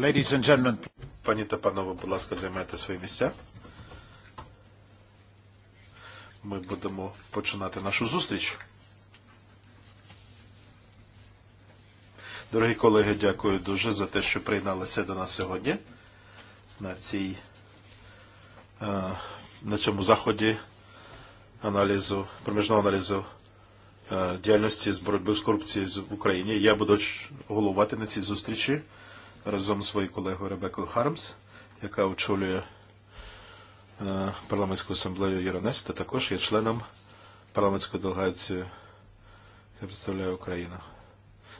Ladies and gentlemen. Пані та панове, будь ласка, займайте свої місця. Ми будемо починати нашу зустріч. Дорогі колеги, дякую дуже за те, що приєдналися до нас сьогодні на цій на цьому заході аналізу, проміжного аналізу діяльності з боротьби з корупцією в Україні. Я буду головувати на цій зустрічі разом свой коллегу Ребекку Хармс, яка очолює парламентську асамблею Єронес, та також є членом парламентської делегації, яка представляє Україну.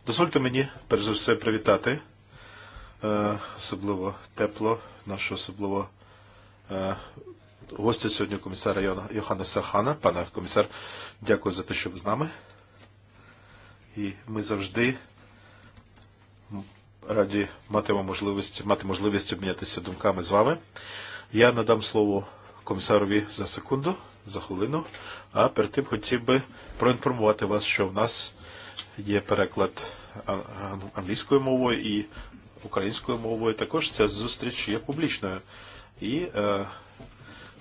Дозвольте мені, перш за все, привітати особливо тепло, нашу особливо гостя сьогодні комісара Йохана Сахана. Пане комісар, дякую за те, що ви з нами. І ми завжди раді матиме можливість, мати можливість обмінятися думками з вами. Я надам слово комісарові за секунду, за хвилину, а перед тим хотів би проінформувати вас, що в нас є переклад англійською мовою і українською мовою. Також ця зустріч є публічною і е,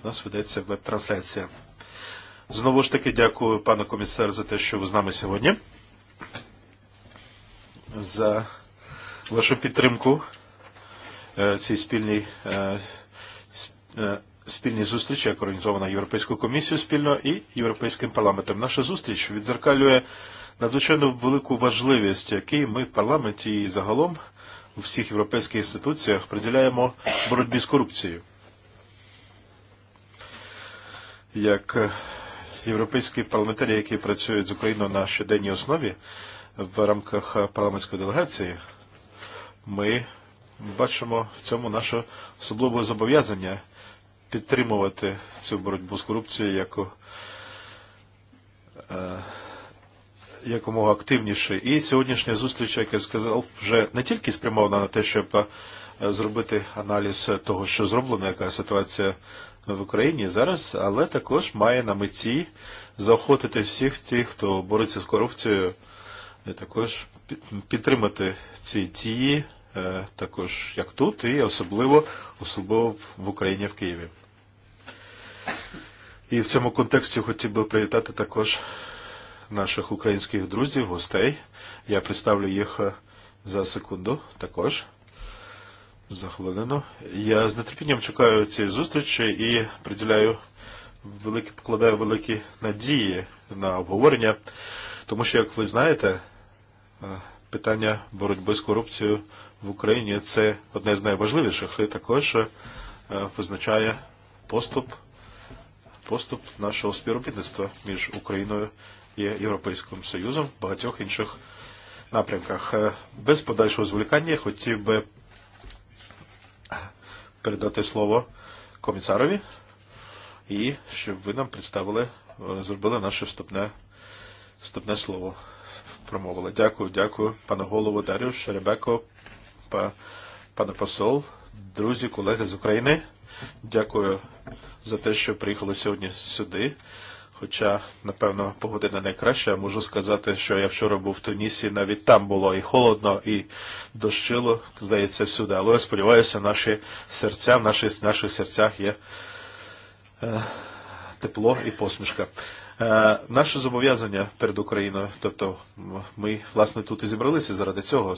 у нас ведеться веб-трансляція. Знову ж таки дякую, пане комісар, за те, що ви з нами сьогодні, за вашу підтримку цій спільній спільній зустрічі, як організована Європейською комісією спільно і Європейським парламентом. Наша зустріч відзеркалює надзвичайно велику важливість, який ми в парламенті і загалом у всіх європейських інституціях приділяємо боротьбі з корупцією. Як європейські парламентарі, які працюють з Україною на щоденній основі в рамках парламентської делегації, ми бачимо в цьому наше особливе зобов'язання підтримувати цю боротьбу з корупцією як якомога активніше. І сьогоднішня зустріч, як я сказав, вже не тільки спрямована на те, щоб зробити аналіз того, що зроблено, яка ситуація в Україні зараз, але також має на меті заохотити всіх тих, хто бореться з корупцією, і також підтримати ці дії також як тут, і особливо особливо в Україні в Києві. І в цьому контексті хотів би привітати також наших українських друзів, гостей. Я представлю їх за секунду також. За хвилину. Я з нетерпінням чекаю цієї зустрічі і приділяю великі, покладаю великі надії на обговорення, тому що, як ви знаєте, питання боротьби з корупцією в Україні це одне з найважливіших і також визначає поступ, поступ нашого співробітництва між Україною і Європейським Союзом в багатьох інших напрямках. Без подальшого зволікання хотів би передати слово комісарові і щоб ви нам представили, зробили наше вступне, вступне слово промовили. Дякую, дякую, пане голову, Дарю, Шеребеко, па, пане посол, друзі, колеги з України. Дякую за те, що приїхали сьогодні сюди. Хоча, напевно, погодина не найкраща, можу сказати, що я вчора був в Тунісі, навіть там було і холодно, і дощило, здається, всюди. Але я сподіваюся, наші серця, в наших, наших серцях є е, тепло і посмішка. Наші зобов'язання перед Україною, тобто ми власне тут і зібралися заради цього,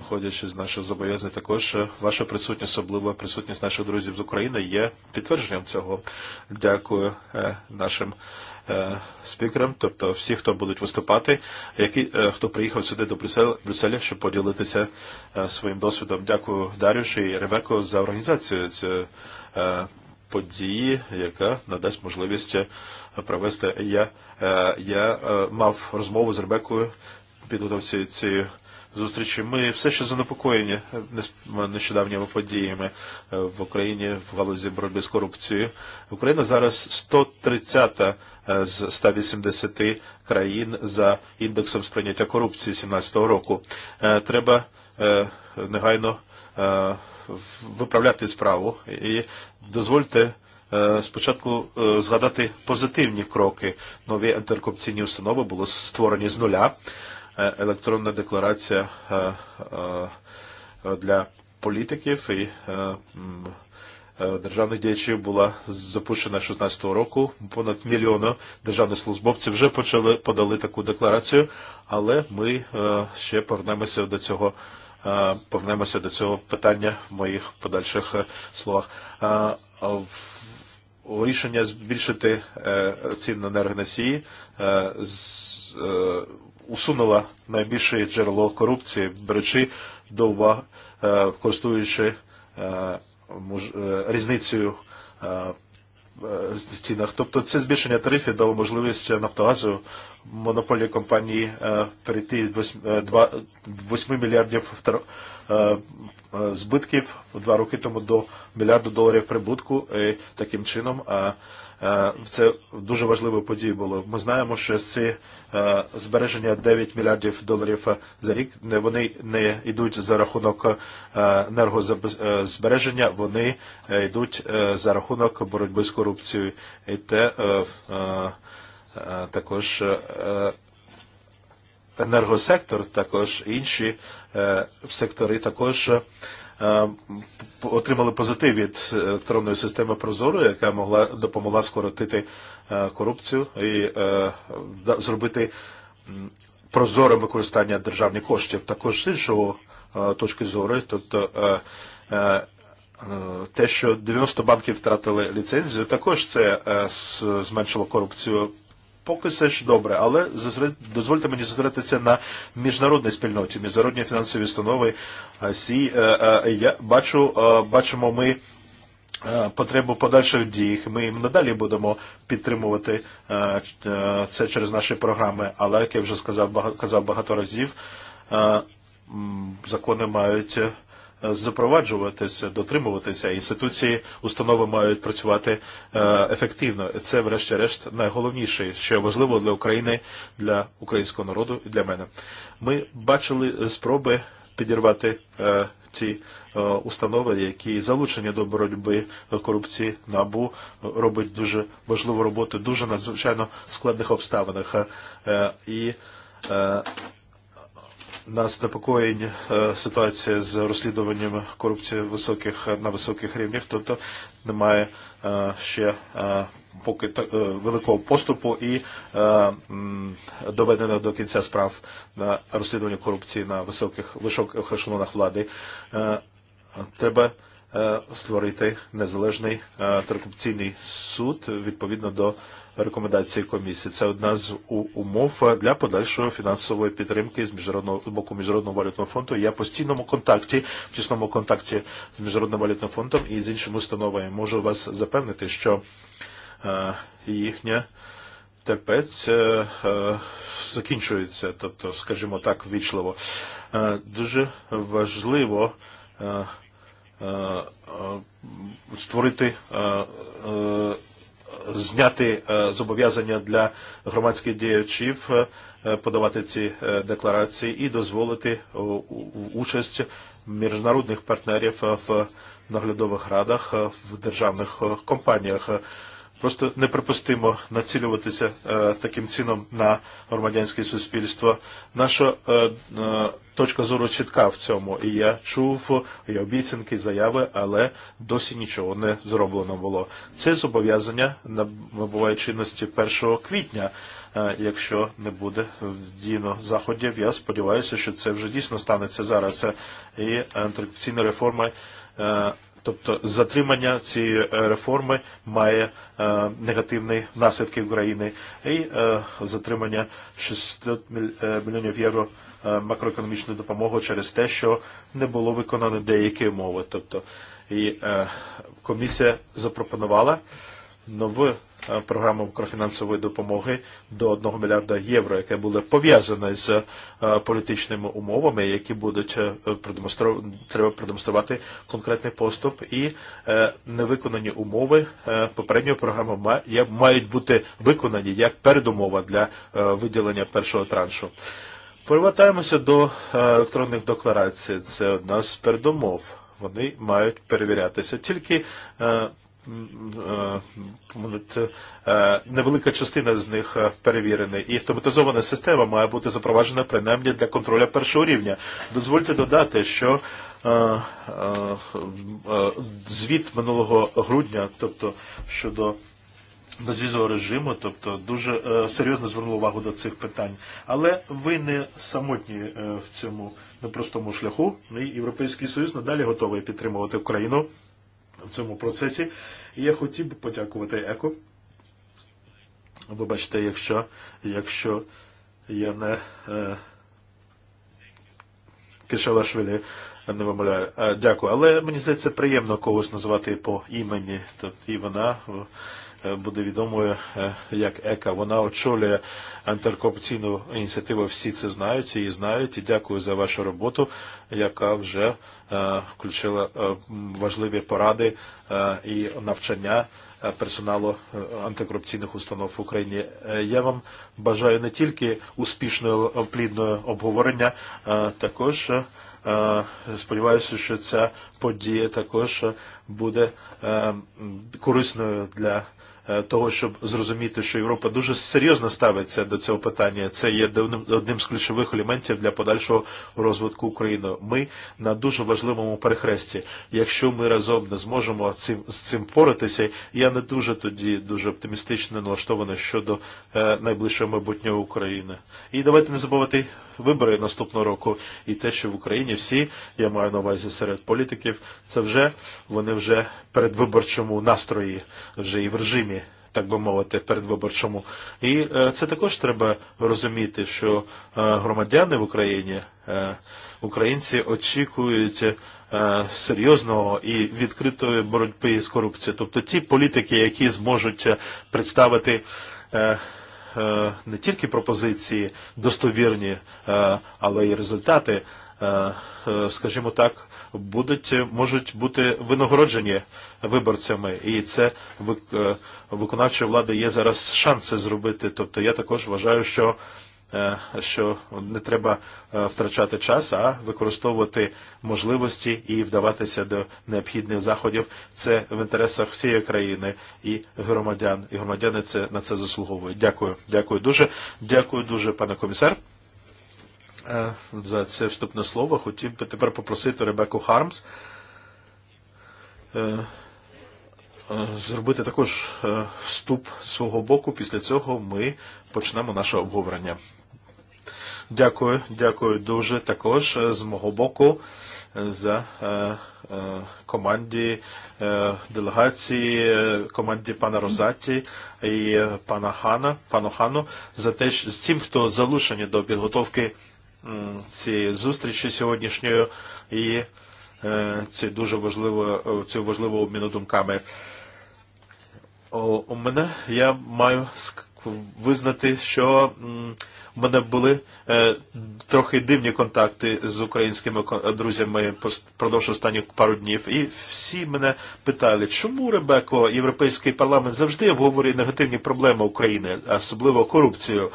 виходячи з наших зобов'язань, також ваша присутність, особливо присутність наших друзів з України, є підтвердженням цього. Дякую нашим спікерам, тобто всі, хто будуть виступати, які, хто приїхав сюди до Брюсселя, щоб поділитися своїм досвідом. Дякую Дар'юші і Ревеко за організацію цієї події, яка надасть можливість провести. Я, я мав розмову з Ребекою підготовці цієї зустрічі. Ми все ще занепокоєні нещодавніми подіями в Україні в галузі боротьби з корупцією. Україна зараз 130-та з 180 країн за індексом сприйняття корупції 2017 року. Треба негайно виправляти справу і дозвольте спочатку згадати позитивні кроки. Нові антикорупційні установи були створені з нуля. Електронна декларація для політиків і державних діячів була запущена 16-го року. Понад мільйона державних службовців вже почали подали таку декларацію, але ми ще повернемося до цього повернемося до цього питання в моїх подальших словах рішення збільшити ціни на енергоносії усунула найбільше джерело корупції, беручи до уваги, користуючи різницею цінах. Тобто це збільшення тарифів дало можливість Нафтогазу монополії компанії перейти 8 мільярдів збитків два роки тому до мільярду доларів прибутку. І таким чином Це дуже важливою подією було. Ми знаємо, що ці збереження 9 мільярдів доларів за рік, вони не йдуть за рахунок енергозбереження, вони йдуть за рахунок боротьби з корупцією. І те також енергосектор, також інші сектори також отримали позитив від електронної системи Прозоро, яка могла допомогла скоротити корупцію і зробити прозоре використання державних коштів. Також з іншого точки зору, тобто те, що 90 банків втратили ліцензію, також це зменшило корупцію поки все ж добре, але дозвольте мені зосередитися на міжнародній спільноті, міжнародні фінансові установи СІ. Я бачу, бачимо ми потребу подальших дій. Ми їм надалі будемо підтримувати це через наші програми, але, як я вже сказав, казав багато разів, закони мають запроваджуватися, дотримуватися. Інституції, установи мають працювати ефективно. Це, врешті-решт, найголовніше, що важливо для України, для українського народу і для мене. Ми бачили спроби підірвати ці установи, які залучені до боротьби корупції НАБУ, робить дуже важливу роботу, дуже надзвичайно складних обставинах. І Нас непокоїть э, ситуація з розслідуванням корупції високих, на високих рівнях, тобто немає ще поки великого поступу і доведено до кінця справ на розслідування корупції на високих високих ешелонах влади. Треба створити незалежний антикорупційний суд відповідно до рекомендації комісії. Це одна з умов для подальшої фінансової підтримки з міжнародного з боку міжнародного валютного фонду. Я в постійному контакті, в тісному контакті з міжнародним валютним фондом і з іншими установами. Можу вас запевнити, що е, їхня терпець е, е, закінчується, тобто, скажімо так, ввічливо. Е, дуже важливо е, е, створити е, е, зняти зобов'язання для громадських діячів подавати ці декларації і дозволити участь міжнародних партнерів в наглядових радах в державних компаніях. Просто неприпустимо націлюватися е, таким ціном на громадянське суспільство. Наша е, е, точка зору чітка в цьому. І я чув і обіцянки, і заяви, але досі нічого не зроблено було. Це зобов'язання набуває чинності 1 квітня. Якщо не буде діно заходів, я сподіваюся, що це вже дійсно станеться зараз. І антикорупційна реформа Тобто затримання цієї реформи має е, негативні наслідки України і е, затримання 600 мільйонів євро макроекономічної допомоги через те, що не було виконано деякі умови. Тобто і е, комісія запропонувала нову програму макрофінансової допомоги до 1 мільярда євро, яке буде пов'язане з політичними умовами, які будуть продемонструвати, треба продемонструвати конкретний поступ і невиконані умови попередньої програми мають бути виконані як передумова для виділення першого траншу. Повертаємося до електронних декларацій. Це одна з передумов. Вони мають перевірятися. Тільки Э, э, невелика частина з них перевірена, І автоматизована система має бути запроваджена принаймні для контролю першого рівня. Дозвольте додати, що звіт минулого грудня, тобто щодо безвізового режиму, тобто дуже серйозно звернув увагу до цих питань. Але ви не самотні в цьому непростому шляху. Європейський Союз надалі готовий підтримувати Україну в цьому процесі. І я хотів би подякувати ЕКО. Вибачте, якщо, якщо я не е, Кишалашвілі не вимовляю. Е, дякую. Але мені здається, приємно когось називати по імені. Тобто і вона буде відомою як ЕКА. Вона очолює антикорупційну ініціативу. Всі це знають і знають. І дякую за вашу роботу, яка вже включила важливі поради і навчання персоналу антикорупційних установ в Україні. Я вам бажаю не тільки успішного плідного обговорення, а також сподіваюся, що ця подія також буде корисною для того, щоб зрозуміти, що Європа дуже серйозно ставиться до цього питання. Це є одним з ключових елементів для подальшого розвитку України. Ми на дуже важливому перехресті. Якщо ми разом не зможемо цим, з цим поратися, я не дуже тоді дуже оптимістично налаштований щодо е, найближчого майбутнього України. І давайте не забувати вибори наступного року і те, що в Україні всі, я маю на увазі серед політиків, це вже вони вже передвиборчому настрої, вже і в режимі так би мовити, передвиборчому. І це також треба розуміти, що громадяни в Україні, українці очікують серйозного і відкритої боротьби з корупцією. Тобто ті політики, які зможуть представити не тільки пропозиції достовірні, але й результати, скажімо так, будуть, можуть бути винагороджені виборцями. І це виконавчої э, влади є зараз шанси зробити. Тобто я також вважаю, що що э, не треба э, втрачати час, а використовувати можливості і вдаватися до необхідних заходів. Це в інтересах всієї країни і громадян. І громадяни це на це заслуговують. Дякую. Дякую дуже. Дякую дуже, пане комісар за це вступне слово. Хотів би тепер попросити Ребеку Хармс зробити також вступ свого боку. Після цього ми почнемо наше обговорення. Дякую, дякую дуже також з мого боку за команді делегації, команді пана Розаті і пана Хана, пану Хану, за те, з тим, хто залучені до підготовки цієї зустрічі сьогоднішньої і це дуже важливо, це важливо обміну думками. У мене я маю визнати, що в мене були трохи дивні контакти з українськими друзями впродовж останніх пару днів. І всі мене питали, чому, Ребеко, Європейський парламент завжди обговорює негативні проблеми України, особливо корупцію.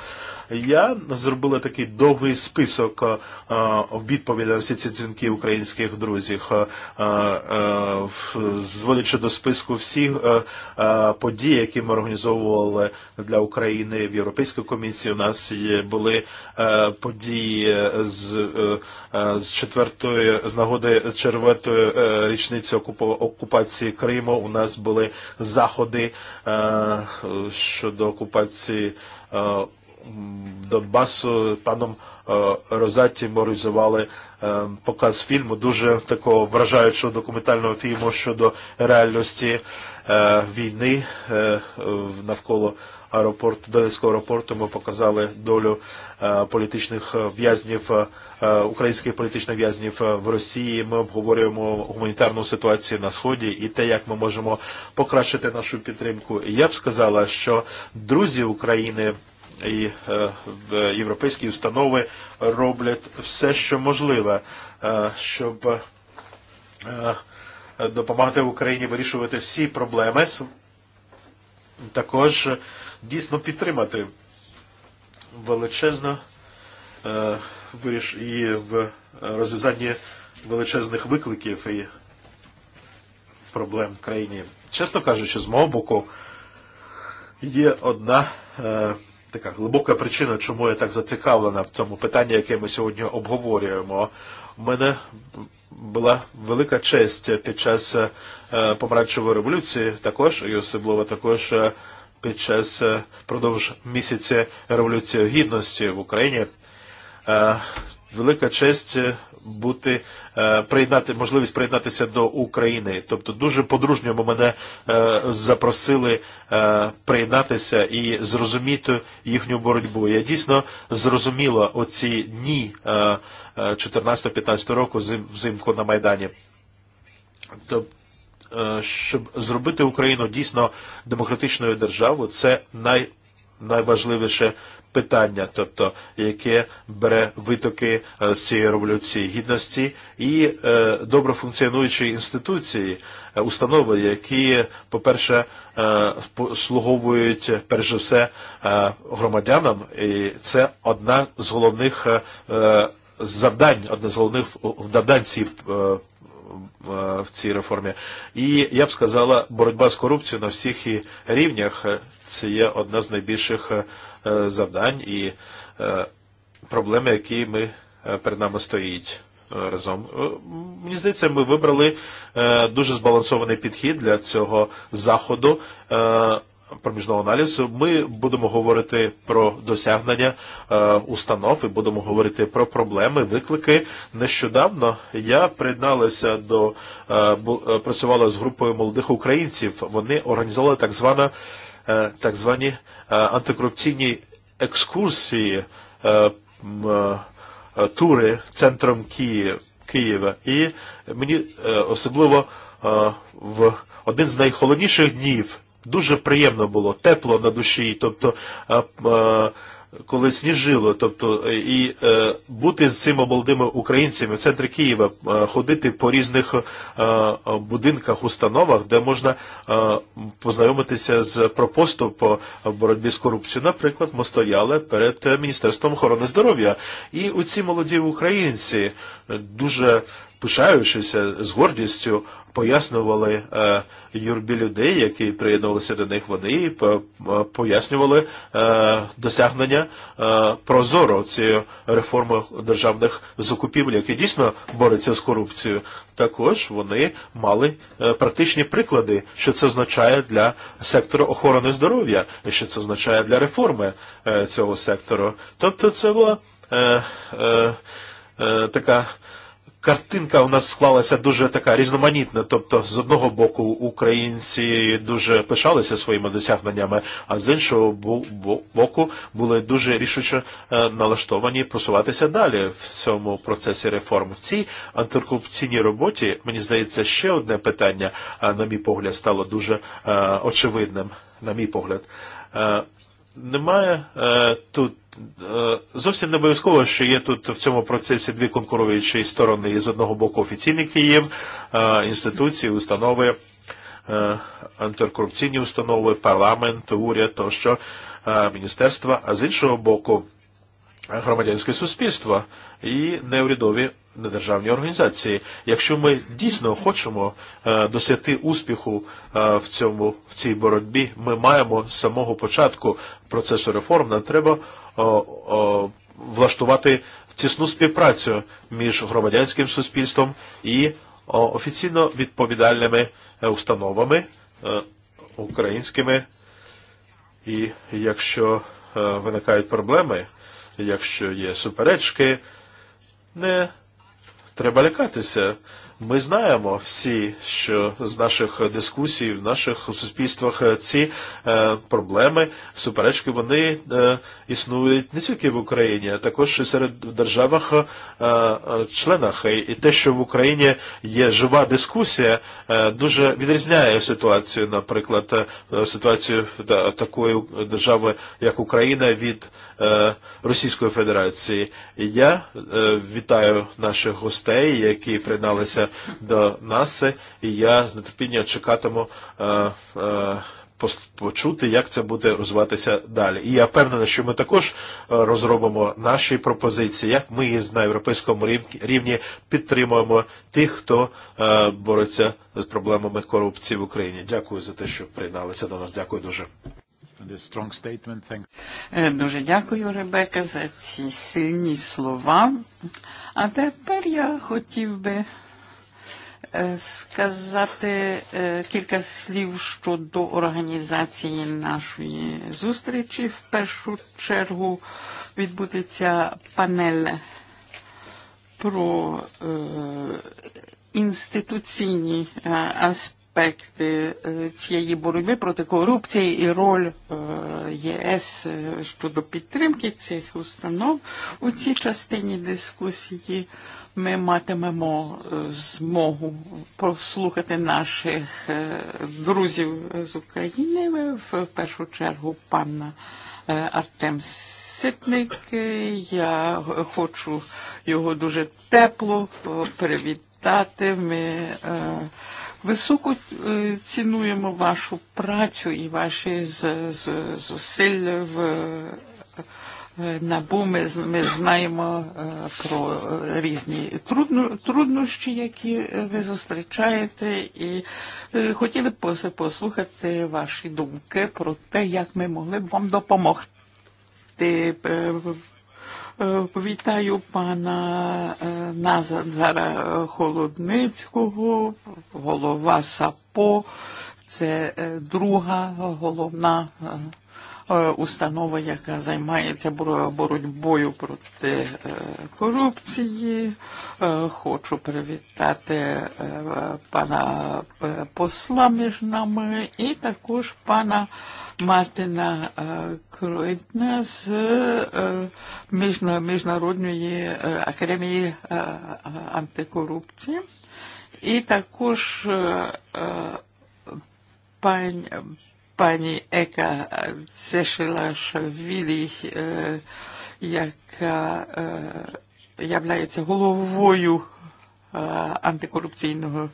Я зробила такий довгий список відповідей на всі ці дзвінки українських друзів, зводячи до списку всіх подій, які ми організовували для України в Європейській комісії. У нас були події з, з четвертої з нагоди черветої річниці окупації Криму. У нас були заходи щодо окупації Донбасу паном Розатті організували показ фільму, дуже такого вражаючого документального фільму щодо реальності війни навколо аеропорту, Донецького аеропорту. Ми показали долю політичних в'язнів, українських політичних в'язнів в Росії. Ми обговорюємо гуманітарну ситуацію на Сході і те, як ми можемо покращити нашу підтримку. я б сказала, що друзі України і європейські установи роблять все, що можливе, щоб допомагати Україні вирішувати всі проблеми, також дійсно підтримати величезно виріш і в розв'язанні величезних викликів і проблем в країні. Чесно кажучи, з мого боку є одна така глибока причина, чому я так зацікавлена в цьому питанні, яке ми сьогодні обговорюємо. У мене була велика честь під час помаранчевої революції також, і особливо також під час продовж місяця революції гідності в Україні. Велика честь бути приєднати можливість приєднатися до України. Тобто дуже по-дружньому мене запросили приєднатися і зрозуміти їхню боротьбу. Я дійсно зрозуміла оці дні 14-15 року взимку на Майдані. Тобто щоб зробити Україну дійсно демократичною державою, це най, найважливіше питання, тобто яке бере витоки з цієї революції гідності і добре функціонуючі інституції, установи, які, по-перше, слуговують перш за все громадянам, і це одна з головних завдань, одне з головних завдань цієї в цій реформі. І я б сказала, боротьба з корупцією на всіх і рівнях це є одна з найбільших завдань і проблеми, які ми перед нами стоїть разом. Мені здається, ми вибрали дуже збалансований підхід для цього заходу проміжного аналізу, ми будемо говорити про досягнення е, установ і будемо говорити про проблеми, виклики. Нещодавно я приєдналася до е, працювала з групою молодих українців. Вони організували так звана е, так звані антикорупційні екскурсії тури центром Києва. І мені особливо в один з найхолодніших днів Дуже приємно було, тепло на душі, тобто коли сніжило, тобто і бути з цими молодими українцями в центрі Києва, ходити по різних будинках, установах, де можна познайомитися з пропосту по боротьбі з корупцією. Наприклад, ми стояли перед Міністерством охорони здоров'я. І у ці молоді українці дуже пишаючися з гордістю, пояснювали юрбі людей, які приєдналися до них, вони пояснювали досягнення прозоро цієї реформи державних закупівель, які дійсно борються з корупцією. Також вони мали практичні приклади, що це означає для сектору охорони здоров'я, і що це означає для реформи цього сектору. Тобто це була така Картинка у нас склалася дуже така різноманітна. Тобто, з одного боку, українці дуже пишалися своїми досягненнями, а з іншого боку були дуже рішуче налаштовані просуватися далі в цьому процесі реформ. В цій антикорупційній роботі, мені здається, ще одне питання, на мій погляд, стало дуже очевидним, на мій погляд немає тут зовсім не обов'язково, що є тут в цьому процесі дві конкуруючі сторони. Є з одного боку офіційний Київ, інституції, установи, антикорупційні установи, парламент, уряд тощо, міністерства, а з іншого боку громадянське суспільство і неурядові недержавні організації. Якщо ми дійсно хочемо досягти успіху в, цьому, в цій боротьбі, ми маємо з самого початку процесу реформ, нам треба влаштувати тісну співпрацю між громадянським суспільством і офіційно відповідальними установами українськими. І якщо виникають проблеми, якщо є суперечки, не треба лякатися. Ми знаємо всі, що з наших дискусій в наших суспільствах ці е, проблеми, суперечки, вони е, існують не тільки в Україні, а також і серед державах е, членах. І, і те, що в Україні є жива дискусія, е, дуже відрізняє ситуацію, наприклад, ситуацію да, такої держави, як Україна, від Російської Федерації. Я вітаю наших гостей, які приєдналися до нас, і я з нетерпінням чекатиму почути, як це буде розвиватися далі. І я впевнений, що ми також розробимо наші пропозиції, як ми на європейському рівні підтримуємо тих, хто бореться з проблемами корупції в Україні. Дякую за те, що приєдналися до нас. Дякую дуже. Eh, Дуже дякую, Ребека, за ці сильні слова. А тепер я хотів би сказати кілька слів щодо організації нашої зустрічі. В першу чергу відбудеться панель про інституційні аспекти аспекти цієї боротьби проти корупції і роль ЄС щодо підтримки цих установ у цій частині дискусії ми матимемо змогу послухати наших друзів з України, в першу чергу пана Артем Ситник. Я хочу його дуже тепло привітати. Ми Високо цінуємо вашу працю і ваші зусилля в набу ми, ми знаємо про різні труднощі, які ви зустрічаєте, і хотіли б послухати ваші думки про те, як ми могли б вам допомогти Вітаю пана Назара Холодницького, голова САПО. Це друга головна установа, яка займається боротьбою проти корупції. Хочу привітати пана посла між нами і також пана Мартина Кройтна з Міжнародної академії антикорупції. І також пані пані Ека Цешилашвілі, яка являється головою антикорупційного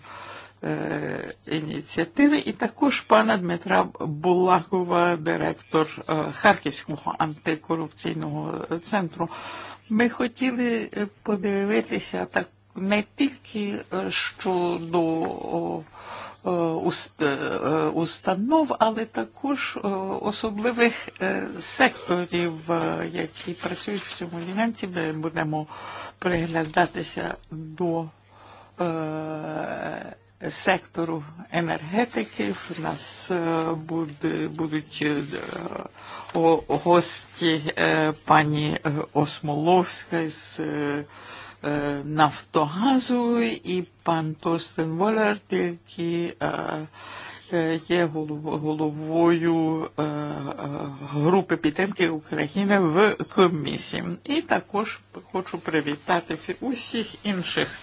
ініціативи, і також пана Дмитра Булахова, директор Харківського антикорупційного центру. Ми хотіли подивитися так не тільки щодо установ, але також особливих секторів, які працюють в цьому елементі. Ми будемо приглядатися до сектору енергетики. В нас будуть гості пані Осмоловська з э, нафтогазу и пан Торстен Волер тільки є головою групи підтримки України в комісії. І також хочу привітати усіх інших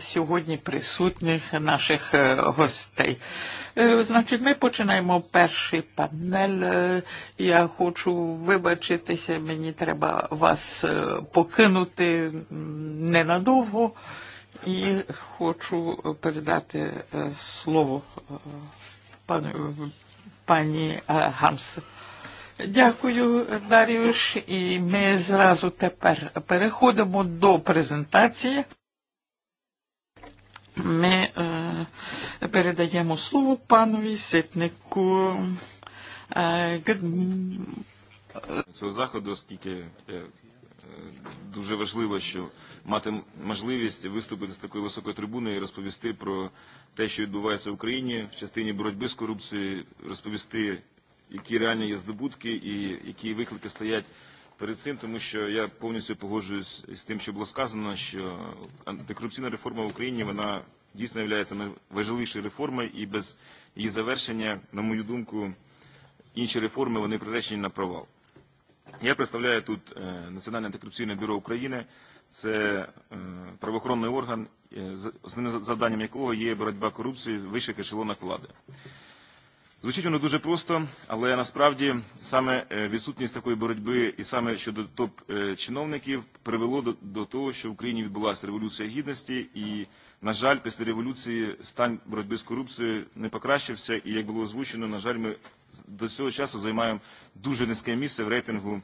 сьогодні присутніх наших гостей. E, значить, ми починаємо перший панель. Я хочу вибачитися, мені треба вас покинути ненадовго. І хочу передати слово пану, пані Гамс. Дякую, Даріуш, і ми зразу тепер переходимо до презентації. Мы э, передаємо слово панові Ситнику. Цього заходу, оскільки дуже важливо, що мати можливість виступити з такої високої трибуни і розповісти про те, що відбувається в Україні в частині боротьби з корупцією, розповісти, які реальні є здобутки і які виклики стоять Перед цим, тому що я повністю погоджуюсь з тим, що було сказано, що антикорупційна реформа в Україні, вона дійсно є найважливішою реформою, і без її завершення, на мою думку, інші реформи, вони приречені на провал. Я представляю тут Національне антикорупційне бюро України, це правоохоронний орган, основним завданням якого є боротьба корупції в вищих ешелонах влади. Звучить воно дуже просто, але насправді саме відсутність такої боротьби і саме щодо топ-чиновників привело до, до того, що в Україні відбулася революція гідності і, на жаль, після революції стан боротьби з корупцією не покращився і, як було озвучено, на жаль, ми до цього часу займаємо дуже низьке місце в рейтингу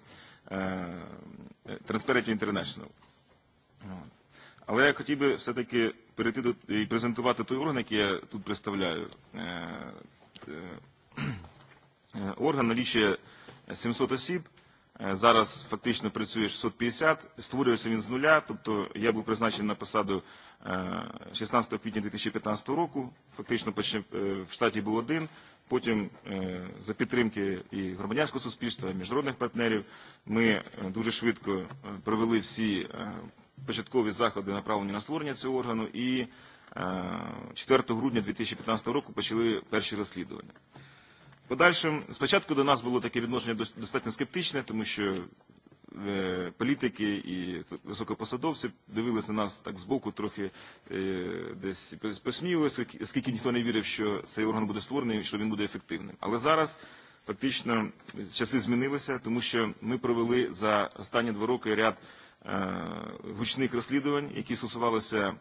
Transparency International. Але я хотів би все-таки перейти до, і презентувати той орган, який я тут представляю Орган налічує 700 осіб, зараз фактично працює 650, створюється він з нуля, тобто я був призначений на посаду 16 квітня 2015 року, фактично в штаті був один, потім за підтримки і громадянського суспільства, і міжнародних партнерів ми дуже швидко провели всі початкові заходи, направлені на створення цього органу, і 4 грудня 2015 року почали перші розслідування подальшим, спочатку до нас було таке відношення достатньо скептичне, тому що політики і високопосадовці дивилися на нас так збоку, трохи десь посміювалися, оскільки ніхто не вірив, що цей орган буде створений, що він буде ефективним. Але зараз фактично часи змінилися, тому що ми провели за останні два роки ряд гучних розслідувань, які стосувалися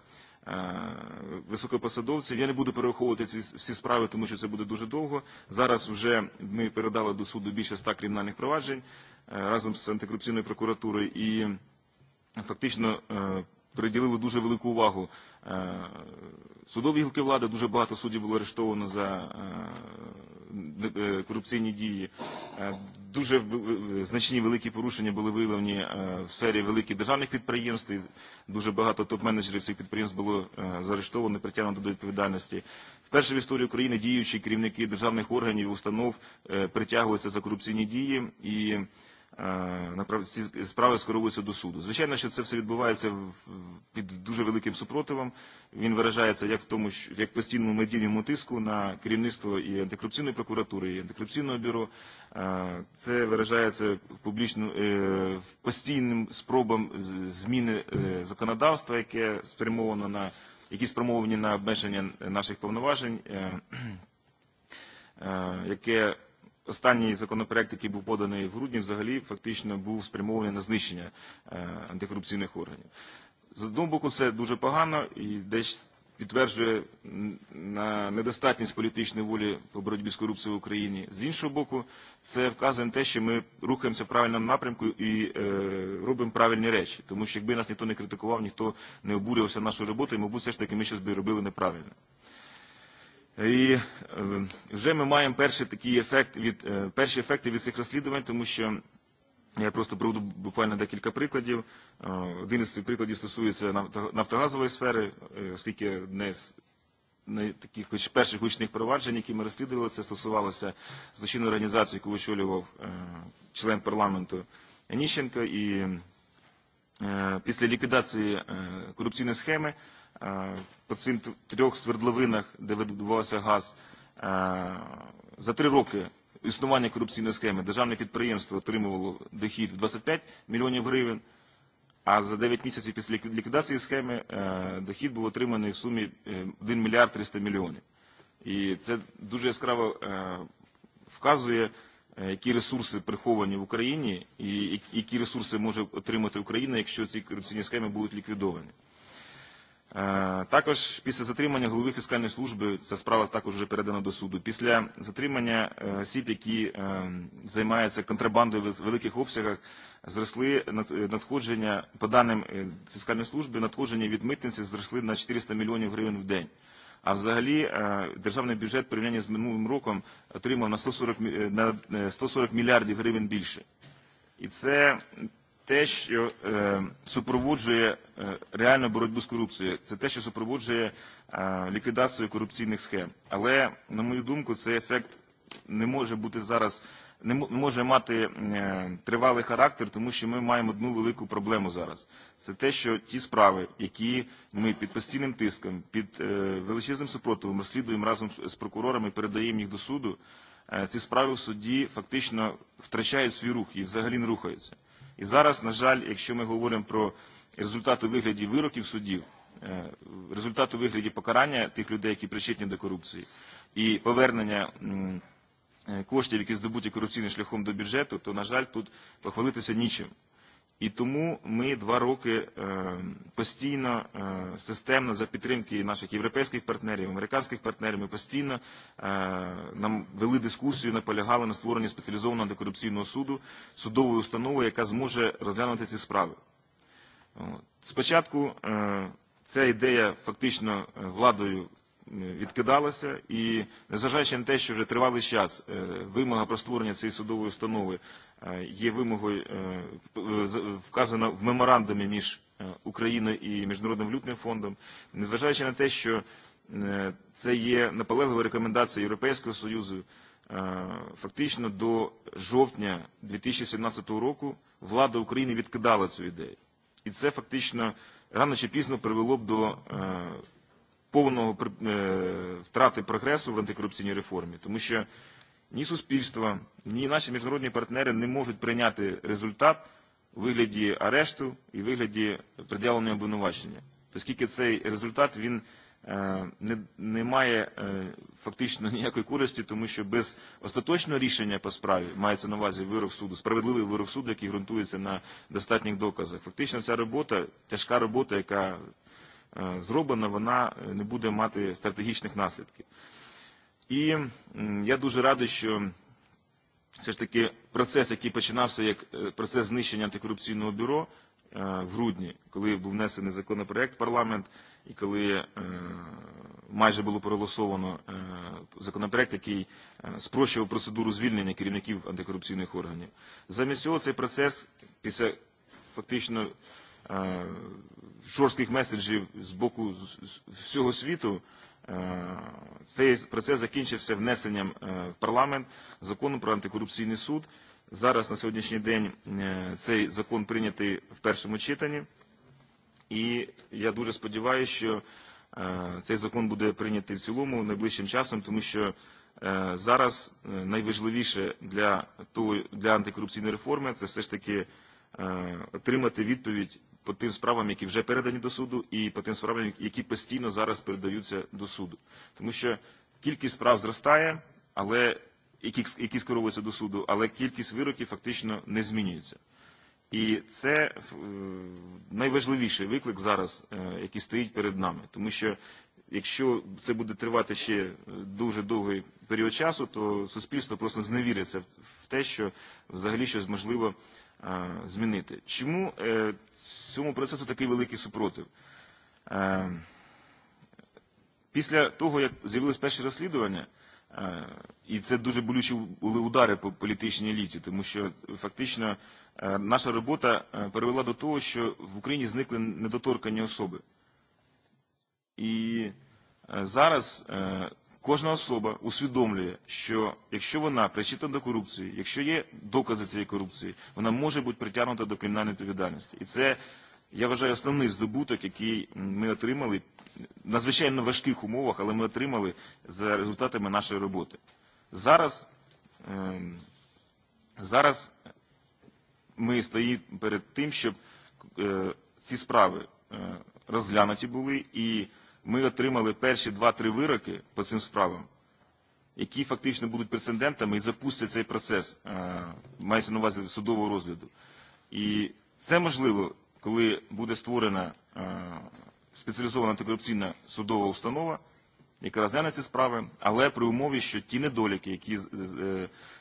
високопосадовців. Я не буду перераховувати ці всі справи, тому що це буде дуже довго. Зараз вже ми передали до суду більше ста кримінальних проваджень разом з антикорупційною прокуратурою і фактично приділили дуже велику увагу Судові гілки влади дуже багато суддів було арештовано за корупційні дії. Дуже значні великі порушення були виявлені в сфері великих державних підприємств. І дуже багато топ-менеджерів цих підприємств було заарештовано, притягнуто до відповідальності. Вперше в історії України діючі керівники державних органів і установ притягуються за корупційні дії. І справи скоровуються до суду. Звичайно, що це все відбувається під дуже великим супротивом. Він виражається як в тому, як постійному медійному тиску на керівництво і антикорупційної прокуратури, і антикорупційного бюро. Це виражається в публічну постійним спробам зміни законодавства, яке спрямовано на які спрямовані на обмеження наших повноважень, яке Останній законопроект, який був поданий в грудні, взагалі фактично був спрямований на знищення антикорупційних органів. З одного боку, це дуже погано і десь підтверджує на недостатність політичної волі по боротьбі з корупцією в Україні. З іншого боку, це вказує на те, що ми рухаємося в правильному напрямку і е, робимо правильні речі. Тому що якби нас ніхто не критикував, ніхто не обурювався нашою роботою, мабуть, все ж таки ми щось би робили неправильно. І вже ми маємо перший такий ефект від перші ефекти від цих розслідувань, тому що я просто приведу буквально декілька прикладів. Один із цих прикладів стосується нафтогазової сфери, оскільки одне з таких хоч перших гучних проваджень, які ми розслідували, це стосувалося злочинної організації, яку очолював член парламенту Аніщенко, і Э, після ліквідації э, корупційної схеми э, по цим трьох свердловинах, де видобувався газ, за три роки існування корупційної схеми державне підприємство отримувало дохід в 25 мільйонів гривень, а за 9 місяців після ліквідації схеми дохід був отриманий в сумі 1 мільярд 300 мільйонів. І це дуже яскраво вказує які ресурси приховані в Україні і які ресурси може отримати Україна, якщо ці корупційні схеми будуть ліквідовані. Також після затримання голови фіскальної служби, ця справа також вже передана до суду, після затримання осіб, які займаються контрабандою в великих обсягах, зросли надходження, по даним фіскальної служби, надходження від митниці зросли на 400 мільйонів гривень в день. А взагалі державний бюджет порівняння з минулим роком отримав на 140, на 140 мільярдів гривень більше. І це те, що супроводжує реальну боротьбу з корупцією, це те, що супроводжує ліквідацію корупційних схем. Але, на мою думку, цей ефект не може бути зараз не може мати тривалий характер, тому що ми маємо одну велику проблему зараз. Це те, що ті справи, які ми під постійним тиском, під величезним супротивом розслідуємо разом з прокурорами, передаємо їх до суду, ці справи в суді фактично втрачають свій рух і взагалі не рухаються. І зараз, на жаль, якщо ми говоримо про результати вигляді вироків судів, результати вигляді покарання тих людей, які причетні до корупції, і повернення Э, коштів, які здобуті корупційним шляхом до бюджету, то, на жаль, тут похвалитися нічим. І тому ми два роки э, постійно, э, системно за підтримки наших європейських партнерів, американських партнерів, ми постійно нам вели дискусію, наполягали на створенні спеціалізованого антикорупційного суду, судової установи, яка зможе розглянути ці справи. Спочатку ця ідея фактично владою відкидалася, і незважаючи на те, що вже тривалий час вимога про створення цієї судової установи є вимогою, вказана в меморандумі між Україною і Міжнародним валютним фондом, незважаючи на те, що це є наполеглива рекомендація Європейського Союзу, фактично до жовтня 2017 року влада України відкидала цю ідею. І це фактично рано чи пізно привело б до повного э, втрати прогресу в антикорупційній реформі, тому що ні суспільство, ні наші міжнародні партнери не можуть прийняти результат у вигляді арешту і вигляді приділення обвинувачення, оскільки цей результат він э, не, не має э, фактично ніякої користі, тому що без остаточного рішення по справі мається на увазі вирок суду, справедливий вирок суду, який ґрунтується на достатніх доказах. Фактично ця робота, тяжка робота, яка зроблена, вона не буде мати стратегічних наслідків. І я дуже радий, що все ж таки процес, який починався як процес знищення антикорупційного бюро в грудні, коли був внесений законопроект в парламент, і коли майже було проголосовано законопроект, який спрощував процедуру звільнення керівників антикорупційних органів. Замість цього цей процес після фактично Э, жорстких меседжів з боку всього світу, э, цей процес закінчився внесенням в парламент закону про антикорупційний суд. Зараз на сьогоднішній день цей закон прийнятий в першому читанні. І я дуже сподіваюся, що цей закон буде прийнятий в цілому найближчим часом, тому що зараз найважливіше для, того, для антикорупційної реформи це все ж таки отримати відповідь по тим справам, які вже передані до суду, і по тим справам, які постійно зараз передаються до суду. Тому що кількість справ зростає, але які, які скеровуються до суду, але кількість вироків фактично не змінюється. І це найважливіший виклик зараз, який стоїть перед нами. Тому що якщо це буде тривати ще дуже довгий період часу, то суспільство просто зневіриться в те, що взагалі щось можливо змінити. Чому цьому процесу такий великий супротив? Після того, як з'явилось перші розслідування, і це дуже болючі були удари по політичній еліті, тому що фактично наша робота перевела до того, що в Україні зникли недоторкані особи. І зараз Кожна особа усвідомлює, що якщо вона причетна до корупції, якщо є докази цієї корупції, вона може бути притягнута до кримінальної відповідальності. І це, я вважаю, основний здобуток, який ми отримали в надзвичайно важких умовах, але ми отримали за результатами нашої роботи. Зараз, зараз ми стоїмо перед тим, щоб ці справи розглянуті були і ми отримали перші два-три вироки по цим справам, які фактично будуть прецедентами і запустять цей процес, мається на увазі судового розгляду. І це можливо, коли буде створена спеціалізована антикорупційна судова установа, яка розгляне ці справи, але при умові, що ті недоліки, які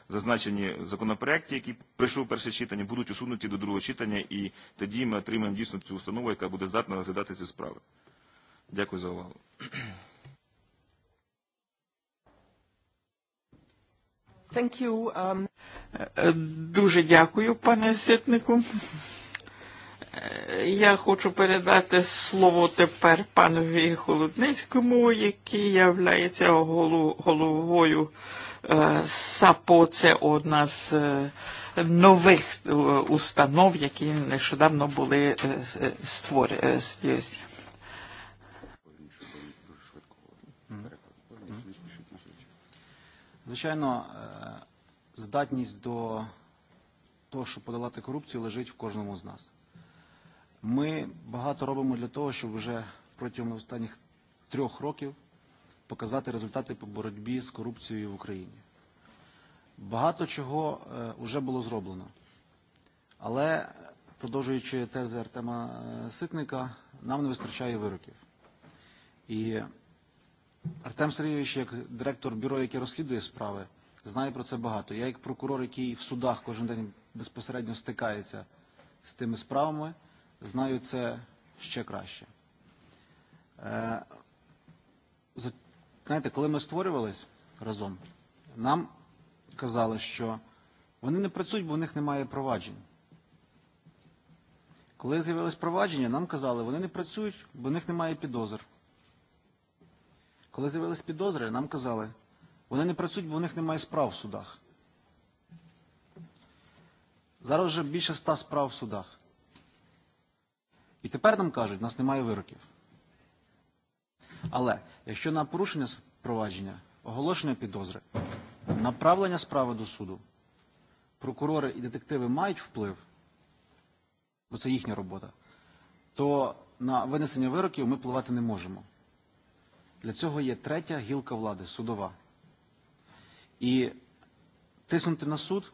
зазначені в законопроекті, який прийшов перше читання, будуть усунуті до другого читання, і тоді ми отримаємо дійсно цю установу, яка буде здатна розглядати ці справи. Дякую за увагу. Thank you. Um... Дуже дякую, пане сітнику. Я хочу передати слово тепер панові Холодницькому, який являється головою САПО. Це одна з нових установ, які нещодавно були створені. Звичайно, здатність до того, щоб подолати корупцію, лежить в кожному з нас. Ми багато робимо для того, щоб вже протягом останніх трьох років показати результати по боротьбі з корупцією в Україні. Багато чого вже було зроблено. Але, продовжуючи тези Артема Ситника, нам не вистачає вироків. І Артем Сергійович, як директор бюро, яке розслідує справи, знає про це багато. Я як прокурор, який в судах кожен день безпосередньо стикається з тими справами, знаю це ще краще. знаєте, коли ми створювались разом, нам казали, що вони не працюють, бо в них немає проваджень. Коли з'явилось провадження, нам казали, вони не працюють, бо в них немає підозр. Коли з'явились підозри, нам казали, вони не працюють, бо у них немає справ в судах. Зараз вже більше ста справ в судах. І тепер нам кажуть, у нас немає вироків. Але якщо на порушення провадження, оголошення підозри, направлення справи до суду, прокурори і детективи мають вплив, бо це їхня робота, то на винесення вироків ми впливати не можемо. Для цього є третя гілка влади судова. І тиснути на суд,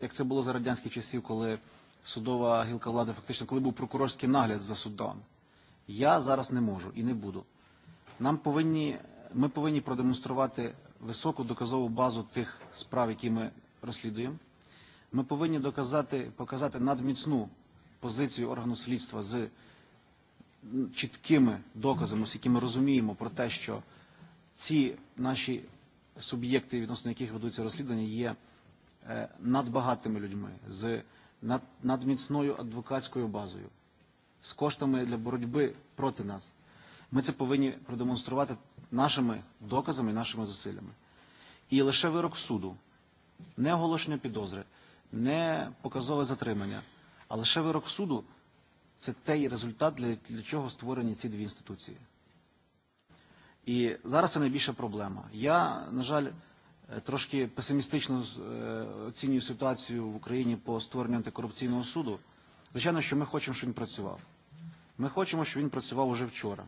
як це було за радянських часів, коли судова гілка влади фактично, коли був прокурорський нагляд за судом, я зараз не можу і не буду. Нам повинні, ми повинні продемонструвати високу доказову базу тих справ, які ми розслідуємо. Ми повинні доказати, показати надміцну позицію органу слідства з чіткими доказами, з якими розуміємо про те, що ці наші суб'єкти, відносно яких ведуться розслідування, є надбагатими людьми, з надміцною адвокатською базою, з коштами для боротьби проти нас. Ми це повинні продемонструвати нашими доказами, нашими зусиллями. І лише вирок суду, не оголошення підозри, не показове затримання, а лише вирок суду Це той результат, для, для чого створені ці дві інституції. І зараз це найбільша проблема. Я, на жаль, трошки песимістично оцінюю ситуацію в Україні по створенню антикорупційного суду. Звичайно, що ми хочемо, щоб він працював. Ми хочемо, щоб він працював уже вчора.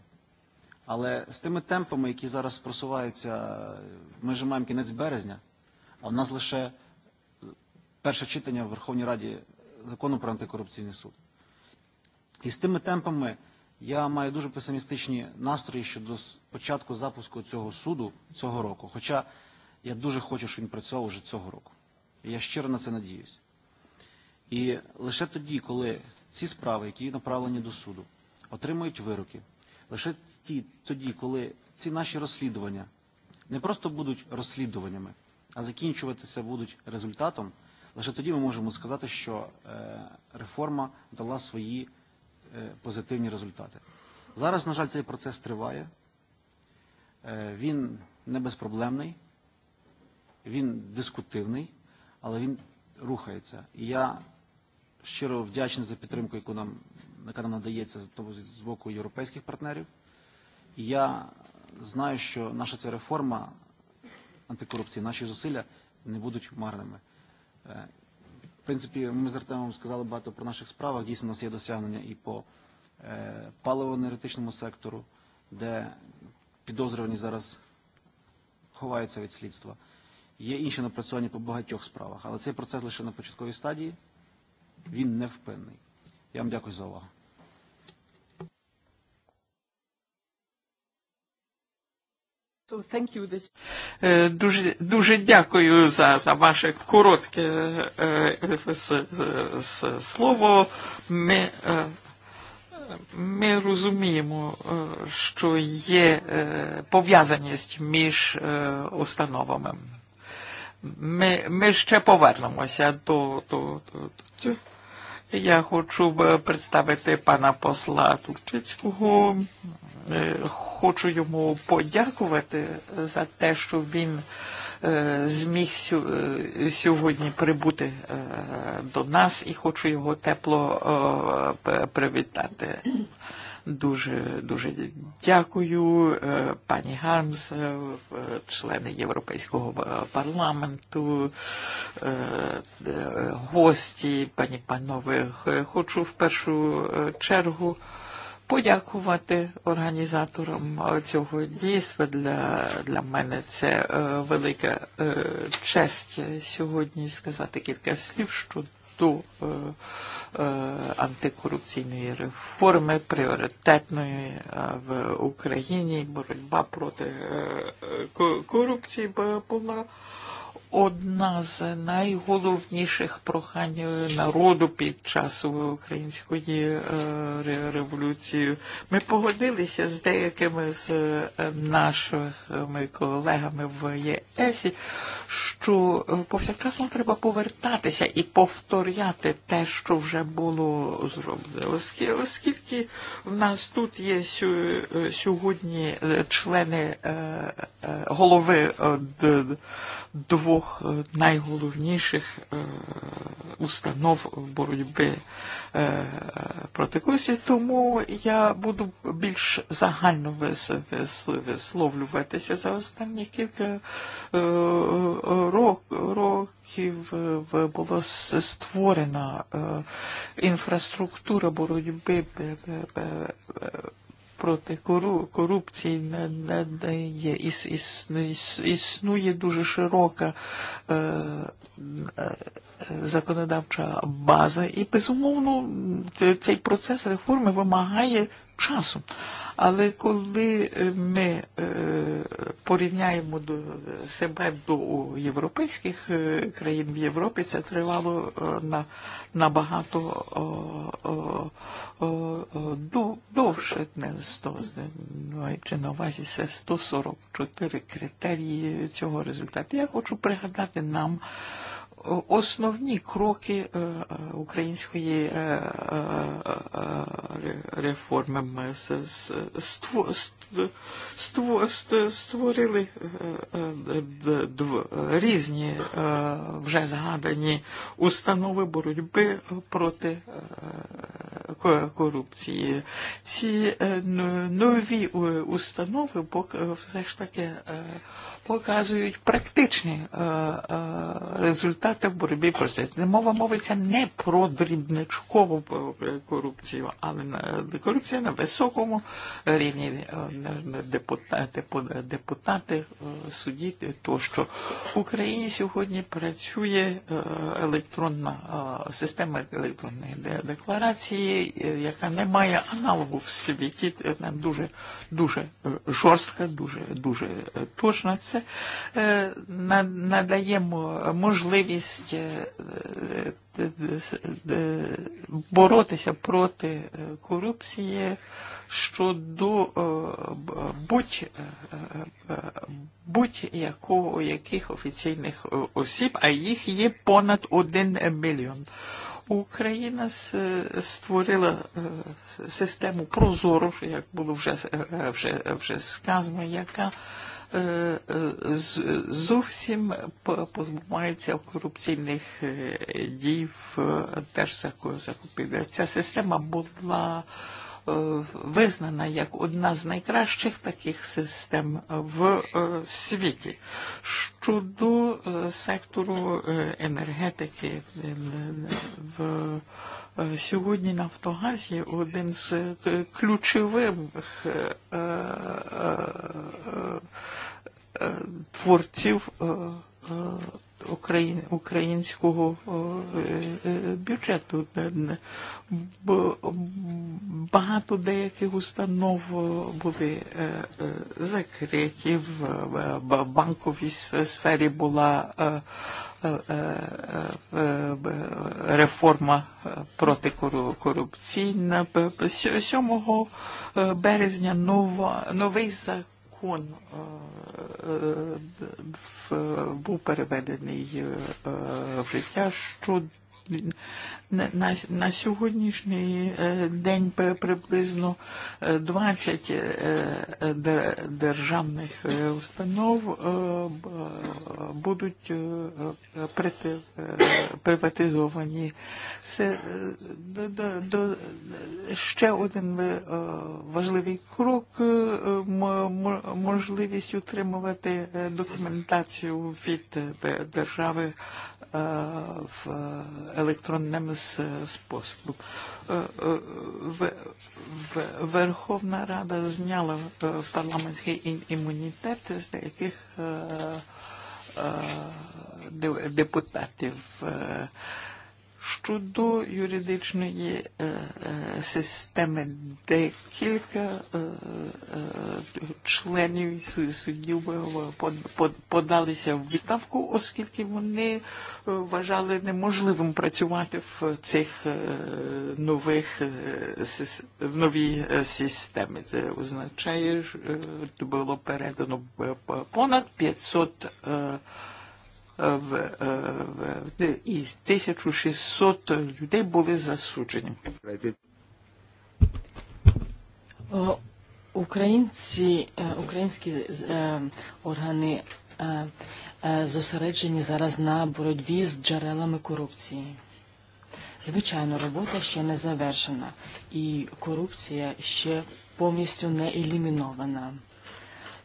Але з тими темпами, які зараз просуваються, ми вже маємо кінець березня, а в нас лише перше читання в Верховній Раді закону про антикорупційний суд. І з тими темпами я маю дуже песимістичні настрої щодо початку запуску цього суду цього року. Хоча я дуже хочу, щоб він працював уже цього року. І я щиро на це надіюсь. І лише тоді, коли ці справи, які направлені до суду, отримують вироки, лише ті, тоді, коли ці наші розслідування не просто будуть розслідуваннями, а закінчуватися будуть результатом, лише тоді ми можемо сказати, що реформа дала свої позитивні результати. Зараз, на жаль, цей процес триває. Він не безпроблемний, він дискутивний, але він рухається. І я щиро вдячний за підтримку, яку нам, надається з боку європейських партнерів. І я знаю, що наша ця реформа антикорупції, наші зусилля не будуть марними принципі, ми з Артемом сказали багато про наших справах. Дійсно, у нас є досягнення і по е, паливо-енергетичному сектору, де підозрювані зараз ховаються від слідства. Є інші напрацювання по багатьох справах, але цей процес лише на початковій стадії, він невпинний. Я вам дякую за увагу. So thank you this. Дуже, дуже дякую за, за ваше коротке слово. Ми, ми розуміємо, що є пов'язаність між установами. Ми, ми ще повернемося до, до, до цього. Я хочу представити пана посла Турчицького. Хочу йому подякувати за те, що він зміг сьогодні прибути до нас і хочу його тепло привітати. Дуже дуже дякую, пані Гармс, члени Європейського парламенту, гості, пані панове. Хочу в першу чергу подякувати організаторам цього дійства. Для, для мене це велика честь сьогодні сказати кілька слів щодо до антикорупційної реформи, пріоритетної в Україні, боротьба проти корупції була одна з найголовніших прохань народу під час української революції. Ми погодилися з деякими з нашими колегами в ЄС, що повсякчасно треба повертатися і повторяти те, що вже було зроблено. Оскільки в нас тут є сьогодні члени голови двох двух найголовніших установ боротьби проти косі, тому я буду більш загально висловлюватися за останні кілька років була створена інфраструктура боротьби проти корупції є існує дуже широка э, э, законодавча база, і безумовно цей процес реформи вимагає часу. Але коли ми порівняємо себе до європейських країн в Європі, це тривало на, набагато довше, не 100, чи на увазі це 144 критерії цього результату. Я хочу пригадати нам, основні кроки української реформи ми створили різні вже згадані установи боротьби проти корупції. Ці нові установи все ж таки показують практичні е, е, результати в боротьбі протестів. Мова мовиться не про дрібничкову корупцію, але корупція на високому рівні депутати, депутати to, тощо. В Україні сьогодні працює електронна система електронної декларації, яка не має аналогу в світі, дуже, дуже жорстка, дуже, дуже точна. Це це надаємо можливість боротися проти корупції щодо будь, будь-якого яких офіційних осіб, а їх є понад один мільйон. Україна створила систему прозору, як було вже, вже, вже сказано, яка зовсім позбувається корупційних дій в держзакупівлях. Ця система була визнана як одна з найкращих таких систем в світі. Щодо сектору енергетики в сьогодні Нафтогазі один з ключових творців Україн, українського бюджету. Багато деяких установ були закриті, в банковій сфері була реформа протикорупційна. 7 березня нова, новий закон закон був переведений в життя щодо На, на, сьогоднішній э, день приблизно 20 э, э, державних установ будуть приватизовані. Це до, до, до, ще один важливий крок можливість утримувати документацію від держави в электронном э, способе. Э, э, Верховна Рада зняла парламентський імунітет з деяких депутатів щодо юридичної системи, де кілька членів суддів подалися в виставку, оскільки вони вважали неможливим працювати в цих нових в новій системі. Це означає, що було передано понад 500 років в, в, і 1600 людей були засуджені. Українці, українські органи зосереджені зараз на боротьбі з джерелами корупції. Звичайно, робота ще не завершена, і корупція ще повністю не елімінована.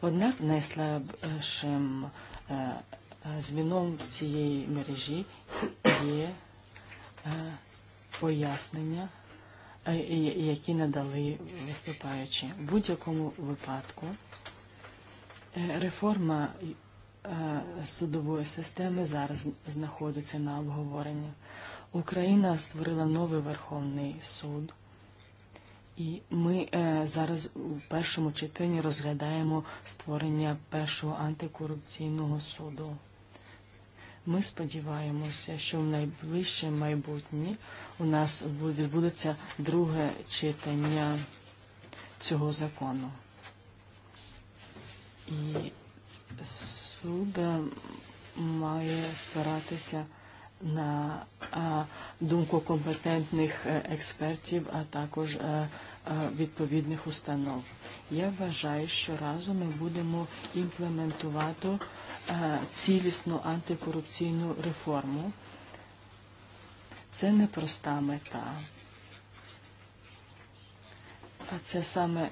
Однак найслабшим звеном цієї мережі є пояснення, які надали виступаючі. В будь-якому випадку реформа судової системи зараз знаходиться на обговоренні. Україна створила новий Верховний суд, і ми зараз у першому читанні розглядаємо створення першого антикорупційного суду. Ми сподіваємося, що в найближче майбутнє у нас відбудеться друге читання цього закону. І суд має спиратися на думку компетентних експертів, а також відповідних установ. Я вважаю, що разом ми будемо імплементувати цілісну антикорупційну реформу. Це не проста мета. А це саме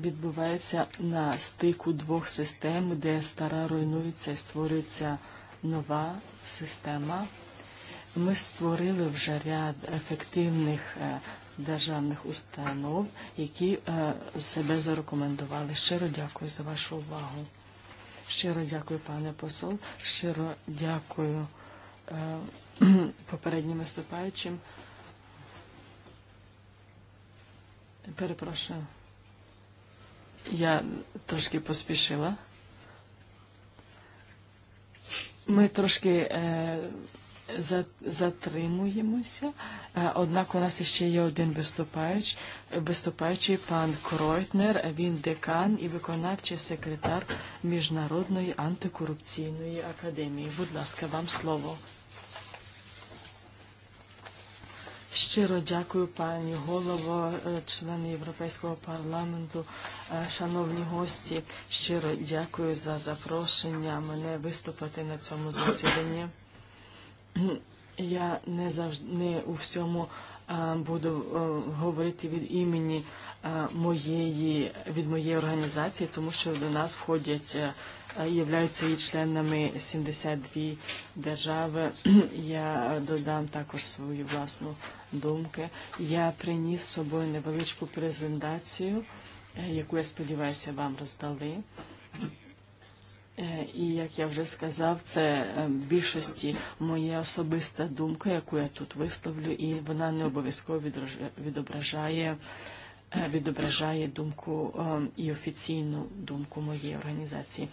відбувається на стику двох систем, де стара руйнується і створюється нова система. Ми створили вже ряд ефективних державних установ, які себе зарекомендували. Щиро дякую за вашу увагу. Щиро дякую, пане посол. Щиро дякую попереднім виступаючим. Перепрошую. Я трошки поспішила. Ми трошки е, zatrzymujemy Однак у нас ще є один виступач, виступаючий пан Кройтнер, він декан і виконавчий секретар Міжнародної антикорупційної академії. Будь ласка, вам слово. Щиро дякую, пані голово, члени Європейського парламенту, шановні гості. Щиро дякую за запрошення мене виступити на цьому засіданні. Я не завжди не у всьому а, буду а, говорити від імені а, моєї від моєї організації, тому що до нас входять являються її членами 72 держави. Я додам також свою власну думку. Я приніс з собою невеличку презентацію, яку я сподіваюся вам роздали. І, як я вже сказав, це в більшості моя особиста думка, яку я тут висловлю, і вона не обов'язково відображає, відображає думку і офіційну думку моєї організації.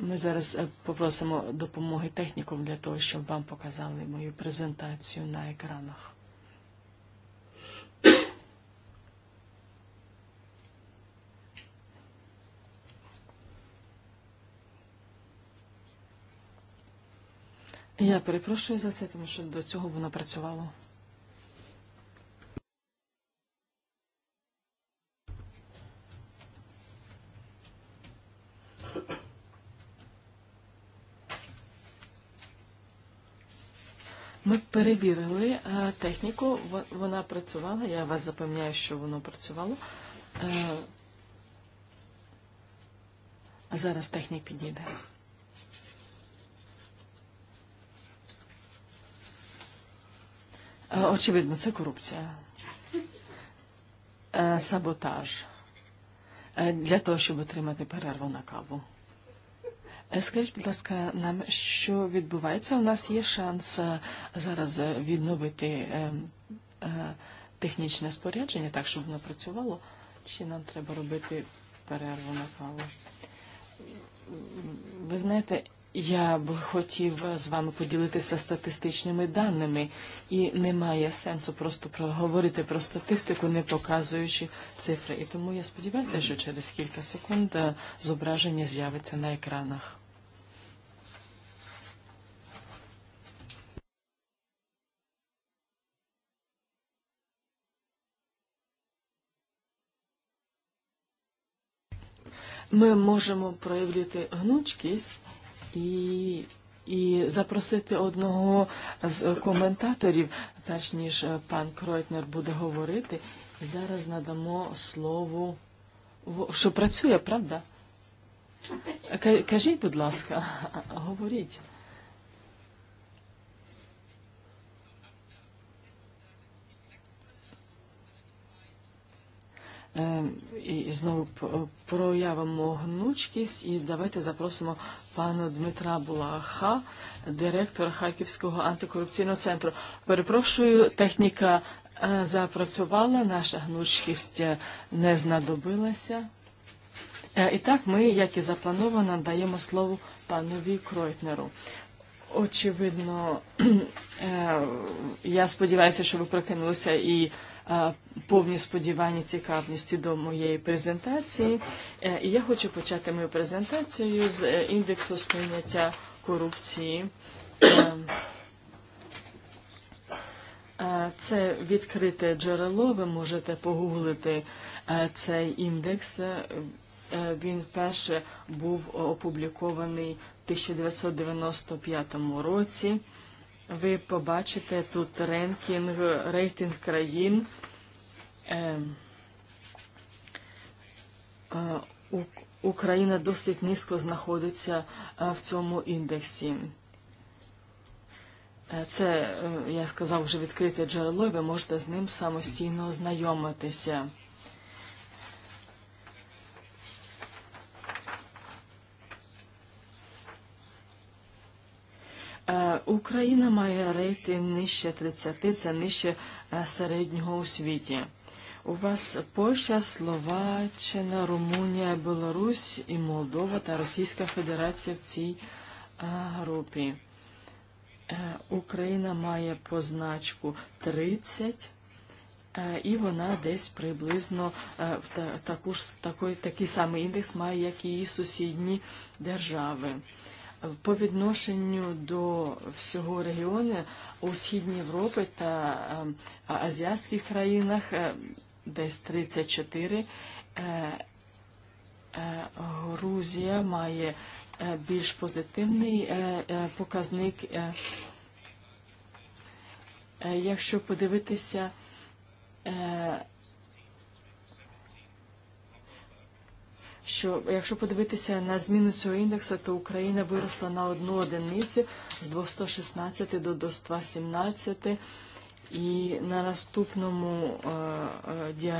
Ми зараз попросимо допомоги техніку для того, щоб вам показали мою презентацію на екранах. Я перепрошую за це, тому що до цього воно працювало. Ми перевірили техніку, вона працювала, я вас запевняю, що воно працювало. А зараз технік підійде. Очевидно, це корупція. Саботаж. Для того, щоб отримати перерву на каву. Скажіть, будь ласка, нам що відбувається? У нас є шанс зараз відновити технічне спорядження, так, щоб воно працювало, чи нам треба робити перерву на каву? Ви знаєте, Я б хотів з вами поділитися статистичними даними, і немає сенсу просто проговорити говорити про статистику, не показуючи цифри. І тому я сподіваюся, що через кілька секунд зображення з'явиться на екранах. Ми можемо проявити гнучкість і і запросити одного з коментаторів, перш ніж пан Кройтнер буде говорити. І зараз надамо слово, що працює, правда? Кажіть, будь ласка, говоріть. і знову проявимо гнучкість і давайте запросимо пана Дмитра Булаха, директора Харківського антикорупційного центру. Перепрошую, техніка запрацювала, наша гнучкість не знадобилася. І так ми, як і заплановано, даємо слово панові Кройтнеру. Очевидно, я сподіваюся, що ви прокинулися і повні сподівання цікавності до моєї презентації. І я хочу почати мою презентацію з індексу сприйняття корупції. Це відкрите джерело, ви можете погуглити цей індекс. Він вперше був опублікований в 1995 році. Ви побачите тут рейтинг, рейтинг країн е, е, Україна досить низько знаходиться в цьому індексі. Це, я сказав, вже відкрите джерело, і ви можете з ним самостійно ознайомитися. Україна має рейтинг нижче 30, це нижче середнього у світі. У вас Польща, Словаччина, Румунія, Білорусь і Молдова та Російська Федерація в цій групі. Україна має позначку 30 і вона десь приблизно таку ж, такий, такий самий індекс має, як і її сусідні держави по відношенню до всього регіону у Східній Європі та азіатських країнах десь 34 Грузія має більш позитивний показник. Якщо подивитися що якщо подивитися на зміну цього індексу, то Україна виросла на одну одиницю з 216 до 217. І на наступному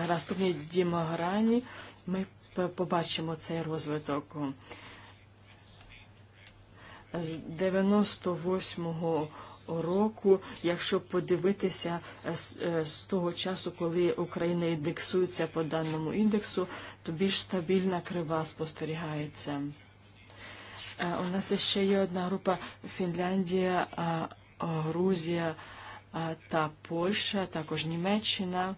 наступній демограні ми побачимо цей розвиток з 98 року, якщо подивитися з того часу, коли Україна індексується по даному індексу, то більш стабільна крива спостерігається. У нас ще є одна група Фінляндія, Грузія та Польща, також Німеччина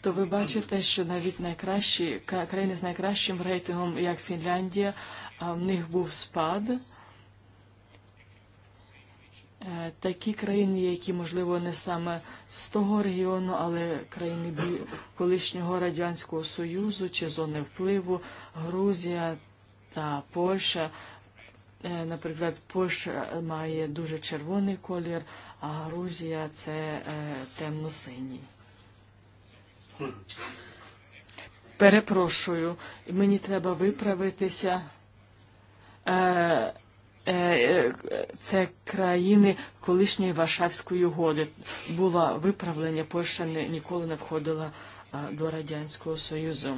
то ви бачите, що навіть найкращі країни з найкращим рейтингом, як Фінляндія, nieħbu спад. Такі країни, які, можливо, не саме з того регіону, але країни колишнього Радянського Союзу чи зони впливу, Грузія та Польща. Наприклад, Польща має дуже червоний колір, а Грузія це темно-синій. Перепрошую, мені треба виправитися це країни колишньої Варшавської угоди. Було виправлення, Польща ніколи не входила до Радянського Союзу.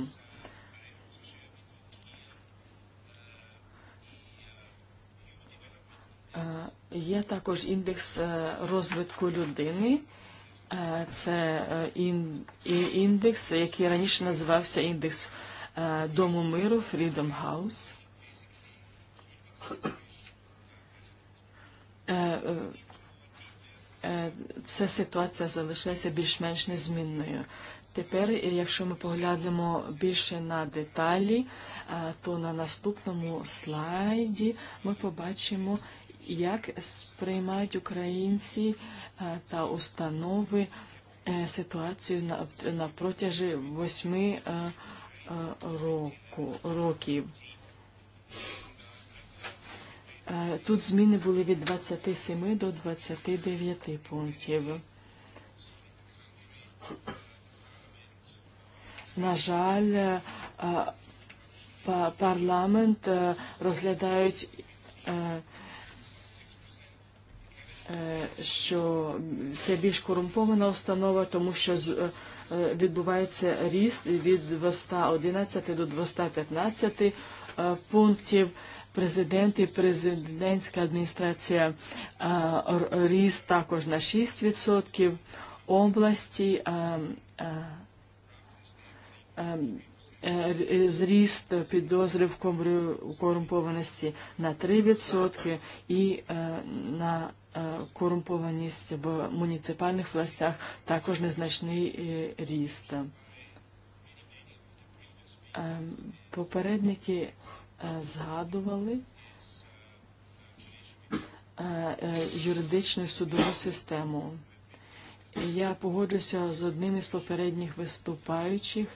Є також індекс розвитку людини. Це індекс, який раніше називався індекс Дому миру Freedom House. Це ситуація залишилася більш-менш незмінною. Тепер, якщо ми поглянемо більше на деталі, то на наступному слайді ми побачимо, як сприймають українці та установи ситуацію на протяжі восьми років. Тут зміни були від 27 до 29 пунктів. На жаль, парламент розглядають, що це більш корумпована установа, тому що відбувається ріст від 211 до 215 пунктів президент і президентська адміністрація ріс також на 6%, області зріст підозрів корумпованості на 3% і на корумпованість в муніципальних властях також незначний ріст. Попередники згадували юридичну судову систему. Я погоджуся з одним із попередніх виступаючих,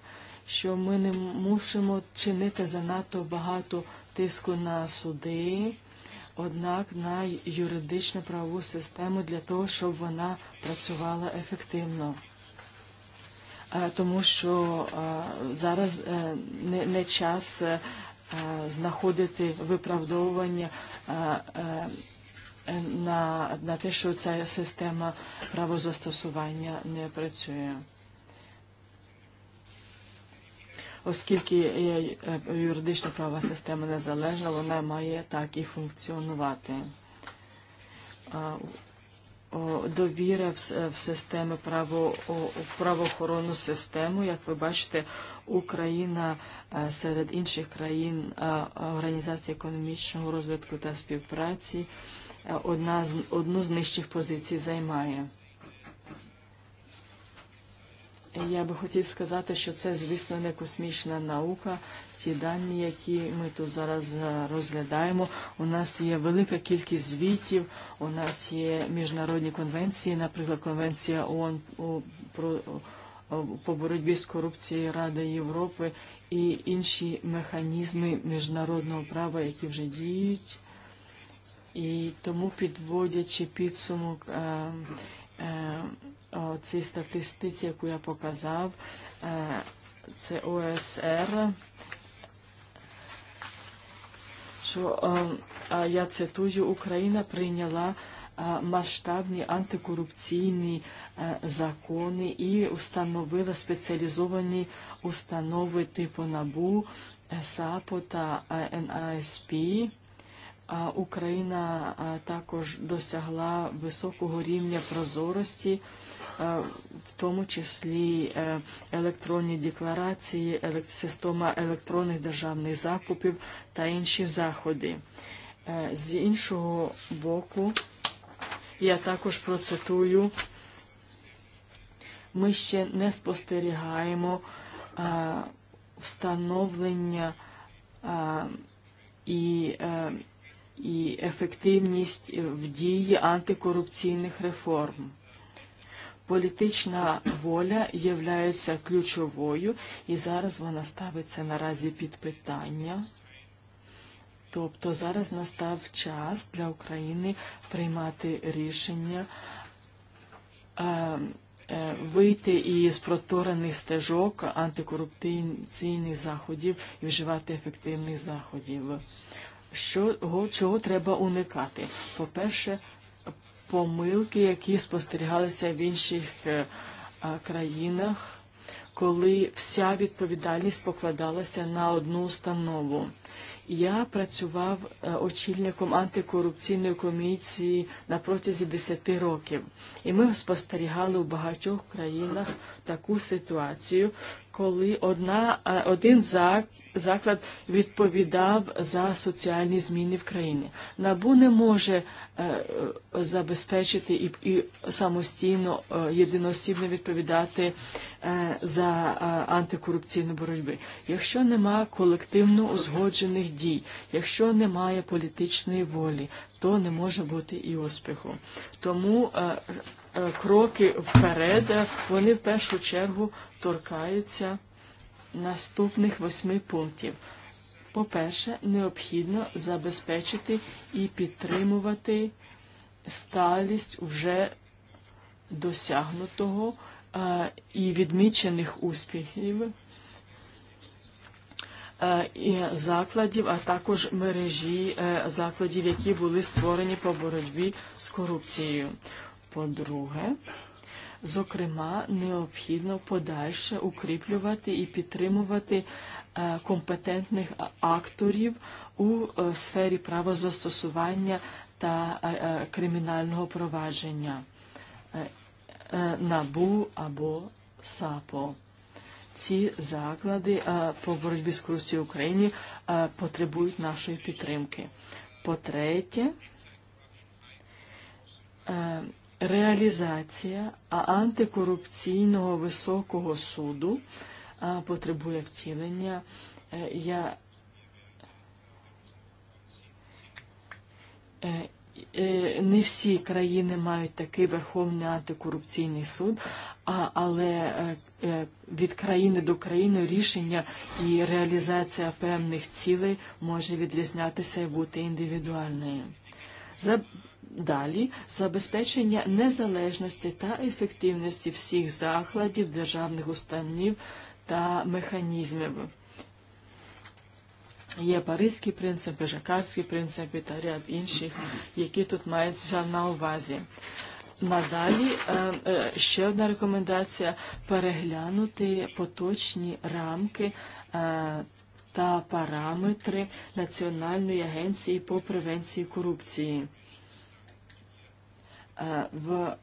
що ми не мусимо чинити занадто багато тиску на суди, однак на юридичну правову систему для того, щоб вона працювала ефективно. Тому що зараз не час знаходити виправдовування на, на те, що ця система правозастосування не працює. Оскільки юридична права система незалежна, вона має так і функціонувати. Довіра в, в право, в правоохоронну систему, як ви бачите, Україна серед інших країн Організації економічного розвитку та співпраці одна з, одну з нижчих позицій займає. Я би хотів сказати, що це, звісно, не космічна наука. Ті дані, які ми тут зараз розглядаємо, у нас є велика кількість звітів, у нас є міжнародні конвенції, наприклад, конвенція ООН про по боротьбі з корупцією Ради Європи і інші механізми міжнародного права, які вже діють. І тому підводячи підсумок цієї, статистиці, яку я показав, це ОСР, що я цитую, Україна прийняла масштабні антикорупційні закони і установила спеціалізовані установи типу НАБУ, САПО та НАСП. Україна також досягла високого рівня прозорості, в тому числі електронні декларації, система електронних державних закупів та інші заходи. З іншого боку, Я також процитую. Ми ще не спостерігаємо а, встановлення а, і, а, і ефективність в дії антикорупційних реформ. Політична воля являється ключовою, і зараз вона ставиться наразі під питання. Тобто зараз настав час для України приймати рішення вийти із проторених стежок антикорупційних заходів і вживати ефективних заходів. Що, чого треба уникати? По-перше, помилки, які спостерігалися в інших країнах, коли вся відповідальність покладалася на одну установу. Я працював очільником антикорупційної комісії на протязі 10 років, і ми спостерігали у багатьох країнах таку ситуацію, коли одна, один заклад відповідав за соціальні зміни в країні. НАБУ не може забезпечити і, і самостійно єдиноосібно відповідати за антикорупційну боротьбу. Якщо немає колективно узгоджених дій, якщо немає політичної волі, то не може бути і успіху. Тому кроки вперед, вони в першу чергу торкаються наступних восьми пунктів. По-перше, необхідно забезпечити і підтримувати сталість вже досягнутого і відмічених успіхів і закладів, а також мережі закладів, які були створені по боротьбі з корупцією. По-друге, зокрема, необхідно подальше укріплювати і підтримувати компетентних акторів у сфері правозастосування та кримінального провадження НАБУ або САПО. Ці заклади по боротьбі з корупцією в Україні потребують нашої підтримки. По-третє, Реалізація антикорупційного високого суду потребує втілення. Я не всі країни мають такий Верховний антикорупційний суд, а, але від країни до країни рішення і реалізація певних цілей може відрізнятися і бути індивідуальною. Далі забезпечення незалежності та ефективності всіх закладів державних установ та механізмів. Є паризькі принципи, жакарські принципи та ряд інших, які тут мають на увазі. Надалі ще одна рекомендація переглянути поточні рамки та параметри Національної агенції по превенції корупції в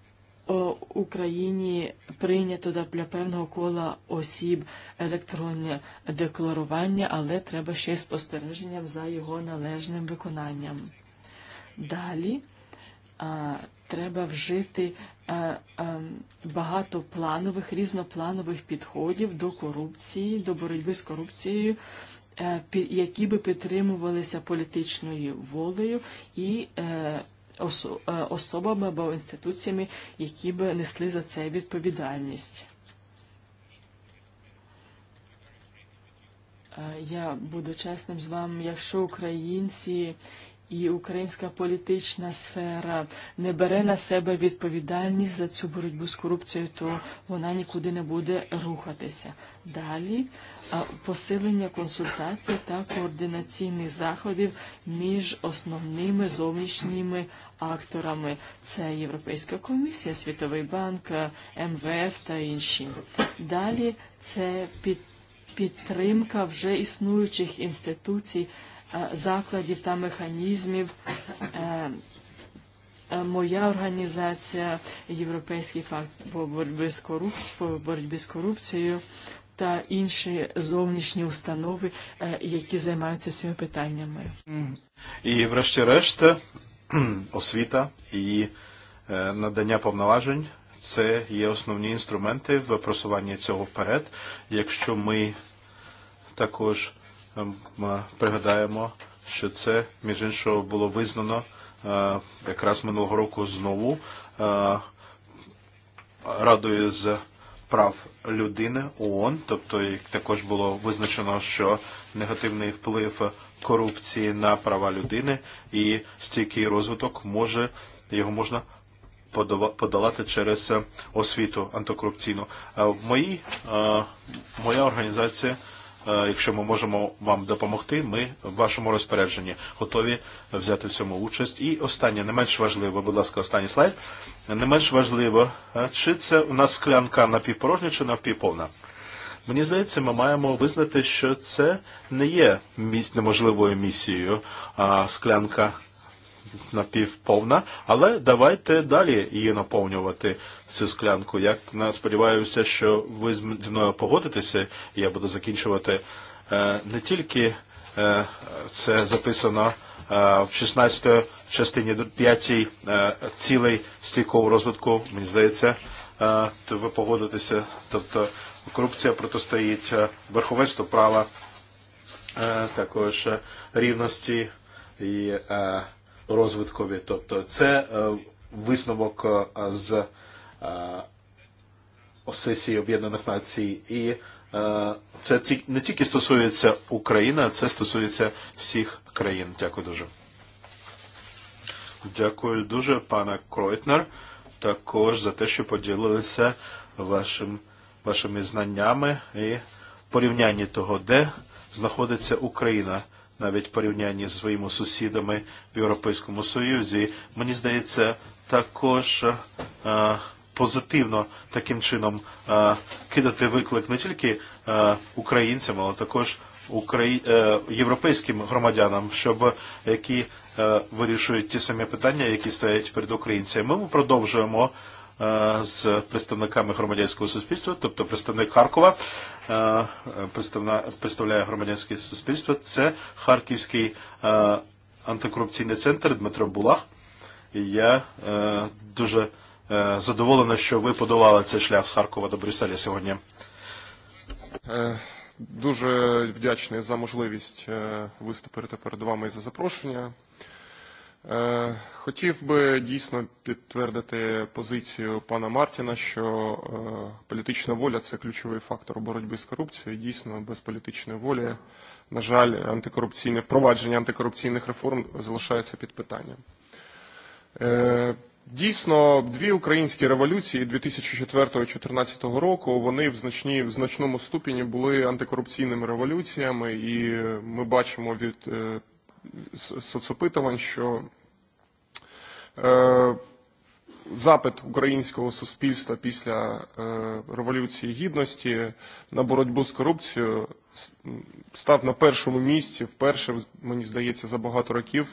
Україні прийнято для певного кола осіб електронне декларування, але треба ще й спостереженням за його належним виконанням. Далі а, треба вжити а, а, багато планових, різнопланових підходів до корупції, до боротьби з корупцією, а, які би підтримувалися політичною волею і а, os або інституціями, які б несли за це відповідальність. Я буду чесним з вами, якщо українці і українська політична сфера не бере на себе відповідальність за цю боротьбу з корупцією, то вона нікуди не буде рухатися. Далі посилення консультацій та координаційних заходів між основними зовнішніми Акторами це Європейська комісія, Світовий банк, МВФ та інші. Далі це підтримка вже існуючих інституцій, закладів та механізмів. Моя організація Європейський факт по боротьбі з корупцією, по боротьбі з корупцією та інші зовнішні установи, які займаються цими питаннями. І врешті-решта освіта і надання повноважень це є основні інструменти в просуванні цього вперед. Якщо ми також пригадаємо, що це, між іншого, було визнано якраз минулого року знову радою з прав людини ООН, тобто також було визначено, що негативний вплив коррупции, на права людини, і стільки розвиток може, його можна подолати через освіту антикорупційну. В моїй, моя організація, якщо ми можемо вам допомогти, ми в вашому розпорядженні готові взяти в цьому участь. І останнє, не менш важливо, будь ласка, останній слайд, не менш важливо, чи це у нас склянка напівпорожня чи навпівповна. Мені здається, ми маємо визнати, що це не є неможливою місією а склянка напівповна, але давайте далі її наповнювати цю склянку. Я сподіваюся, що ви зі мною погодитеся, і я буду закінчувати не тільки це записано в 16 частині 5 цілий стійкового розвитку, мені здається, то ви погодитеся, тобто Корупція протистоїть верховенству права, також рівності і розвиткові. Тобто це висновок з сесії Об'єднаних Націй і це не тільки стосується України, а це стосується всіх країн. Дякую дуже. Дякую дуже, пане Кройтнер, також за те, що поділилися вашим вашими знаннями і порівнянні того, де знаходиться Україна навіть в порівнянні з своїми сусідами в Європейському Союзі. Мені здається, також а, позитивно таким чином а, кидати виклик не тільки а, українцям, але також Украї... європейським громадянам, щоб які вирішують ті самі питання, які стоять перед українцями. Ми продовжуємо з представниками громадянського суспільства, тобто представник Харкова представляє громадянське суспільство. Це Харківський антикорупційний центр Дмитро Булах. І я дуже задоволений, що ви подолали цей шлях з Харкова до Брюсселя сьогодні. Дуже вдячний за можливість виступити перед вами і за запрошення. Хотів би дійсно підтвердити позицію пана Мартіна, що політична воля – це ключовий фактор боротьби з корупцією. Дійсно, без політичної волі, на жаль, антикорупційне впровадження антикорупційних реформ залишається під питанням. Дійсно, дві українські революції 2004-2014 року, вони в, значні, в значному ступені були антикорупційними революціями, і ми бачимо від соцопитувань, що запит українського суспільства після Революції Гідності на боротьбу з корупцією став на першому місці, вперше, мені здається, за багато років,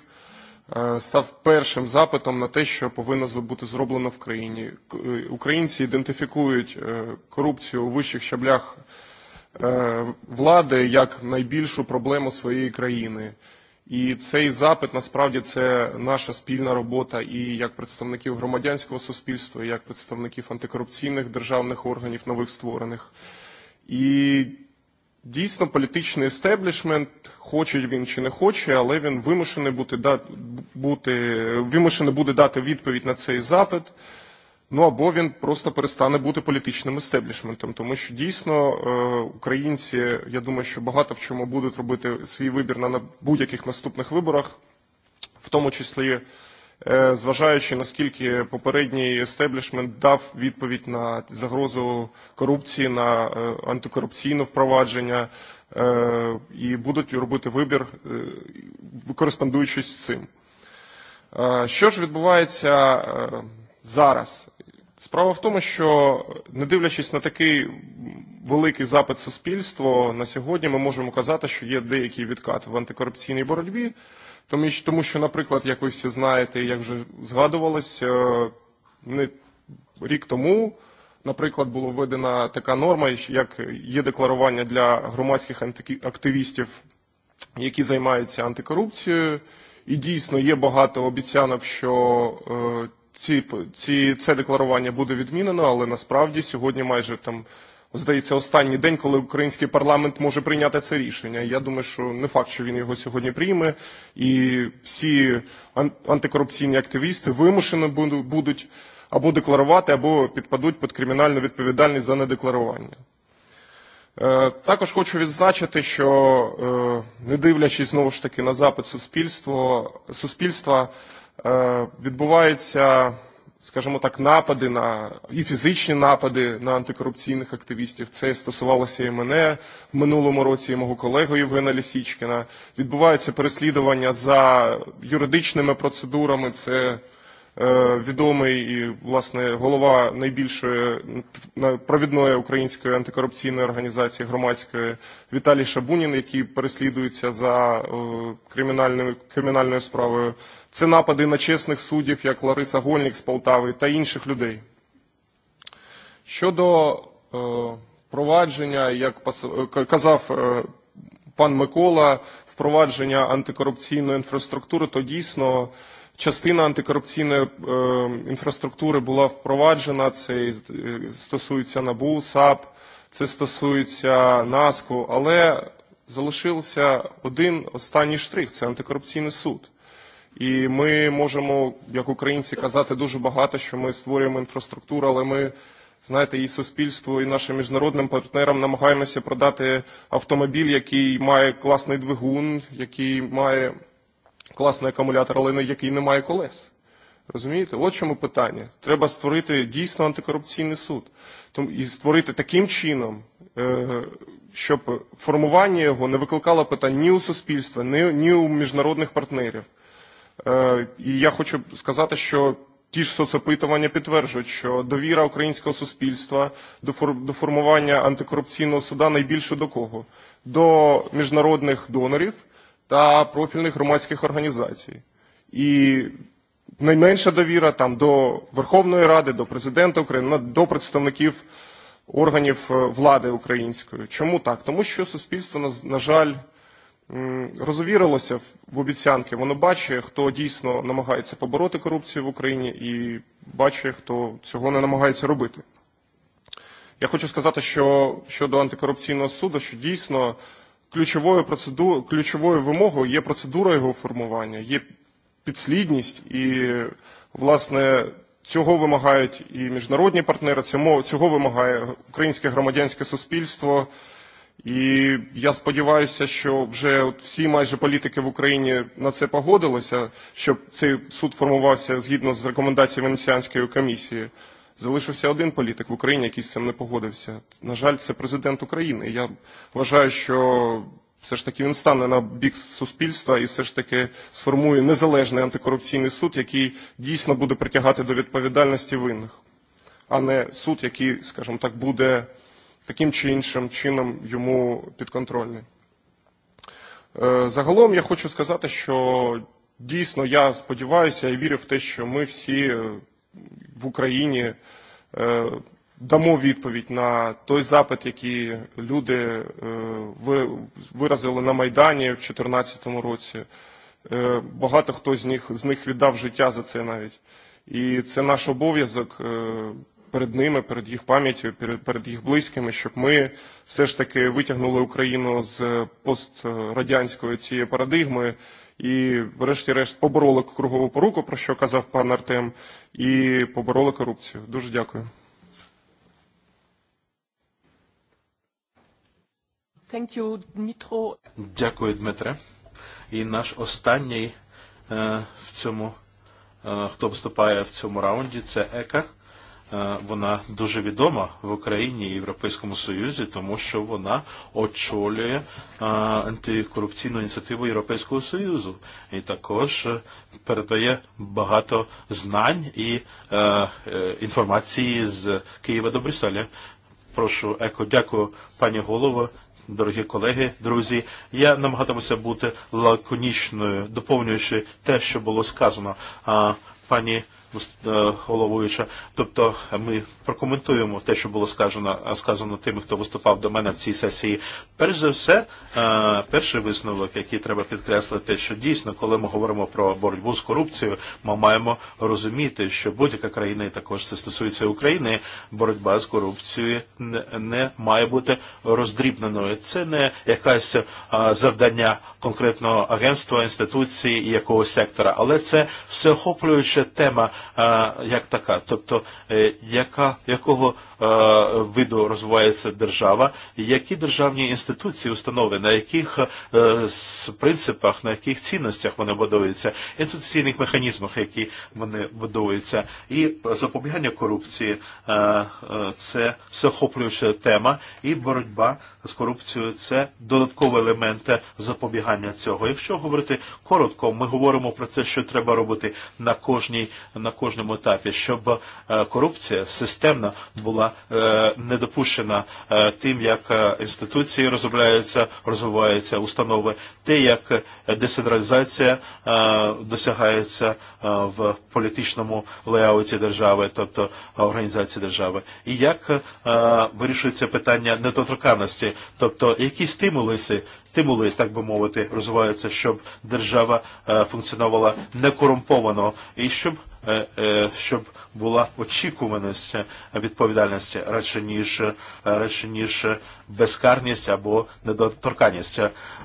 став першим запитом на те, що повинно бути зроблено в країні. Українці ідентифікують корупцію у вищих щаблях влади як найбільшу проблему своєї країни. І цей запит насправді це наша спільна робота і як представників громадянського суспільства, і як представників антикорупційних державних органів нових створених. І дійсно політичний естеблішмент, хоче він чи не хоче, але він вимушений, бути, бути, вимушений буде дати відповідь на цей запит. Ну або він просто перестане бути політичним істеблішментом, тому що дійсно українці, я думаю, що багато в чому будуть робити свій вибір на будь-яких наступних виборах, в тому числі зважаючи наскільки попередній естеблішмент дав відповідь на загрозу корупції, на антикорупційне впровадження, і будуть робити вибір, кореспондуючись з цим. Що ж відбувається зараз? Справа в тому, що не дивлячись на такий великий запит суспільства, на сьогодні ми можемо казати, що є деякий відкат в антикорупційній боротьбі, тому що, наприклад, як ви всі знаєте, як вже згадувалось, не рік тому, наприклад, була введена така норма, як є декларування для громадських активістів, які займаються антикорупцією, і дійсно є багато обіцянок, що ці, ці, це декларування буде відмінено, але насправді сьогодні майже там здається, останній день, коли український парламент може прийняти це рішення. Я думаю, що не факт, що він його сьогодні прийме, і всі антикорупційні активісти вимушені будуть або декларувати, або підпадуть під кримінальну відповідальність за недекларування. Також хочу відзначити, що не дивлячись знову ж таки на запит суспільства, суспільства відбуваються, скажімо так, напади на і фізичні напади на антикорупційних активістів. Це стосувалося і мене в минулому році, і мого колегу Євгена Лісічкіна. Відбуваються переслідування за юридичними процедурами. Це відомий і, власне, голова найбільшої провідної української антикорупційної організації громадської Віталій Шабунін, який переслідується за кримінальною, кримінальною справою Це напади на чесних суддів, як Лариса Гольник з Полтави та інших людей. Щодо е, провадження, як казав е, пан Микола, впровадження антикорупційної інфраструктури, то дійсно частина антикорупційної е, інфраструктури була впроваджена, це стосується НАБУ, САП, це стосується НАСКу, але залишився один останній штрих – це антикорупційний суд – І ми можемо, як українці, казати дуже багато, що ми створюємо інфраструктуру, але ми, знаєте, і суспільству, і нашим міжнародним партнерам намагаємося продати автомобіль, який має класний двигун, який має класний акумулятор, але який не має колес. Розумієте? От чому питання. Треба створити дійсно антикорупційний суд. І створити таким чином, щоб формування його не викликало питань ні у суспільства, ні у міжнародних партнерів. І я хочу сказати, що ті ж соцопитування підтверджують, що довіра українського суспільства до формування антикорупційного суда найбільше до кого? До міжнародних донорів та профільних громадських організацій. І найменша довіра там до Верховної Ради, до президента України, до представників органів влади української. Чому так? Тому що суспільство, на жаль, розвірилося в обіцянки. Воно бачить, хто дійсно намагається побороти корупцію в Україні і бачить, хто цього не намагається робити. Я хочу сказати, що щодо антикорупційного суду, що дійсно ключовою, процеду... ключовою вимогою є процедура його формування, є підслідність і, власне, цього вимагають і міжнародні партнери, цього, цього вимагає українське громадянське суспільство – І я сподіваюся, що вже от всі майже політики в Україні на це погодилися, щоб цей суд формувався згідно з рекомендацією Венеціанської комісії. Залишився один політик в Україні, який з цим не погодився. На жаль, це президент України. Я вважаю, що все ж таки він стане на бік суспільства і все ж таки сформує незалежний антикорупційний суд, який дійсно буде притягати до відповідальності винних, а не суд, який, скажімо так, буде таким чи іншим чином йому підконтрольний. Загалом я хочу сказати, що дійсно я сподіваюся і вірю в те, що ми всі в Україні дамо відповідь на той запит, який люди виразили на Майдані в 2014 році. Багато хто з них, з них віддав життя за це навіть. І це наш обов'язок перед ними, перед їх пам'яттю, перед, перед їх близькими, щоб ми все ж таки витягнули Україну з пострадянської цієї парадигми і, врешті-решт, побороли кругову поруку, про що казав пан Артем, і побороли корупцію. Дуже дякую. Thank you, Dmitro. Дякую, Дмитре. І наш останній е, в цьому, е, хто виступає в цьому раунді, це Ека вона дуже відома в Україні і Європейському Союзі, тому що вона очолює антикорупційну ініціативу Європейського Союзу і також передає багато знань і інформації з Києва до Брюсселя. Прошу, еко, дякую, пані голово, дорогі колеги, друзі. Я намагатимуся бути лаконічною, доповнюючи те, що було сказано. А, пані головуюча. Тобто ми прокоментуємо те, що було сказано, сказано тим, хто виступав до мене в цій сесії. Перш за все, перший висновок, який треба підкреслити, що дійсно, коли ми говоримо про боротьбу з корупцією, ми маємо розуміти, що будь-яка країна, і також це стосується України, боротьба з корупцією не має бути роздрібненою. Це не якась завдання конкретного агентства, інституції і якогось сектора, але це всеохоплююча тема як така. Тобто, яка, якого виду розвивається держава, які державні інституції, установи, на яких принципах, на яких цінностях вони будуються, інституційних механізмах, які вони будуються, і запобігання корупції це всеохоплююча тема, і боротьба з корупцією це додаткові елементи запобігання цього. Якщо говорити коротко, ми говоримо про це, що треба робити на кожній на кожному етапі, щоб корупція системна була не допущена тим, як інституції розробляються, розвиваються установи, те, як децентралізація досягається в політичному леауті держави, тобто організації держави, і як вирішується питання недоторканності, тобто які стимули стимули, так би мовити, розвиваються, щоб держава функціонувала некорумповано і щоб, щоб була очікуваність відповідальності радше ніж радше ніж безкарність або недоторканність.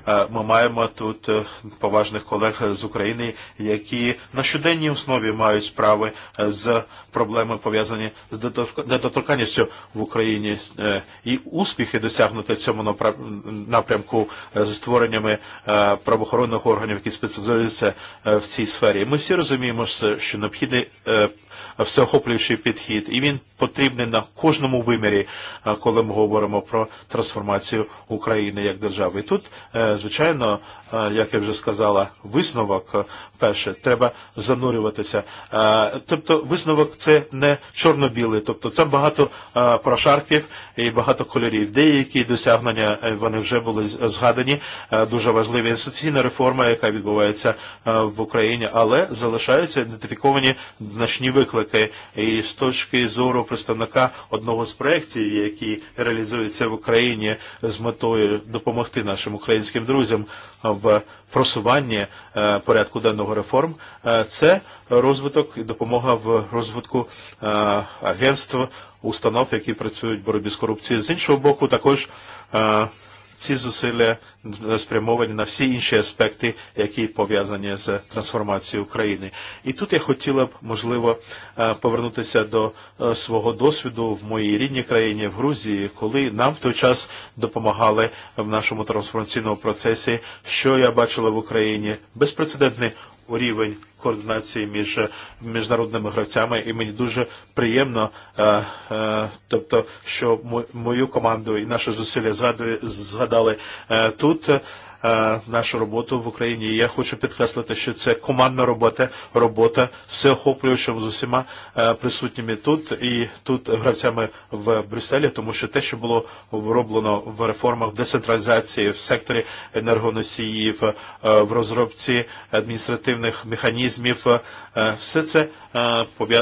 Ми маємо тут поважних колег з України, які на щоденній основі мають справи з проблеми пов'язані з недоторканністю в Україні і успіхи досягнути цьому напрямку з створеннями правоохоронних органів, які спеціалізуються в цій сфері. Ми всі розуміємо, що необхідний всеохоплюючий підхід, і він потрібний на кожному вимірі, коли ми говоримо про трансформацію України як держави. І тут, звичайно, як я вже сказала, висновок перше, треба занурюватися. Тобто висновок це не чорно-білий, тобто це багато прошарків і багато кольорів. Деякі досягнення вони вже були згадані, дуже важлива інституційна реформа, яка відбувається в Україні, але залишаються ідентифіковані значні виклики. І з точки зору представника одного з проєктів, який реалізується в Україні з метою допомогти нашим українським друзям, в просуванні порядку даного реформ, це розвиток і допомога в розвитку агентств, установ, які працюють в боротьбі з корупцією. З іншого боку, також ці зусилля спрямовані на всі інші аспекти, які пов'язані з трансформацією України. І тут я хотіла б, можливо, повернутися до свого досвіду в моїй рідній країні, в Грузії, коли нам в той час допомагали в нашому трансформаційному процесі, що я бачила в Україні безпрецедентний рівень координації між міжнародними гравцями, і мені дуже приємно, э, э, тобто, що мою команду і наші зусилля згадали э, тут нашу роботу в Україні. я хочу підкреслити, що це командна робота, робота всеохоплюючим з усіма э, присутніми тут і тут гравцями в Брюсселі, тому що те, що було вроблено в реформах в децентралізації, в секторі э, енергоносіїв, в розробці адміністративних механізмів, э, все це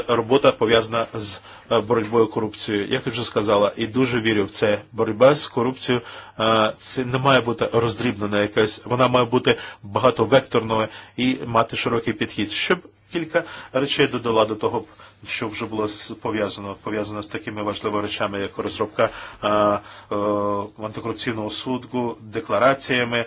робота пов'язана з Э, боротьбою корупцією. Як я вже сказала, і дуже вірю в це. Боротьба з корупцією э, це не має бути роздрібнена якась, вона має бути багатовекторною і мати широкий підхід. Щоб кілька речей додала до того, що вже було пов'язано, пов'язано з такими важливими речами, як розробка а, а, антикорупційного суду, деклараціями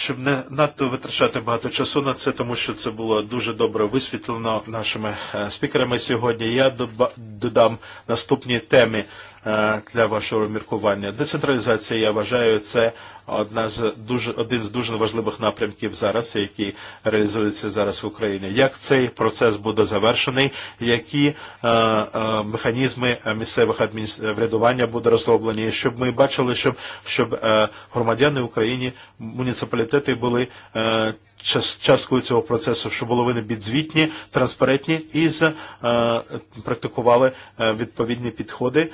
щоб не надто витрачати багато часу на це, тому що це було дуже добре висвітлено нашими спікерами сьогодні. Я додам наступні теми для вашого міркування. Децентралізація, я вважаю, це одна з дуже, один з дуже важливих напрямків зараз, які реалізуються зараз в Україні. Як цей процес буде завершений, які механізми місцевих врядування буде розроблені, щоб ми бачили, щоб, щоб громадяни України, муніципалітети були часткою цього процесу, щоб було вони підзвітні, транспарентні і практикували відповідні підходи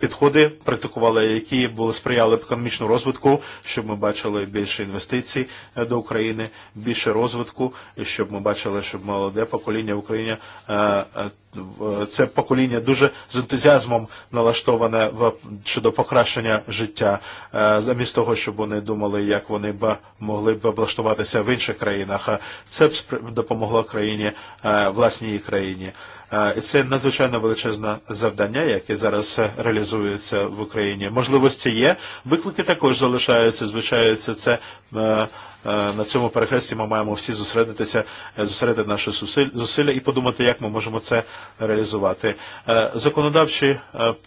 підходи практикували, які були сприяли економічному розвитку, щоб ми бачили більше інвестицій до України, більше розвитку, і щоб ми бачили, щоб молоде покоління в Україні це покоління дуже з ентузіазмом налаштоване в щодо покращення життя, замість того, щоб вони думали, як вони б могли б облаштуватися в інших країнах. а Це б допомогло країні, власній країні. І це надзвичайно величезне завдання, яке зараз реалізується в Україні. Можливості є, виклики також залишаються, звичайно, це на цьому перехресті ми маємо всі зосередитися, зосередити наші зусилля і подумати, як ми можемо це реалізувати. Законодавчі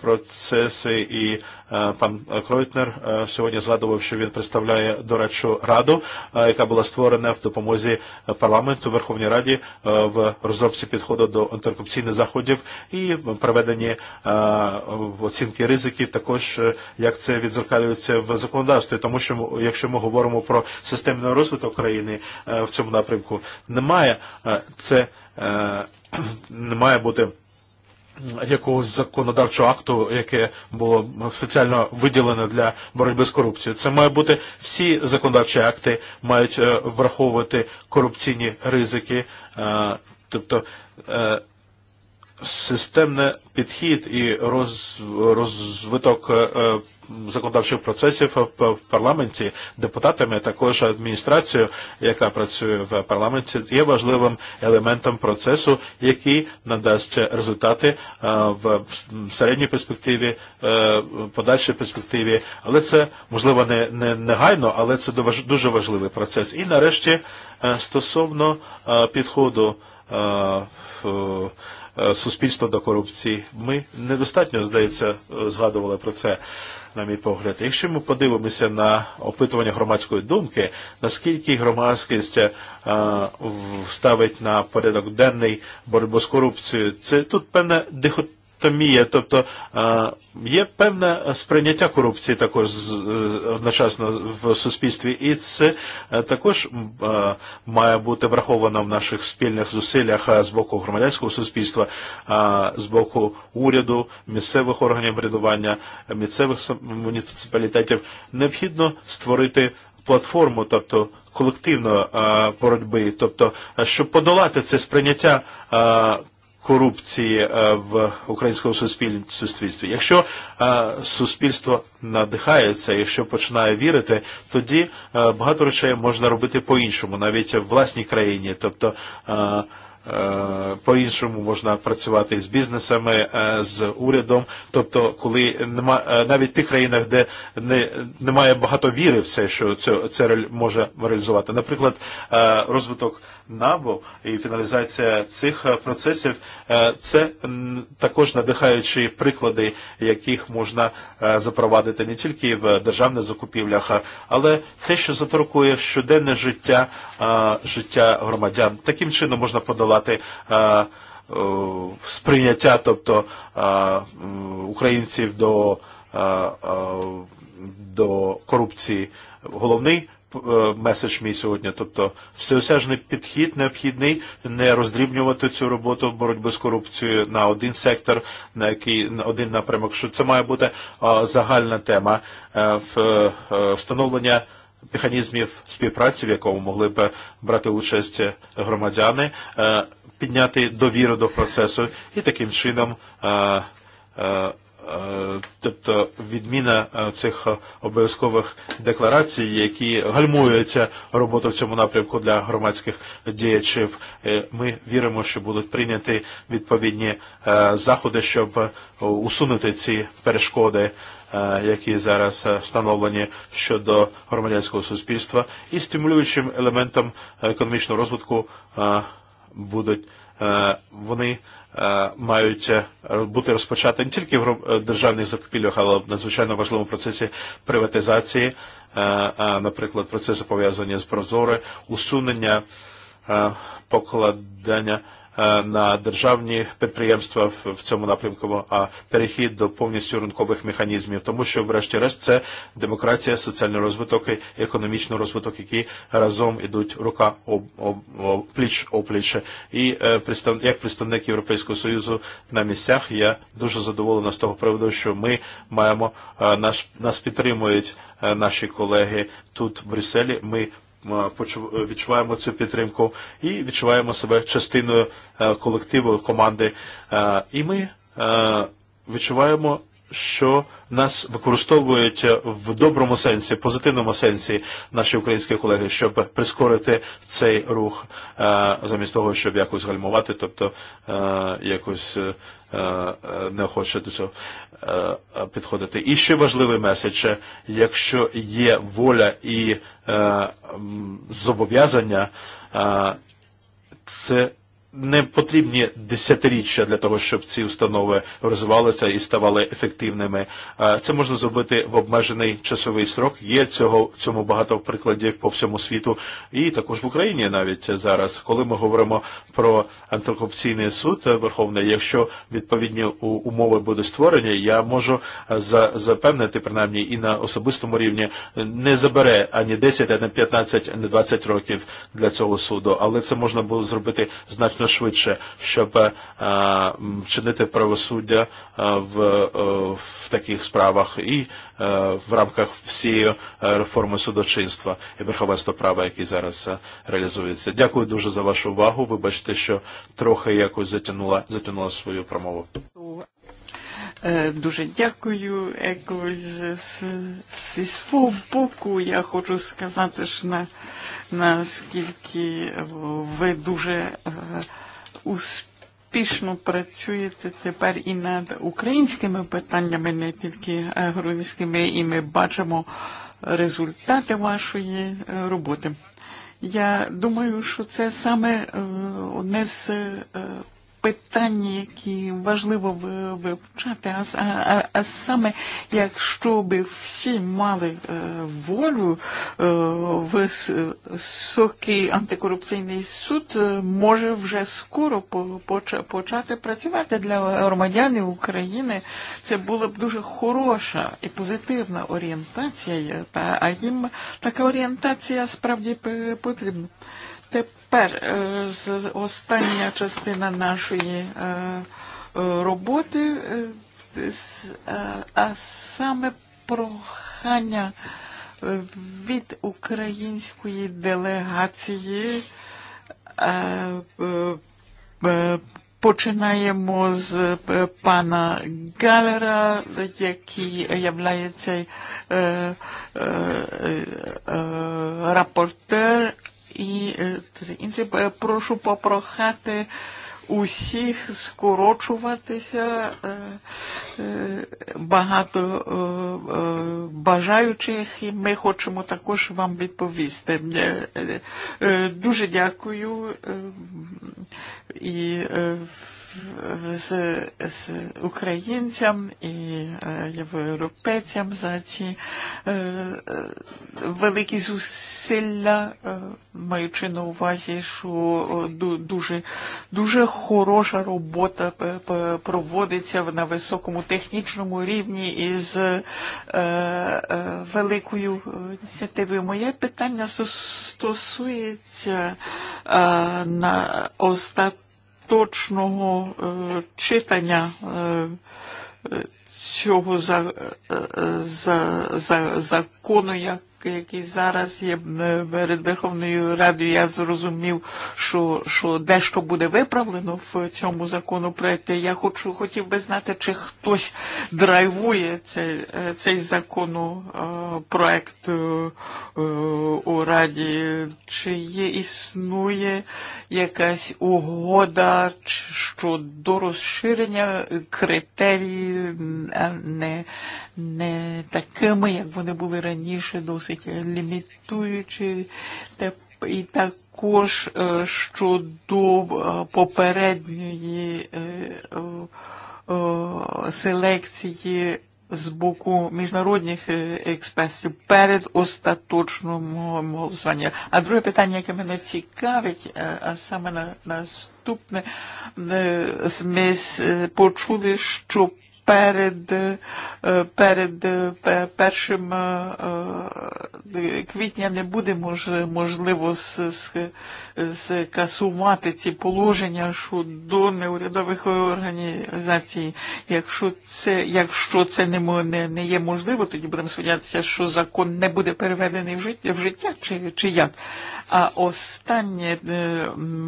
процеси і Пан Кройтнер сьогодні згадував, що він представляє дорадчу раду, яка була створена в допомозі парламенту Верховній Раді в розробці підходу до антикорупційних заходів і проведенні оцінки ризиків, також як це відзеркалюється в законодавстві, тому що якщо ми говоримо про системний розвиток країни в цьому напрямку, немає це не має бути яку законодавчого акту, яке було спеціально виділено для боротьби з корупцією. Це має бути всі законодавчі акти мають враховувати корупційні ризики, тобто системний підхід і розвиток законодавчих процесів в парламенті, депутатами, а також адміністрацією, яка працює в парламенті, є важливим елементом процесу, який надасть результати в середній перспективі, подальшій перспективі. Але це, можливо, не, не негайно, але це дуже важливий процес. І нарешті стосовно підходу суспільства до корупції. Ми недостатньо, здається, згадували про це на мій погляд. Якщо ми подивимося на опитування громадської думки, наскільки громадськість ставить на порядок денний боротьбу з корупцією, це тут певна дихот Томія, тобто є певне сприйняття корупції також одночасно в суспільстві, і це також має бути враховано в наших спільних зусиллях з боку громадянського суспільства, з боку уряду, місцевих органів врядування, місцевих муніципалітетів. Необхідно створити платформу, тобто колективної боротьби, тобто, щоб подолати це сприйняття корупції в українському суспільстві. Якщо суспільство надихається, якщо починає вірити, тоді багато речей можна робити по-іншому, навіть в власній країні. Тобто по-іншому можна працювати з бізнесами, з урядом. Тобто, коли нема, навіть в тих країнах, де не, немає багато віри в це, що це, це може реалізувати. Наприклад, розвиток набу, і фіналізація цих процесів це також надихаючі приклади, яких можна запровадити не тільки в державних закупівлях, але те, що заторкує щоденне життя життя громадян. Таким чином можна подолати сприйняття, тобто українців до, до корупції. Головний Э, меседж мій сьогодні. Тобто всеосяжний підхід необхідний, не роздрібнювати цю роботу боротьби з корупцією на один сектор, на який на один напрямок. Що це має бути а, загальна тема а, в а, встановлення механізмів співпраці, в якому могли б брати участь громадяни, підняти довіру до процесу і таким чином тобто відміна цих обов'язкових декларацій, які гальмують роботу в цьому напрямку для громадських діячів. Ми віримо, що будуть прийняті відповідні заходи, щоб усунути ці перешкоди які зараз встановлені щодо громадянського суспільства, і стимулюючим елементом економічного розвитку будуть вони мають бути розпочати не тільки в державних закупівлях, але в надзвичайно важливому процесі приватизації, наприклад, процеси пов'язані з прозори, усунення покладання на eh, державні підприємства в цьому напрямку, а перехід до повністю ринкових механізмів, тому що, врешті-решт, це демократія, соціальний розвиток і економічний розвиток, які разом ідуть рука об, об, об, пліч опліч. І е, представ, як представник Європейського Союзу на місцях, я дуже задоволена з того приводу, що ми маємо, е, наш, нас підтримують е, наші колеги тут в Брюсселі, ми відчуваємо цю підтримку і відчуваємо себе частиною колективу команди. І ми відчуваємо що нас використовують в доброму сенсі, позитивному сенсі наші українські колеги, щоб прискорити цей рух замість того, щоб якось гальмувати, тобто якось не хоче до цього підходити. І ще важливий меседж, якщо є воля і зобов'язання, це не потрібні десятиріччя для того, щоб ці установи розвалилися і ставали ефективними. Це можна зробити в обмежений часовий срок. Є цього цьому багато прикладів по всьому світу, і також в Україні навіть зараз, коли ми говоримо про антикорупційний суд Верховний, якщо відповідні умови будуть створені, я можу за, запевнити принаймні і на особистому рівні не забере ані 10, ані 15, ані 20 років для цього суду, але це можна було зробити значно можна швидше, щоб чинити правосуддя в, в таких справах і в рамках всієї реформи судочинства і верховенства права, які зараз реалізуються. Дякую дуже за вашу увагу. Вибачте, що трохи якось затягнула, затягнула свою промову. E, дуже дякую, Еко, зі свого боку я хочу сказати, що на, наскільки ви дуже успішно працюєте тепер і над українськими питаннями, не тільки грузинськими, і ми бачимо результати вашої роботи. Я думаю, що це саме одне з питання, які важливо вивчати, а, а, а саме якщо би всі мали волю, високий антикорупційний суд може вже скоро почати працювати для громадян України. Це була б дуже хороша і позитивна орієнтація, та, а їм така орієнтація справді потрібна. Тепер Тепер остання частина нашої роботи, а саме прохання від української делегації Починаємо з пана Галера, який являється е, рапортер, і președinte, э, прошу попрохати усіх скорочуватися багато бажаючих, і ми хочемо також вам відповісти. Дуже дякую і з, з українцям і європейцям за ці великі зусилля, маючи на увазі, що дуже, дуже хороша робота проводиться на високому технічному рівні із великою ініціативою. Моє питання стосується на остатньому точного читання цього за, за, за, закону, як які зараз є перед Верховною Радою, я зрозумів, що, що дещо буде виправлено в цьому законопроекті. Я хочу, хотів би знати, чи хтось драйвує цей, цей законопроект у Раді, чи є, існує якась угода щодо розширення критерій не, не такими, як вони були раніше, досить досить лімітуючі і також щодо попередньої селекції з боку міжнародних експертів перед остаточним голосуванням. А друге питання, яке мене цікавить, а саме наступне, ми почули, що перед, перед першим квітня не буде можливо скасувати ці положення щодо неурядових організацій. Якщо це, якщо це не, не, не є можливо, тоді будемо сподіватися, що закон не буде переведений в життя, в життя чи, чи як. А останнє,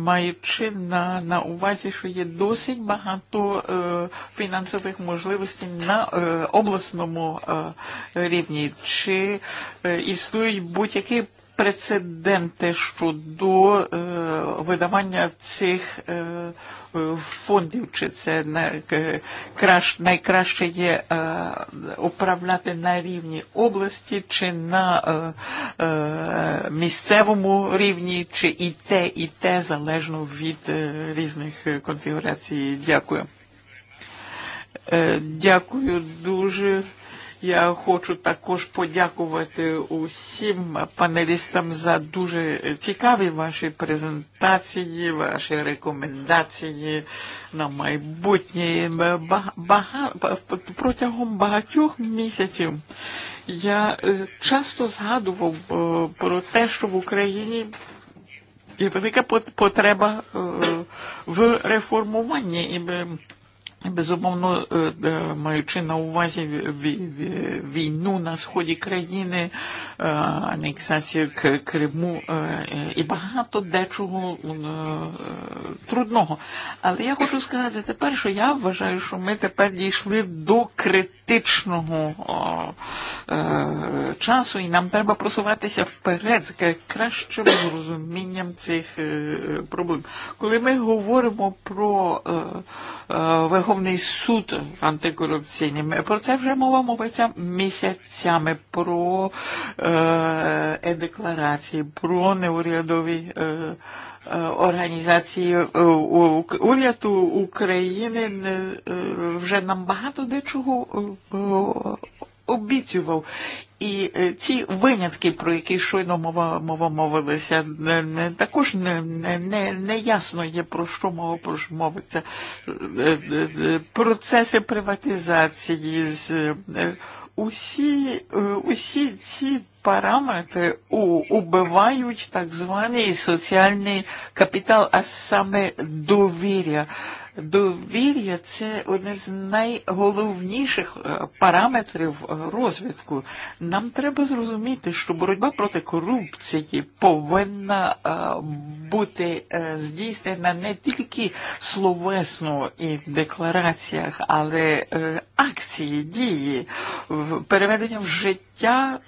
маючи на, на увазі, що є досить багато фінансових можливостей, можливості на обласному рівні? Чи існують будь-які прецеденти щодо видавання цих фондів, чи це найкраще є управляти на рівні області, чи на місцевому рівні, чи і те, і те залежно від різних конфігурацій. Дякую. Дякую дуже. Я хочу також подякувати усім панелістам за дуже цікаві ваші презентації, ваші рекомендації на майбутнє. Бага... Протягом багатьох місяців я часто згадував про те, що в Україні є велика потреба в реформуванні. Безумовно, маючи на увазі війну на сході країни, анексацію Криму і багато дечого трудного. Але я хочу сказати тепер, що я вважаю, що ми тепер дійшли до критичного часу, і нам треба просуватися вперед з кращим розумінням цих проблем. Коли ми говоримо про Верховний суд антикорупційний. Про це вже мова мовиться місяцями, про э, декларации, про неурядові э, э організації э, уряду України вже э, нам багато дечого обіцював. І ці винятки, про які щойно мова, мова мовилася, також не, не, не ясно є, про що мова про що мовиться. Процеси приватизації, усі, усі ці параметри убивають так званий соціальний капітал, а саме довір'я. Довір'я це один з найголовніших параметрів розвитку. Нам треба зрозуміти, що боротьба проти корупції повинна бути здійснена не тільки словесно і в деклараціях, але акції, дії, переведення в життя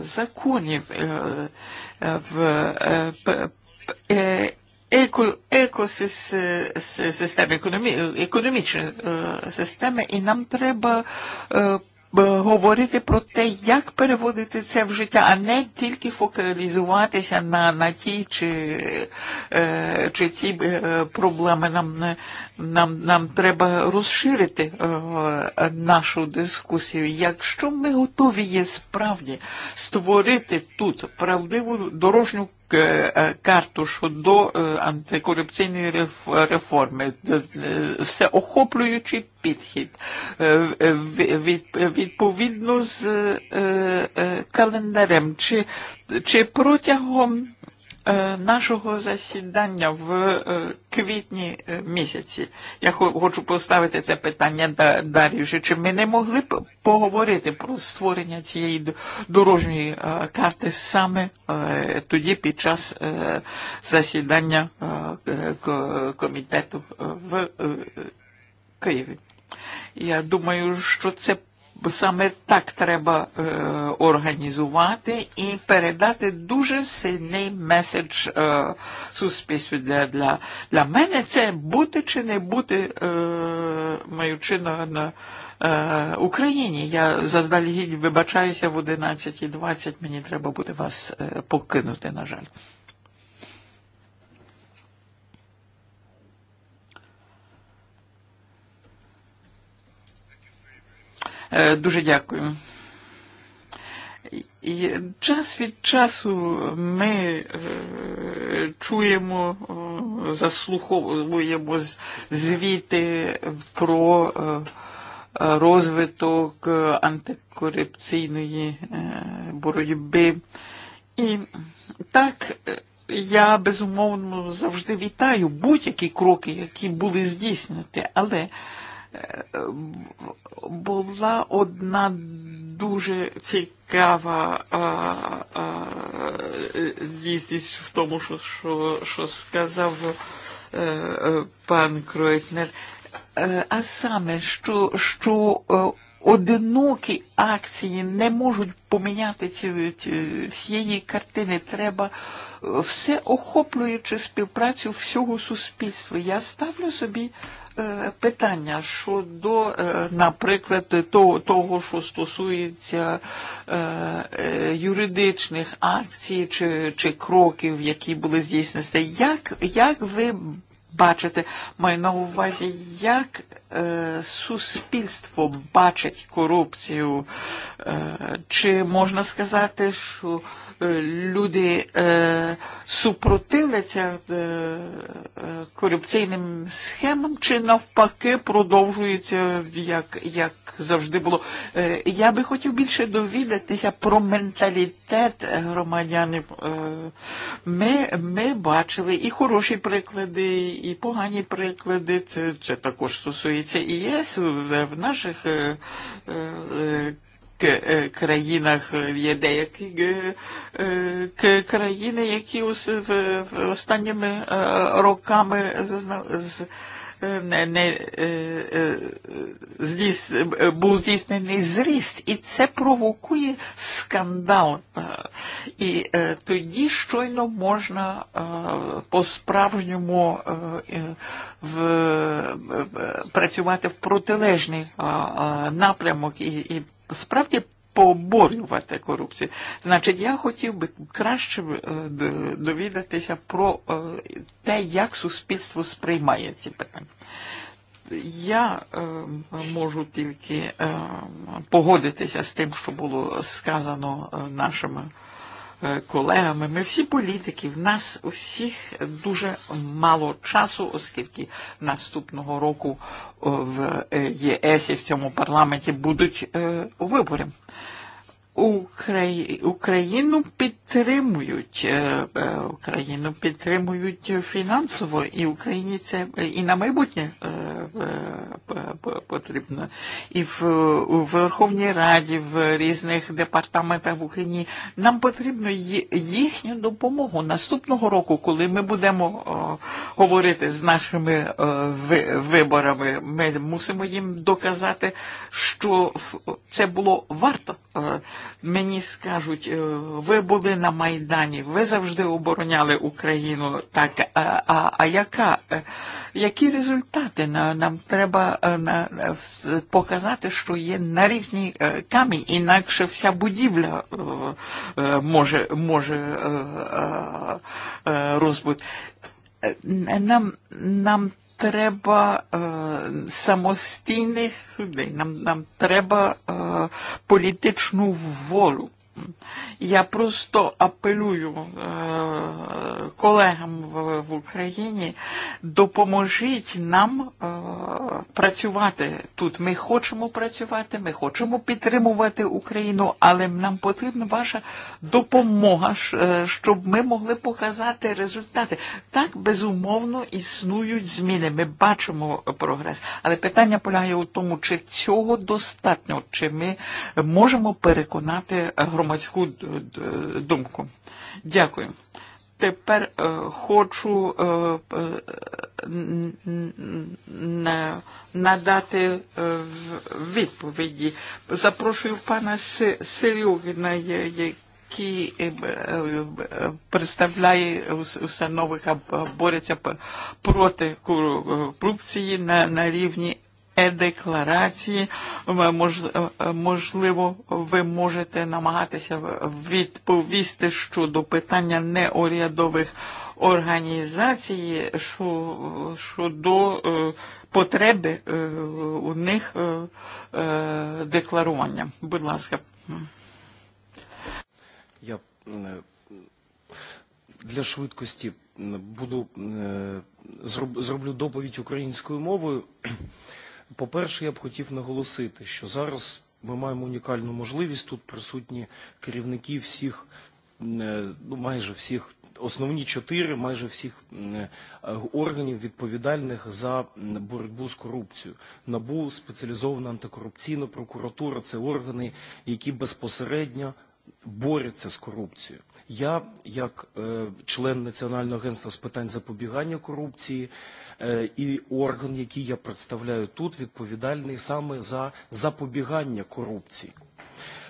законів в екосистеми, економічні системи, і нам треба говорити про те, як переводити це в життя, а не тільки фокалізуватися на, на ті чи, чи ті е, проблеми. Нам, нам, нам треба розширити нашу дискусію. Якщо ми готові є справді створити тут правдиву дорожню карту щодо антикорупційної реформи, охоплюючи підхід відповідно з календарем. чи протягом Э, нашого засідання в э, квітні э, місяці. Я хочу поставити це питання далі. Чи ми не могли б поговорити про створення цієї дорожньої карти саме тоді під час засідання комітету в Києві? Я думаю, що це саме так треба е, організувати і передати дуже сильний меседж е, суспільству. Для, для, для мене це бути чи не бути е, маючиною на е, Україні. Я заздалегідь вибачаюся в 11.20, мені треба буде вас uh, покинути, на жаль. Дуже дякую. І час від часу ми чуємо, заслуховуємо звіти про розвиток антикорупційної боротьби. І так я безумовно завжди вітаю будь-які кроки, які були здійснені, але була одна дуже цікава дійсність в тому, що, що, що сказав пан Кройтнер. А саме, що, що одинокі акції не можуть поміняти ці, ці, всієї картини. Треба все охоплюючи співпрацю всього суспільства. Я ставлю собі питання щодо, наприклад, того, що стосується юридичних акцій чи, чи кроків, які були здійснені, як, як ви бачите, маю на увазі, як е, суспільство бачить корупцію, е, чи можна сказати, що люди супротивляться корупційним схемам, чи навпаки продовжується як, як завжди було. Я би хотів більше довідатися про менталітет громадянів. Ми, ми бачили і хороші приклади, і погані приклади. Це, це також стосується і ЄС в наших країнах є к країни, які в останніми роками не, не, був здійснений зріст, і це провокує скандал. І тоді щойно можна по-справжньому працювати в протилежний напрямок і, і справді поборювати корупцію. Значить, я хотів би краще довідатися про те, як суспільство сприймає ці питання. Я е, можу тільки е, погодитися з тим, що було сказано нашими колегами. Ми всі політики, в нас усіх дуже мало часу, оскільки наступного року в ЄС і в цьому парламенті будуть вибори. Україну підтримують, Україну підтримують фінансово, і Україні це і на майбутнє потрібно. І в, в Верховній Раді, в різних департаментах в Україні нам потрібно їхню допомогу. Наступного року, коли ми будемо говорити з нашими виборами, ми мусимо їм доказати, що це було варто мені скажуть, ви були на Майдані, ви завжди обороняли Україну, так, а, а, а яка, які результати нам треба показати, що є на різні камінь, інакше вся будівля може, може розбути. Нам, нам треба е, самостійних судей, нам, нам треба е, політичну волю. Я просто апелюю колегам в Україні, допоможіть нам працювати тут. Ми хочемо працювати, ми хочемо підтримувати Україну, але нам потрібна ваша допомога, щоб ми могли показати результати. Так, безумовно, існують зміни. Ми бачимо прогрес. Але питання полягає у тому, чи цього достатньо, чи ми можемо переконати громадян громадську думку. Дякую. Тепер хочу надати відповіді. Запрошую пана Серюгіна, які представляє установи, яка бореться проти корупції на, на рівні е декларації. Мож, можливо, ви можете намагатися відповісти щодо питання неурядових організацій щодо потреби у них декларування. Будь ласка. Я для швидкості буду зроблю доповідь українською мовою. По-перше, я б хотів наголосити, що зараз ми маємо унікальну можливість, тут присутні керівники всіх, ну, майже всіх основні чотири майже всіх органів відповідальних за боротьбу з корупцією. НАБУ, спеціалізована антикорупційна прокуратура – це органи, які безпосередньо борються з корупцією. Я, як член Національного агентства з питань запобігання корупції і орган, який я представляю тут, відповідальний саме за запобігання корупції.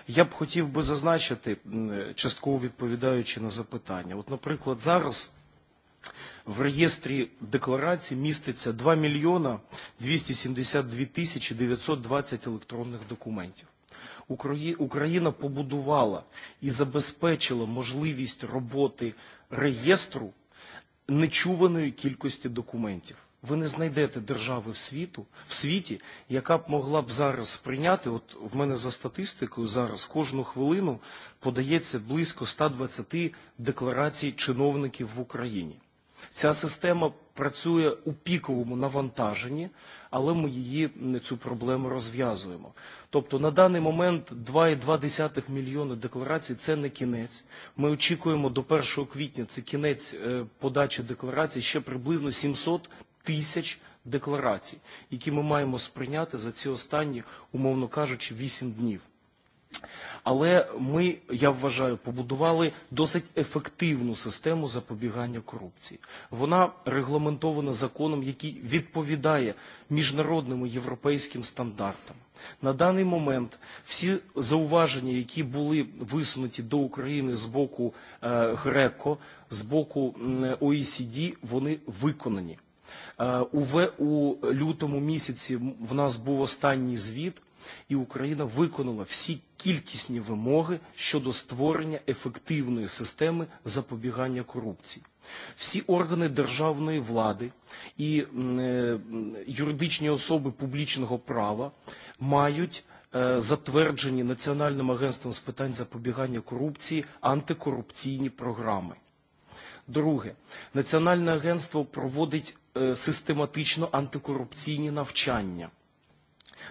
Я б хотів би зазначити, частково відповідаючи на запитання. От, наприклад, зараз в реєстрі декларацій міститься 2 мільйона 272 тисячі 920 електронних документів. Україна побудувала і забезпечила можливість роботи реєстру нечуваної кількості документів. Ви не знайдете держави в, світу, в світі, яка б могла б зараз сприйняти, от в мене за статистикою зараз кожну хвилину подається близько 120 декларацій чиновників в Україні. Ця система працює у піковому навантаженні, але ми її цю проблему розв'язуємо. Тобто на даний момент 2,2 мільйони декларацій це не кінець. Ми очікуємо до 1 квітня, це кінець подачі декларацій, ще приблизно 700 тисяч декларацій, які ми маємо сприйняти за ці останні, умовно кажучи, 8 днів. Але ми, я вважаю, побудували досить ефективну систему запобігання корупції. Вона регламентована законом, який відповідає міжнародним і європейським стандартам. На даний момент всі зауваження, які були висунуті до України з боку ГРЕКО, з боку ОІСІДі, вони виконані. У лютому місяці в нас був останній звіт, і Україна виконала всі кількісні вимоги щодо створення ефективної системи запобігання корупції. Всі органи державної влади і юридичні особи публічного права мають затверджені Національним агентством з питань запобігання корупції антикорупційні програми. Друге, Національне агентство проводить систематично антикорупційні навчання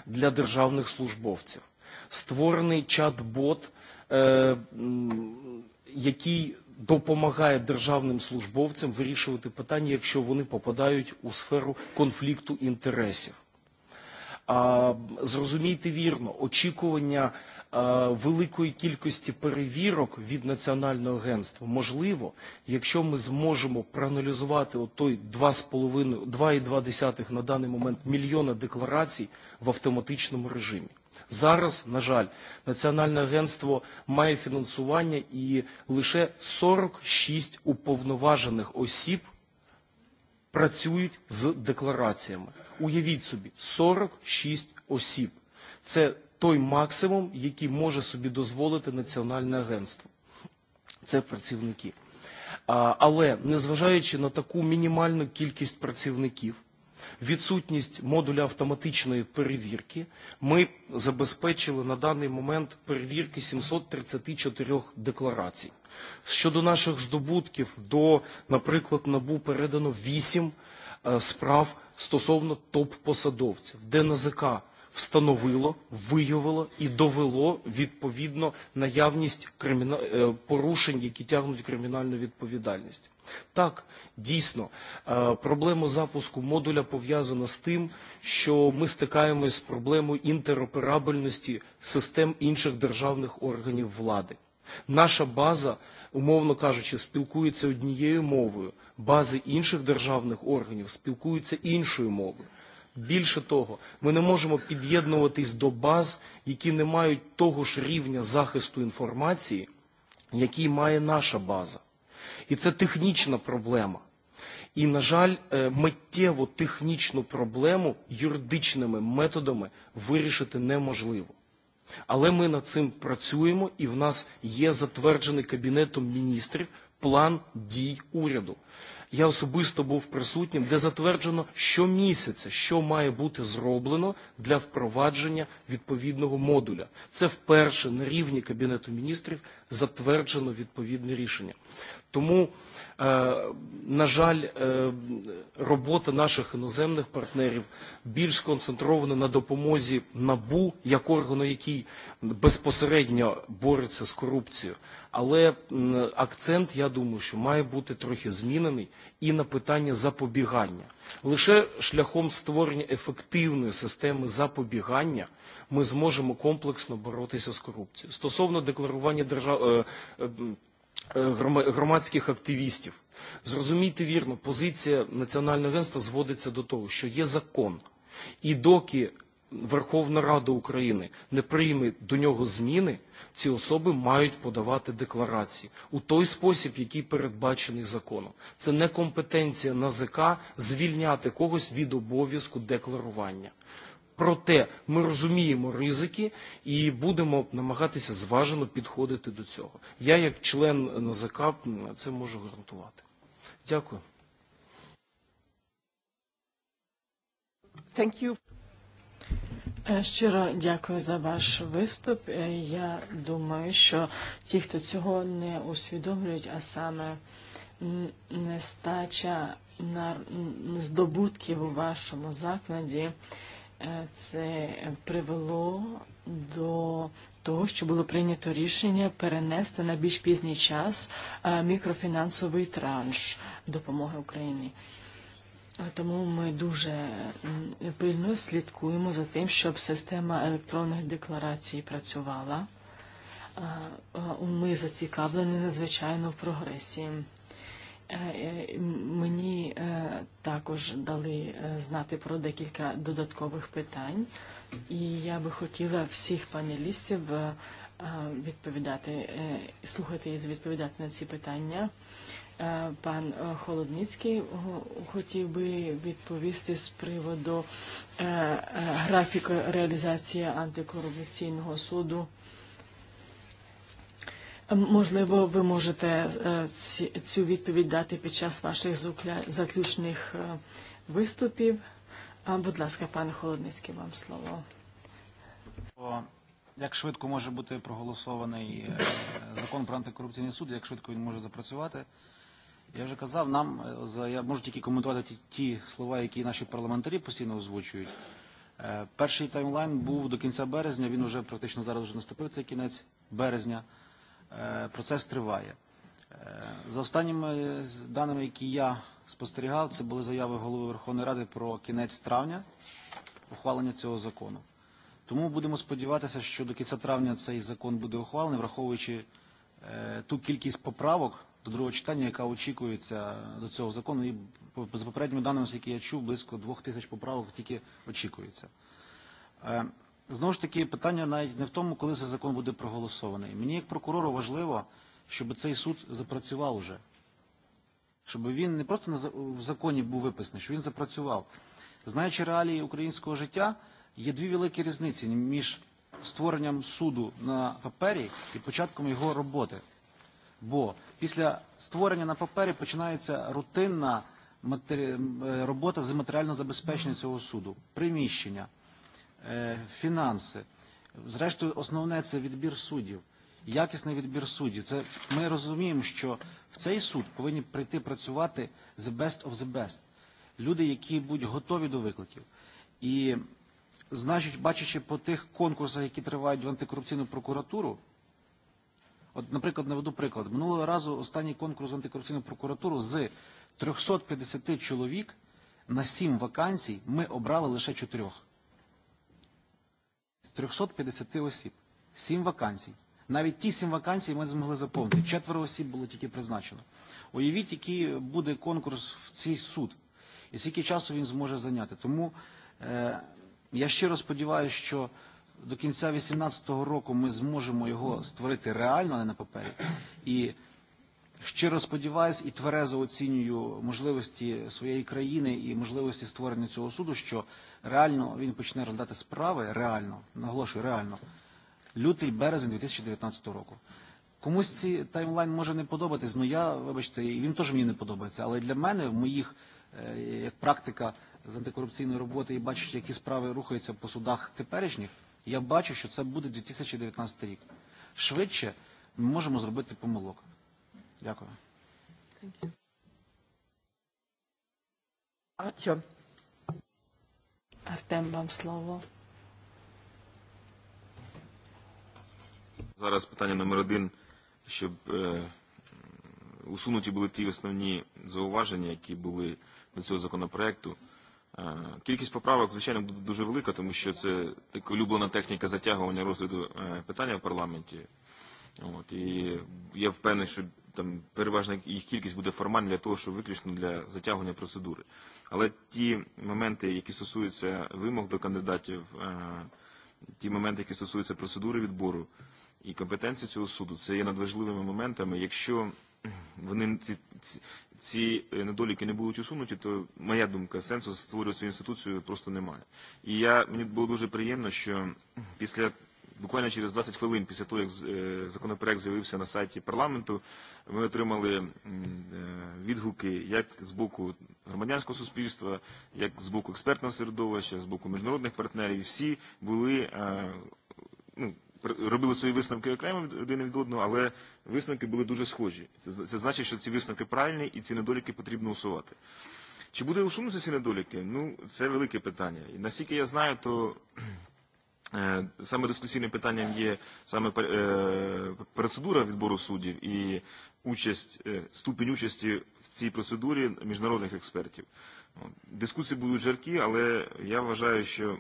для державних службовців. Створений чат-бот, який допомагає державним службовцям вирішувати питання, якщо вони попадають у сферу конфлікту інтересів. Зрозумійте вірно, очікування великої кількості перевірок від національного агентства можливо, якщо ми зможемо проаналізувати той 2,2 на даний момент мільйона декларацій в автоматичному режимі. Зараз, на жаль, Національне агентство має фінансування і лише 46 уповноважених осіб працюють з деклараціями. Уявіть собі, 46 осіб. Це той максимум, який може собі дозволити Національне агентство. Це працівники. Але незважаючи на таку мінімальну кількість працівників, відсутність модуля автоматичної перевірки. Ми забезпечили на даний момент перевірки 734 декларацій. Щодо наших здобутків, до, наприклад, НАБУ передано 8 справ стосовно топ-посадовців, де НАЗК встановило, виявило і довело відповідно наявність порушень, які тягнуть кримінальну відповідальність. Так, дійсно, проблема запуску модуля пов'язана з тим, що ми стикаємось з проблемою інтероперабельності систем інших державних органів влади. Наша база, умовно кажучи, спілкується однією мовою, бази інших державних органів спілкуються іншою мовою. Більше того, ми не можемо під'єднуватись до баз, які не мають того ж рівня захисту інформації, який має наша база. І це технічна проблема. І, на жаль, миттєву технічну проблему юридичними методами вирішити неможливо. Але ми над цим працюємо і в нас є затверджений Кабінетом міністрів план дій уряду. Я особисто був присутнім, де затверджено щомісяця, що має бути зроблено для впровадження відповідного модуля. Це вперше на рівні Кабінету міністрів затверджено відповідне рішення. Тому, на жаль, робота наших іноземних партнерів більш концентрована на допомозі НАБУ як органу, який безпосередньо бореться з корупцією. Але акцент, я думаю, що має бути трохи змінений і на питання запобігання. Лише шляхом створення ефективної системи запобігання ми зможемо комплексно боротися з корупцією. Стосовно декларування держави, громадських активістів. Зрозумійте вірно, позиція Національного агентства зводиться до того, що є закон. І доки Верховна Рада України не прийме до нього зміни, ці особи мають подавати декларації у той спосіб, який передбачений законом. Це не компетенція НАЗК звільняти когось від обов'язку декларування. Проте ми розуміємо ризики і будемо намагатися зважено підходити до цього. Я, як член НЗК, це можу гарантувати. Дякую. Thank you. Щиро дякую за ваш виступ. Я думаю, що ті, хто цього не усвідомлюють, а саме нестача здобутків у вашому закладі, це привело до того, що було прийнято рішення перенести на більш пізній час мікрофінансовий транш допомоги Україні. Тому ми дуже пильно слідкуємо за тим, щоб система електронних декларацій працювала. Ми зацікавлені надзвичайно в прогресі Мені також дали знати про декілька додаткових питань, і я би хотіла всіх панелістів відповідати, слухати і відповідати на ці питання. Пан Холодницький хотів би відповісти з приводу графіку реалізації антикорупційного суду Можливо, ви можете цю відповідь дати під час ваших заключних виступів. Будь ласка, пане Холодницький, вам слово. Як швидко може бути проголосований закон про антикорупційний суд, як швидко він може запрацювати? Я вже казав, нам я можу тільки коментувати ті слова, які наші парламентарі постійно озвучують. Перший таймлайн був до кінця березня, він вже практично зараз вже наступив, це кінець березня процес триває. За останніми даними, які я спостерігав, це були заяви голови Верховної Ради про кінець травня ухвалення цього закону. Тому будемо сподіватися, що до кінця травня цей закон буде ухвалений, враховуючи ту кількість поправок до другого читання, яка очікується до цього закону. І за попередніми даними, які я чув, близько двох тисяч поправок тільки очікується. Знову ж таки, питання навіть не в тому, коли цей закон буде проголосований. Мені як прокурору важливо, щоб цей суд запрацював уже. Щоб він не просто в законі був виписаний, щоб він запрацював. Знаючи реалії українського життя, є дві великі різниці між створенням суду на папері і початком його роботи. Бо після створення на папері починається рутинна робота з матеріального забезпечення цього суду. Приміщення, фінанси, зрештою основне це відбір суддів, якісний відбір суддів. Це, ми розуміємо, що в цей суд повинні прийти працювати the best of the best. Люди, які будуть готові до викликів. І значить, бачачи по тих конкурсах, які тривають в антикорупційну прокуратуру, От, наприклад, наведу приклад. Минулого разу останній конкурс в антикорупційну прокуратуру з 350 чоловік на 7 вакансій ми обрали лише 4 з 350 осіб, 7 вакансій. Навіть ті 7 вакансій ми змогли заповнити. Четверо осіб було тільки призначено. Уявіть, який буде конкурс в цей суд і скільки часу він зможе зайняти. Тому е, я щиро сподіваюся, що до кінця 2018 року ми зможемо його створити реально, а не на папері. І Щиро сподіваюся і тверезо оцінюю можливості своєї країни і можливості створення цього суду, що реально він почне роздати справи, реально, наголошую, реально, лютий березень 2019 року. Комусь ці таймлайн може не подобатись, ну я, вибачте, і він теж мені не подобається, але для мене, в моїх, як практика з антикорупційної роботи і бачу, які справи рухаються по судах теперішніх, я бачу, що це буде 2019 рік. Швидше ми можемо зробити помилок. Дякую. Артем. Артем, вам слово. Зараз питання номер один, щоб е, усунуті були ті основні зауваження, які були до цього законопроекту. Е, кількість поправок, звичайно, буде дуже велика, тому що це така улюблена техніка затягування розгляду е, питання в парламенті. От, і я впевнений, що там переважна їх кількість буде формальна для того, що виключно для затягування процедури. Але ті моменти, які стосуються вимог до кандидатів, ті моменти, які стосуються процедури відбору і компетенції цього суду, це є надважливими моментами. Якщо вони ці, ці, ці недоліки не будуть усунуті, то моя думка, сенсу створювати цю інституцію просто немає. І я, мені було дуже приємно, що після буквально через 20 хвилин після того, як законопроект з'явився на сайті парламенту, ми отримали відгуки як з боку громадянського суспільства, як з боку експертного середовища, з боку міжнародних партнерів. Всі були ну, робили свої висновки окремо один від одного, але висновки були дуже схожі. Це, це значить, що ці висновки правильні і ці недоліки потрібно усувати. Чи буде усунутися ці недоліки? Ну, це велике питання. І наскільки я знаю, то Саме дискусійним питанням є саме процедура відбору суддів і участь, ступінь участі в цій процедурі міжнародних експертів. Дискусії будуть жаркі, але я вважаю, що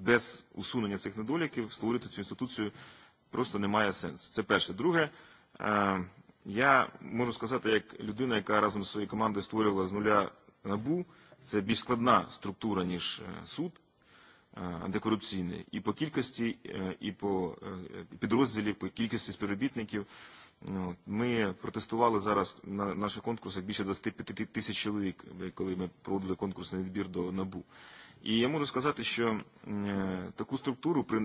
без усунення цих недоліків створити цю інституцію просто немає сенсу. Це перше. Друге, я можу сказати, як людина, яка разом з своєю командою створювала з нуля НАБУ, це більш складна структура, ніж суд, Э, антикорупційний. Э, і по кількості, і по підрозділі, по кількості співробітників ми протестували зараз на наших конкурсах більше 25 тисяч чоловік, коли ми проводили конкурсний відбір до НАБУ. І я можу сказати, що таку структуру при,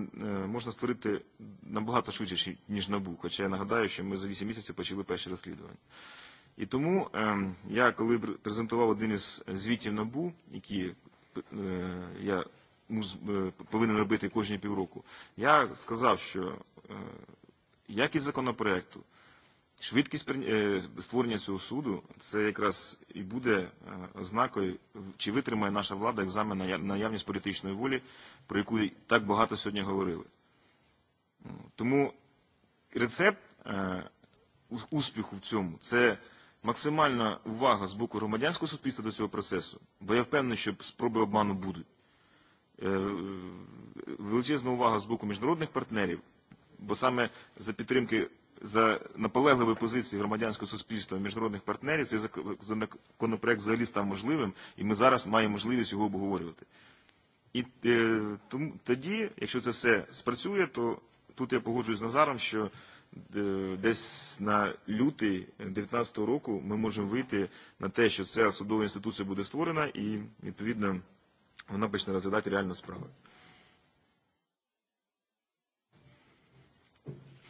можна створити набагато швидше, ніж НАБУ, хоча я нагадаю, що ми за 8 місяців почали перші розслідування. І тому я, коли презентував один із звітів НАБУ, які я Э, повинен робити кожні півроку. Я сказав, що якість законопроекту, швидкість створення цього суду, це якраз і буде ознакою, чи витримає наша влада екзамен на наявність політичної волі, про яку так багато сьогодні говорили. Тому рецепт успіху в цьому – це максимальна увага з боку громадянського суспільства до цього процесу, бо я впевнений, що спроби обману будуть. Величезна увага з боку міжнародних партнерів, бо саме за підтримки за наполегливі позиції громадянського суспільства і міжнародних партнерів цей законопроект взагалі став можливим, і ми зараз маємо можливість його обговорювати. І е, тому, тоді, якщо це все спрацює, то тут я погоджуюсь з Назаром, що десь на лютий 2019 року ми можемо вийти на те, що ця судова інституція буде створена і, відповідно, он обычно разъедает реальную справу.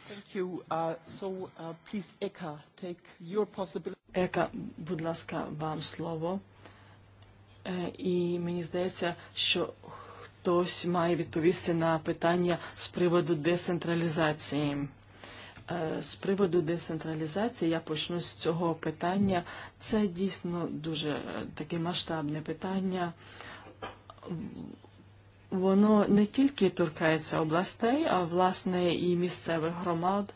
Thank you. Uh, so, uh, please, Eka, take your possibility. Eka, будь ласка, вам слово. І мені здається, що хтось має відповісти на питання з приводу децентралізації. З приводу децентралізації я почну з цього питання. Це дійсно дуже таке масштабне питання воно не тільки торкається областей, а власне і місцевих громад.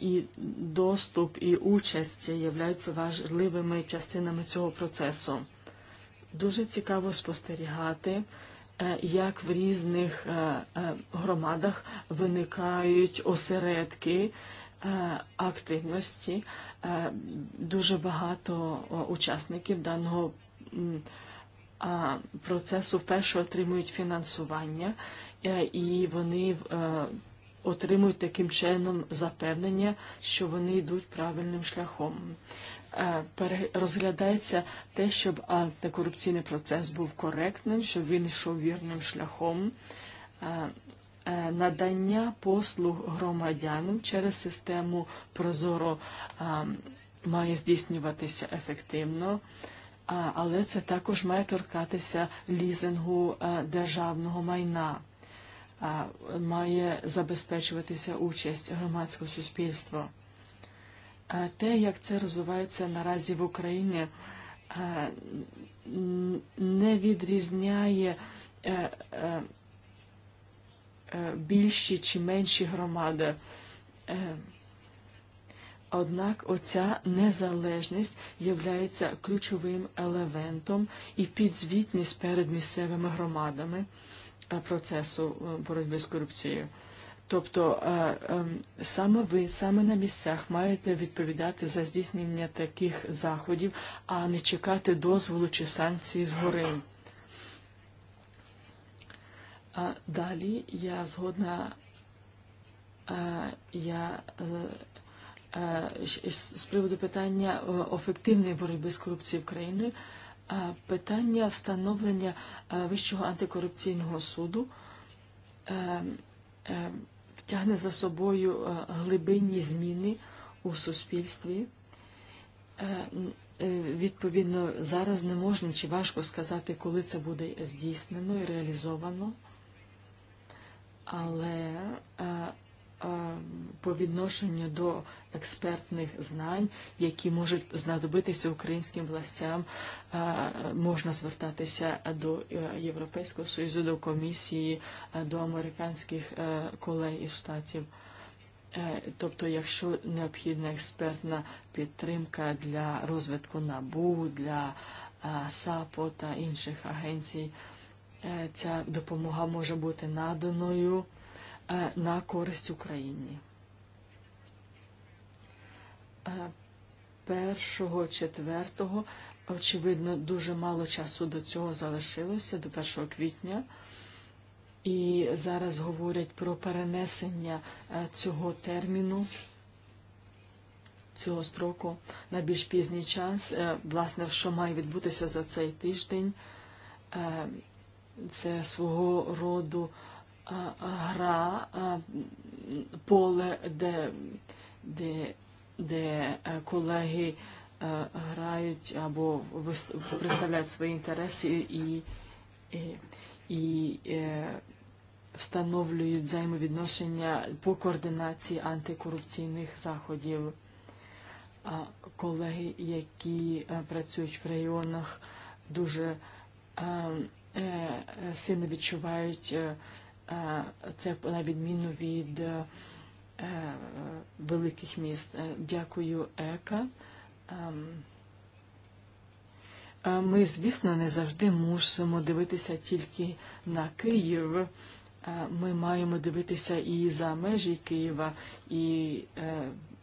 І доступ, і участь являються важливими частинами цього процесу. Дуже цікаво спостерігати, як в різних громадах виникають осередки, активності. Дуже багато учасників даного процесу вперше отримують фінансування і вони отримують таким чином запевнення, що вони йдуть правильним шляхом. Розглядається те, щоб антикорупційний процес був коректним, щоб він йшов вірним шляхом надання послуг громадянам через систему Прозоро має здійснюватися ефективно, але це також має торкатися лізингу державного майна, має забезпечуватися участь громадського суспільства. Те, як це розвивається наразі в Україні, не відрізняє більші чи менші громади. Однак оця незалежність є ключовим елементом і підзвітність перед місцевими громадами процесу боротьби з корупцією. Тобто саме ви, саме на місцях маєте відповідати за здійснення таких заходів, а не чекати дозволу чи санкції згори. Дали я згодна я з приводу питання ефективної боротьби з корупцією в країні, питання встановлення Вищого антикорупційного суду тягне за собою глибинні зміни у суспільстві. Відповідно, зараз не можна чи важко сказати, коли це буде здійснено і реалізовано – але по відношенню до експертних знань, які можуть знадобитися українським властям, можна звертатися до Європейського Союзу, до комісії, до американських колег і штатів. Тобто, якщо необхідна експертна підтримка для розвитку НАБУ, для САПО та інших агенцій, ця допомога може бути наданою на користь Україні. 1-4, очевидно, дуже мало часу до цього залишилося, до 1 квітня. І зараз говорять про перенесення цього терміну, цього строку на більш пізній час. Власне, що має відбутися за цей тиждень, це свого роду гра поле, де, де, де колеги грають або представляють свої інтереси і, і, і встановлюють взаємовідношення по координації антикорупційних заходів. А Колеги, які працюють в районах, дуже сильно відчувають це на відміну від великих міст. Дякую, Ека. Ми, звісно, не завжди мусимо дивитися тільки на Київ. Ми маємо дивитися і за межі Києва, і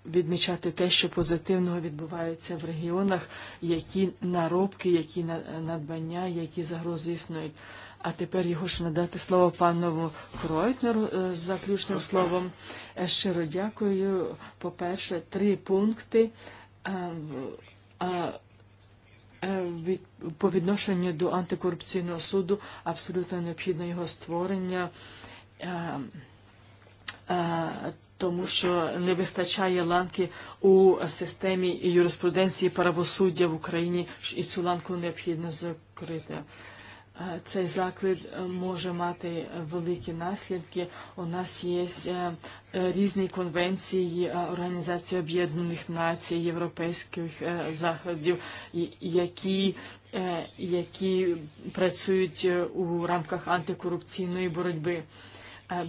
відмічати те, що позитивного відбувається в регіонах, які наробки, які надбання, які загрози існують. А тепер його ж надати слово панову Кройтнеру з заключним словом. Щиро дякую. По-перше, три пункти по відношенню до антикорупційного суду абсолютно необхідно його створення тому що не вистачає ланки у системі юриспруденції правосуддя в Україні, і цю ланку необхідно закрити. Цей заклад може мати великі наслідки. У нас є різні конвенції Організації Об'єднаних Націй, Європейських Заходів, які, які працюють у рамках антикорупційної боротьби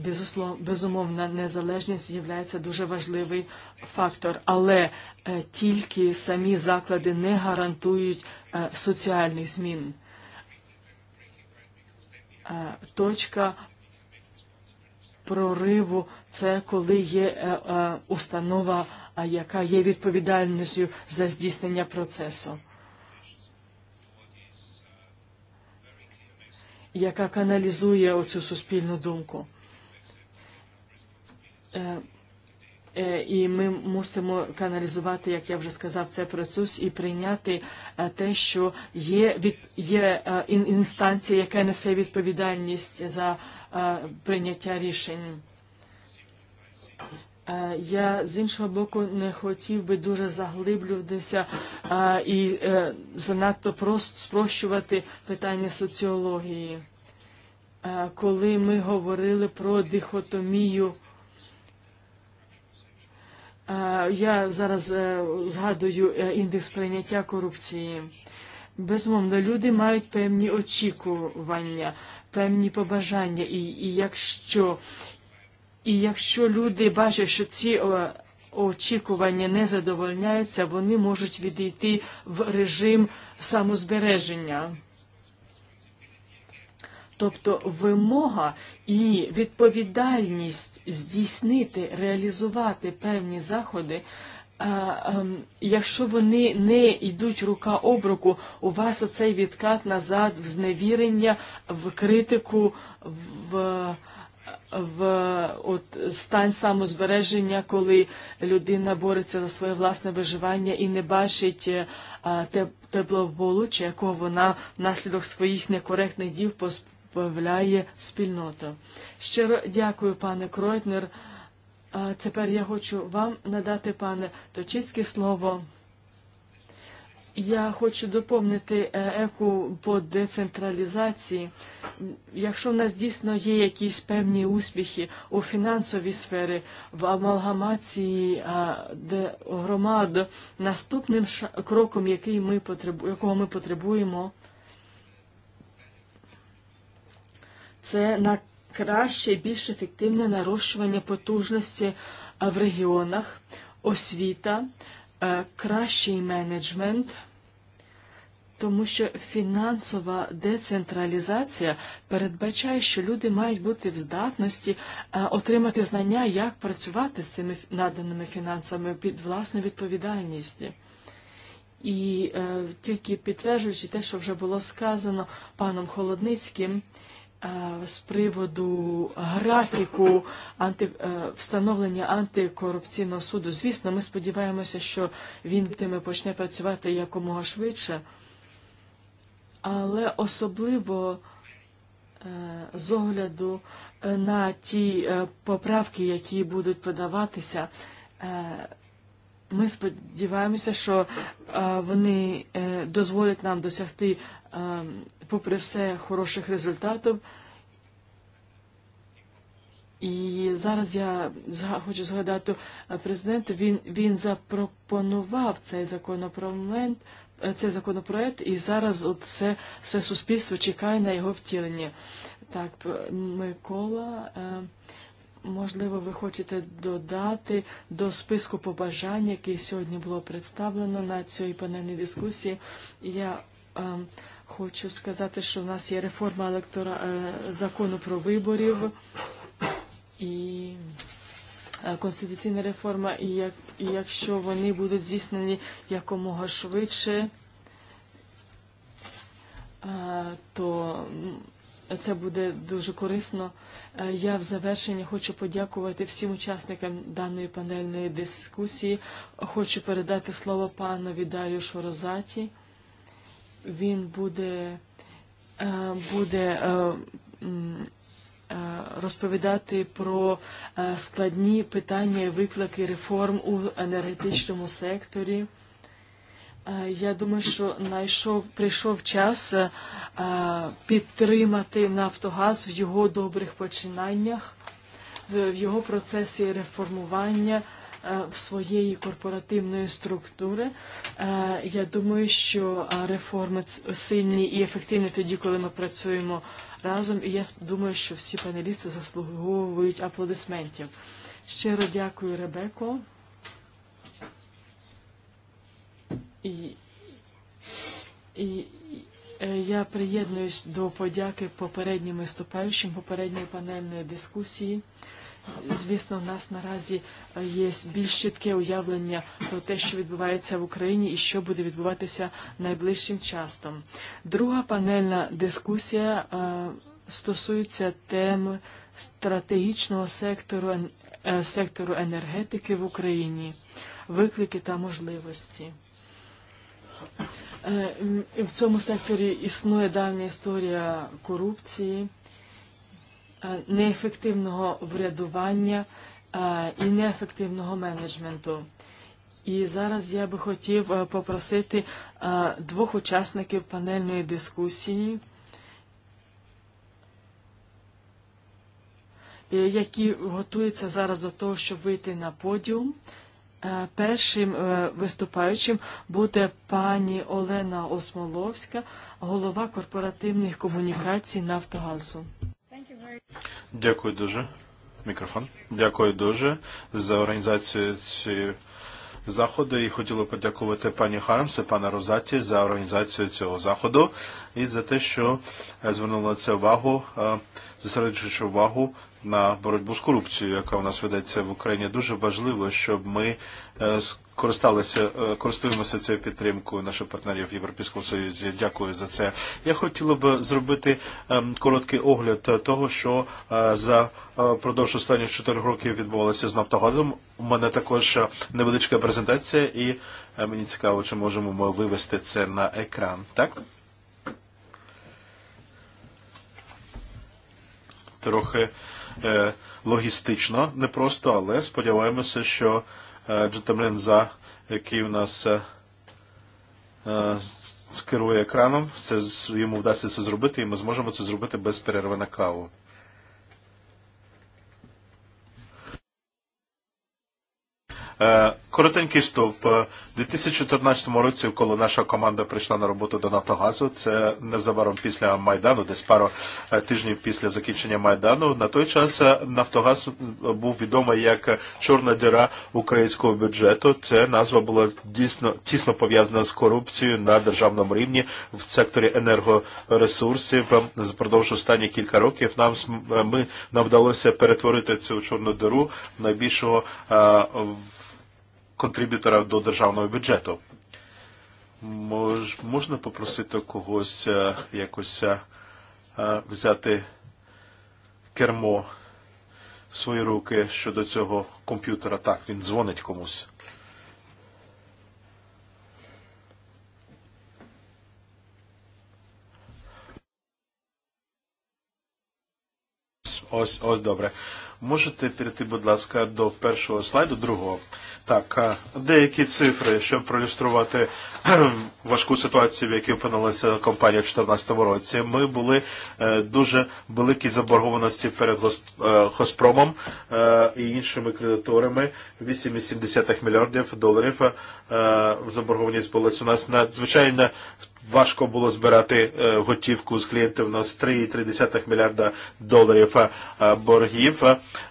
безусловно, безумовно, незалежність є дуже важливий фактор, але тільки самі заклади не гарантують соціальних змін. Точка прориву це коли є установа, яка є відповідальністю за здійснення процесу. яка каналізує оцю суспільну думку. І ми мусимо каналізувати, як я вже сказав, цей процес і прийняти те, що є від є інстанція, яка несе відповідальність за прийняття рішень. Я з іншого боку не хотів би дуже заглиблюватися і занадто просто спрощувати питання соціології. коли ми говорили про дихотомію Я зараз згадую індекс прийняття корупції. Безумовно, люди мають певні очікування, певні побажання, і, і якщо і якщо люди бачать, що ці очікування не задовольняються, вони можуть відійти в режим самозбереження. Тобто вимога і відповідальність здійснити, реалізувати певні заходи, якщо вони не йдуть рука об руку, у вас оцей відкат назад в зневірення, в критику, в в от стан самозбереження, коли людина бореться за своє власне виживання і не бачить а, те, теплополуччя, якого вона внаслідок своїх некоректних дів Появляє спільнота. Щиро дякую, пане Кройтнер. А тепер я хочу вам надати, пане Точицьке, слово. Я хочу доповнити еку по децентралізації. Якщо в нас дійсно є якісь певні успіхи у фінансовій сфері, в амалгамації громад, наступним кроком, який ми потребу, якого ми потребуємо, це на краще і більш ефективне нарощування потужності в регіонах, освіта, кращий менеджмент, тому що фінансова децентралізація передбачає, що люди мають бути в здатності отримати знання, як працювати з цими наданими фінансами під власну відповідальність. І е, тільки підтверджуючи те, що вже було сказано паном Холодницьким, е, з приводу графіку анти, встановлення антикорупційного суду. Звісно, ми сподіваємося, що він тими почне працювати якомога швидше, але особливо з огляду на ті поправки, які будуть подаватися, ми сподіваємося, що вони дозволять нам досягти попри все хороших результатів. І зараз я хочу згадати президенту. він, він запропонував цей законопроект, цей законопроект, і зараз от все, все суспільство чекає на його втілення. Так, Микола, можливо, ви хочете додати до списку побажань, який сьогодні було представлено на цій панельній дискусії. Я Хочу сказати, що в нас є реформа електора... закону про виборів і конституційна реформа, і, як... і якщо вони будуть здійснені якомога швидше, то це буде дуже корисно. Я в завершенні хочу подякувати всім учасникам даної панельної дискусії. Хочу передати слово панові Дарію Шорозаті він буде, буде розповідати про складні питання і виклики реформ у енергетичному секторі. Я думаю, що найшов, прийшов час підтримати Нафтогаз в його добрих починаннях, в його процесі реформування – в своєї корпоративної структури. Я думаю, що реформи сильні і ефективні тоді, коли ми працюємо разом, і я думаю, що всі панелісти заслуговують аплодисментів. Щиро дякую, Ребеко. І, і, я приєднуюсь до подяки попереднім виступаючим, попередньої панельної дискусії. Звісно, в нас наразі є більш чітке уявлення про те, що відбувається в Україні і що буде відбуватися найближчим часом. Друга панельна дискусія стосується тем стратегічного сектору, сектору енергетики в Україні, виклики та можливості. В цьому секторі існує давня історія корупції – неефективного врядування і неефективного менеджменту. І зараз я би хотів попросити двох учасників панельної дискусії, які готуються зараз до того, щоб вийти на подіум. Першим виступаючим буде пані Олена Осмоловська, голова корпоративних комунікацій Нафтогазу. Дякую дуже. Мікрофон. Дякую дуже за організацію цієї заходу і хотіла подякувати пані Хармс і пана Розаті за організацію цього заходу і за те, що звернули це увагу, зосереджуючи увагу на боротьбу з корупцією, яка у нас ведеться в Україні. Дуже важливо, щоб ми скористалися, користуємося цією підтримкою наших партнерів Європейського Союзу. Дякую за це. Я хотіла б зробити короткий огляд того, що за продовж останніх 4 років відбувалося з Нафтогазом. У мене також невеличка презентація і мені цікаво, чи можемо ми вивести це на екран. Так? Трохи логістично, непросто, але сподіваємося, що dżentelmen za, який у нас керує екраном, це, йому вдасться це зробити, і ми зможемо це зробити без перерви на каву. Коротенький вступ. У 2014 році, коли наша команда прийшла на роботу до Нафтогазу, це незабаром після Майдану, десь пару тижнів після закінчення Майдану, на той час Нафтогаз був відомий як чорна діра українського бюджету. Це назва була дійсно тісно пов'язана з корупцією на державному рівні в секторі енергоресурсів. Впродовж останніх кілька років нам, ми, нам вдалося перетворити цю чорну діру найбільшого в контриб'ютора до державного бюджету. Мож, можна попросити когось якось взяти кермо в свої руки щодо цього комп'ютера. Так, він дзвонить комусь. Ось, ось добре. Можете перейти, будь ласка, до першого слайду, другого. Так, деякі цифри, щоб проілюструвати важку ситуацію, в якій опинилася компанія в 2014 році. Ми були дуже великі заборгованості перед Госпромом і іншими кредиторами. 8,7 мільярдів доларів заборгованість була у нас надзвичайно важко було збирати готівку з клієнтів на 3,3 мільярда доларів боргів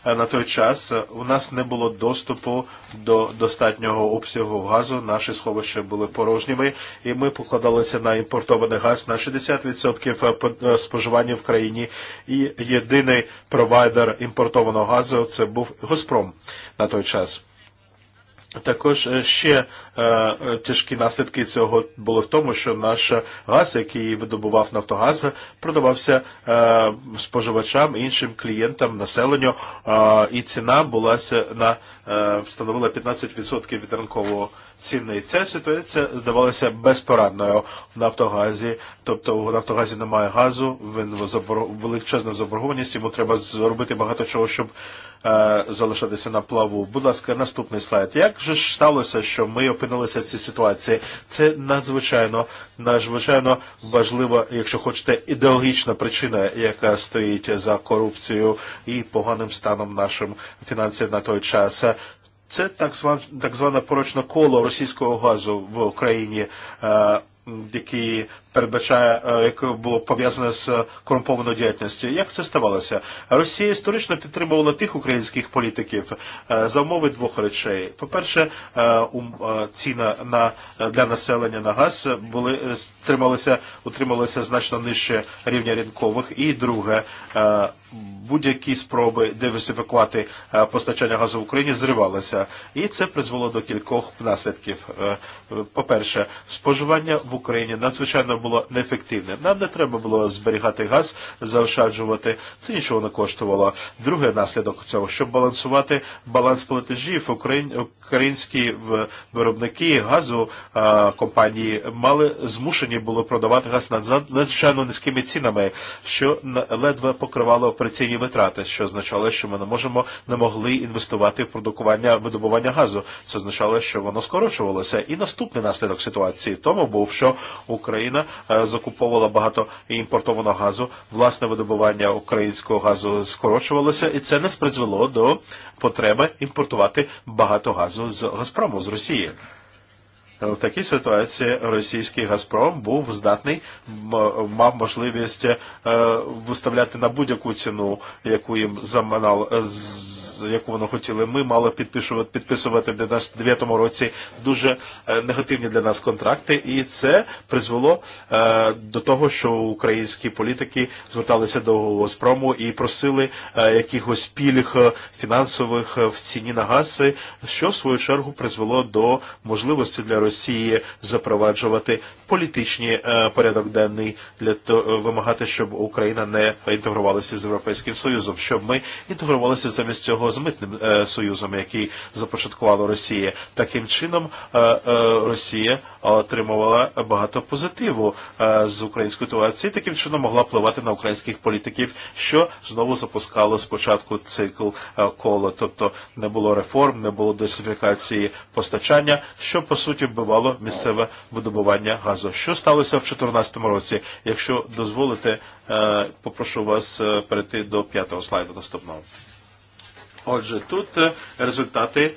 на той час. У нас не було доступу до достатнього обсягу газу, наші сховища були порожніми, і ми покладалися на імпортований газ на 60% споживання в країні. І єдиний провайдер імпортованого газу це був Газпром на той час. Також ще тяжкі наслідки цього були в тому, що наш газ, який видобував Нафтогаз, продавався споживачам, іншим клієнтам, населенню, і ціна була на встановила 15% від ринкового ціни. Ця ситуація здавалася безпорадною в Нафтогазі. Тобто у Нафтогазі немає газу, він величезна заборгованість, йому треба зробити багато чого, щоб Залишатися на плаву. Будь ласка, наступний слайд. Як же ж сталося, що ми опинилися в цій ситуації? Це надзвичайно, надзвичайно важлива, якщо хочете, ідеологічна причина, яка стоїть за корупцією і поганим станом нашим фінансів на той час. Це так зване, так зване порочне коло російського газу в Україні, які передбачає, яке було пов'язане з корумпованою діяльністю. Як це ставалося? Росія історично підтримувала тих українських політиків за умови двох речей. По-перше, ціна на, для населення на газ були, трималися, утрималися значно нижче рівня ринкових. І друге, будь-які спроби диверсифікувати постачання газу в Україні зривалися. І це призвело до кількох наслідків. По-перше, споживання в Україні надзвичайно було неефективним. Нам не треба було зберігати газ, заощаджувати. Це нічого не коштувало. Другий наслідок цього, щоб балансувати баланс платежів, українські виробники газу компанії мали змушені були продавати газ надзвичайно низькими цінами, що ледве покривало операційні витрати, що означало, що ми не можемо не могли інвестувати в продукування видобування газу. Це означало, що воно скорочувалося. І наступний наслідок ситуації тому був, що Україна закуповувала багато імпортованого газу, власне видобування українського газу скорочувалося, і це нас призвело до потреби імпортувати багато газу з Газпрому, з Росії. В такій ситуації російський Газпром був здатний, мав можливість виставляти на будь-яку ціну, яку їм заманал, яку вони хотіли. Ми мали підписувати, підписувати в 2009 році дуже негативні для нас контракти, і це призвело до того, що українські політики зверталися до Госпрому і просили якихось пільг фінансових в ціні на газ, що в свою чергу призвело до можливості для Росії запроваджувати політичні порядок денний для того вимагати, щоб Україна не інтегрувалася з Європейським Союзом, щоб ми інтегрувалися замість цього з митним союзом, який започаткувала Росія. Таким чином Росія отримувала багато позитиву з української ситуації, таким чином могла впливати на українських політиків, що знову запускало спочатку цикл кола, тобто не було реформ, не було диверсифікації постачання, що по суті вбивало місцеве видобування газу базу. Що сталося в 2014 році? Якщо дозволите, попрошу вас перейти до п'ятого слайду наступного. Отже, тут результати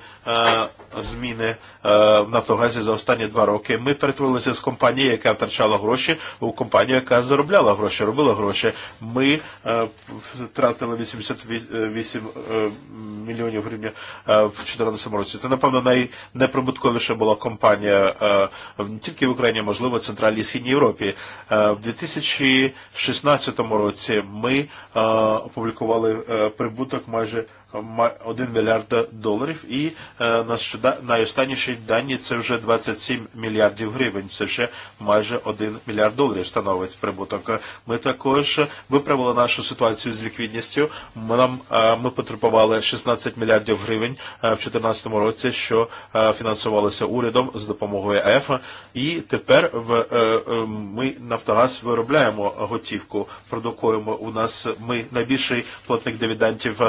зміни в Нафтогазі за останні два роки. Ми перетворилися з компанії, яка втрачала гроші, у компанію, яка заробляла гроші, робила гроші. Ми втратили 88 мільйонів гривень в 2014 році. Це, напевно, найнеприбутковіша була компанія не тільки в Україні, а можливо, в Центральній і Східній Європі. В 2016 році ми опублікували прибуток майже 1 мільярд доларів і нас найостанніші дані це вже 27 мільярдів гривень, це ще майже 1 мільярд доларів становить прибуток. Ми також виправили нашу ситуацію з ліквідністю. Ми, нам, ми потребували 16 мільярдів гривень в 2014 році, що фінансувалося урядом з допомогою ЕФ. І тепер в, ми Нафтогаз виробляємо готівку, продукуємо. У нас ми найбільший платник дивідендів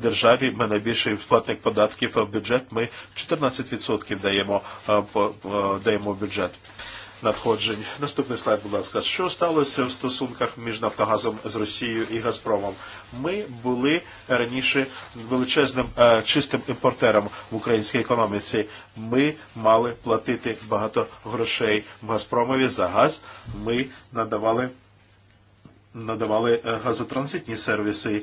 державі, ми найбільший платник податків в бюджет, ми 14% даємо, даємо в бюджет надходжень. Наступний слайд, будь ласка. Що сталося в стосунках між Нафтогазом з Росією і Газпромом? Ми були раніше величезним е, чистим імпортером в українській економіці. Ми мали платити багато грошей Газпромові за газ. Ми надавали надавали газотранзитні сервіси.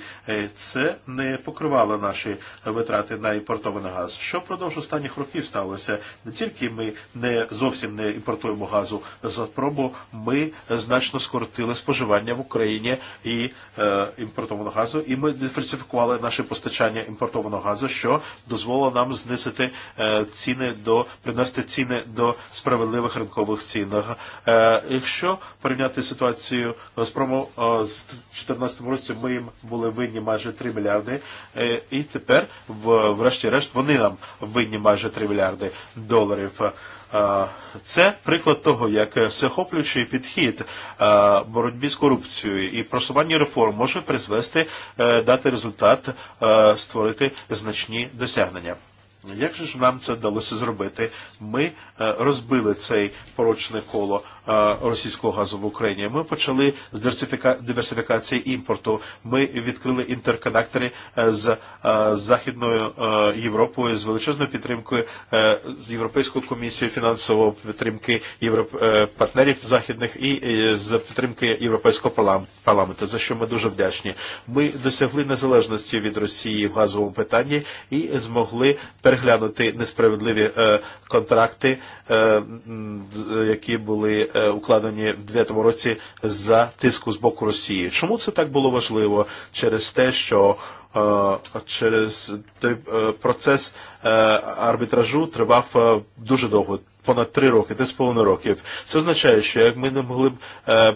Це не покривало наші витрати на імпортований газ. Що впродовж останніх років сталося? Не тільки ми не зовсім не імпортуємо газу з пробу, ми значно скоротили споживання в Україні і е, імпортованого газу, і ми диверсифікували наше постачання імпортованого газу, що дозволило нам знизити е, ціни до принести ціни до справедливих ринкових цін. Е, якщо порівняти ситуацію з промо з 2014 році ми їм були винні майже 3 мільярди, і тепер, врешті-решт, вони нам винні майже 3 мільярди доларів. Це приклад того, як всеохоплюючий підхід боротьбі з корупцією і просування реформ може призвести, дати результат, створити значні досягнення. Як же ж нам це вдалося зробити? Ми розбили цей порочне коло російського газу в Україні. Ми почали з диверсифікації імпорту. Ми відкрили інтерконектори з Західною Європою з величезною підтримкою з Європейською комісією фінансової підтримки партнерів західних і з підтримки Європейського парламенту, за що ми дуже вдячні. Ми досягли незалежності від Росії в газовому питанні і змогли переглянути несправедливі контракти які були укладені в 9 році за тиску з боку Росії. Чому це так було важливо? Через те, що через той процес арбітражу тривав дуже довго, понад три роки, три з половиною років. Це означає, що як ми не могли б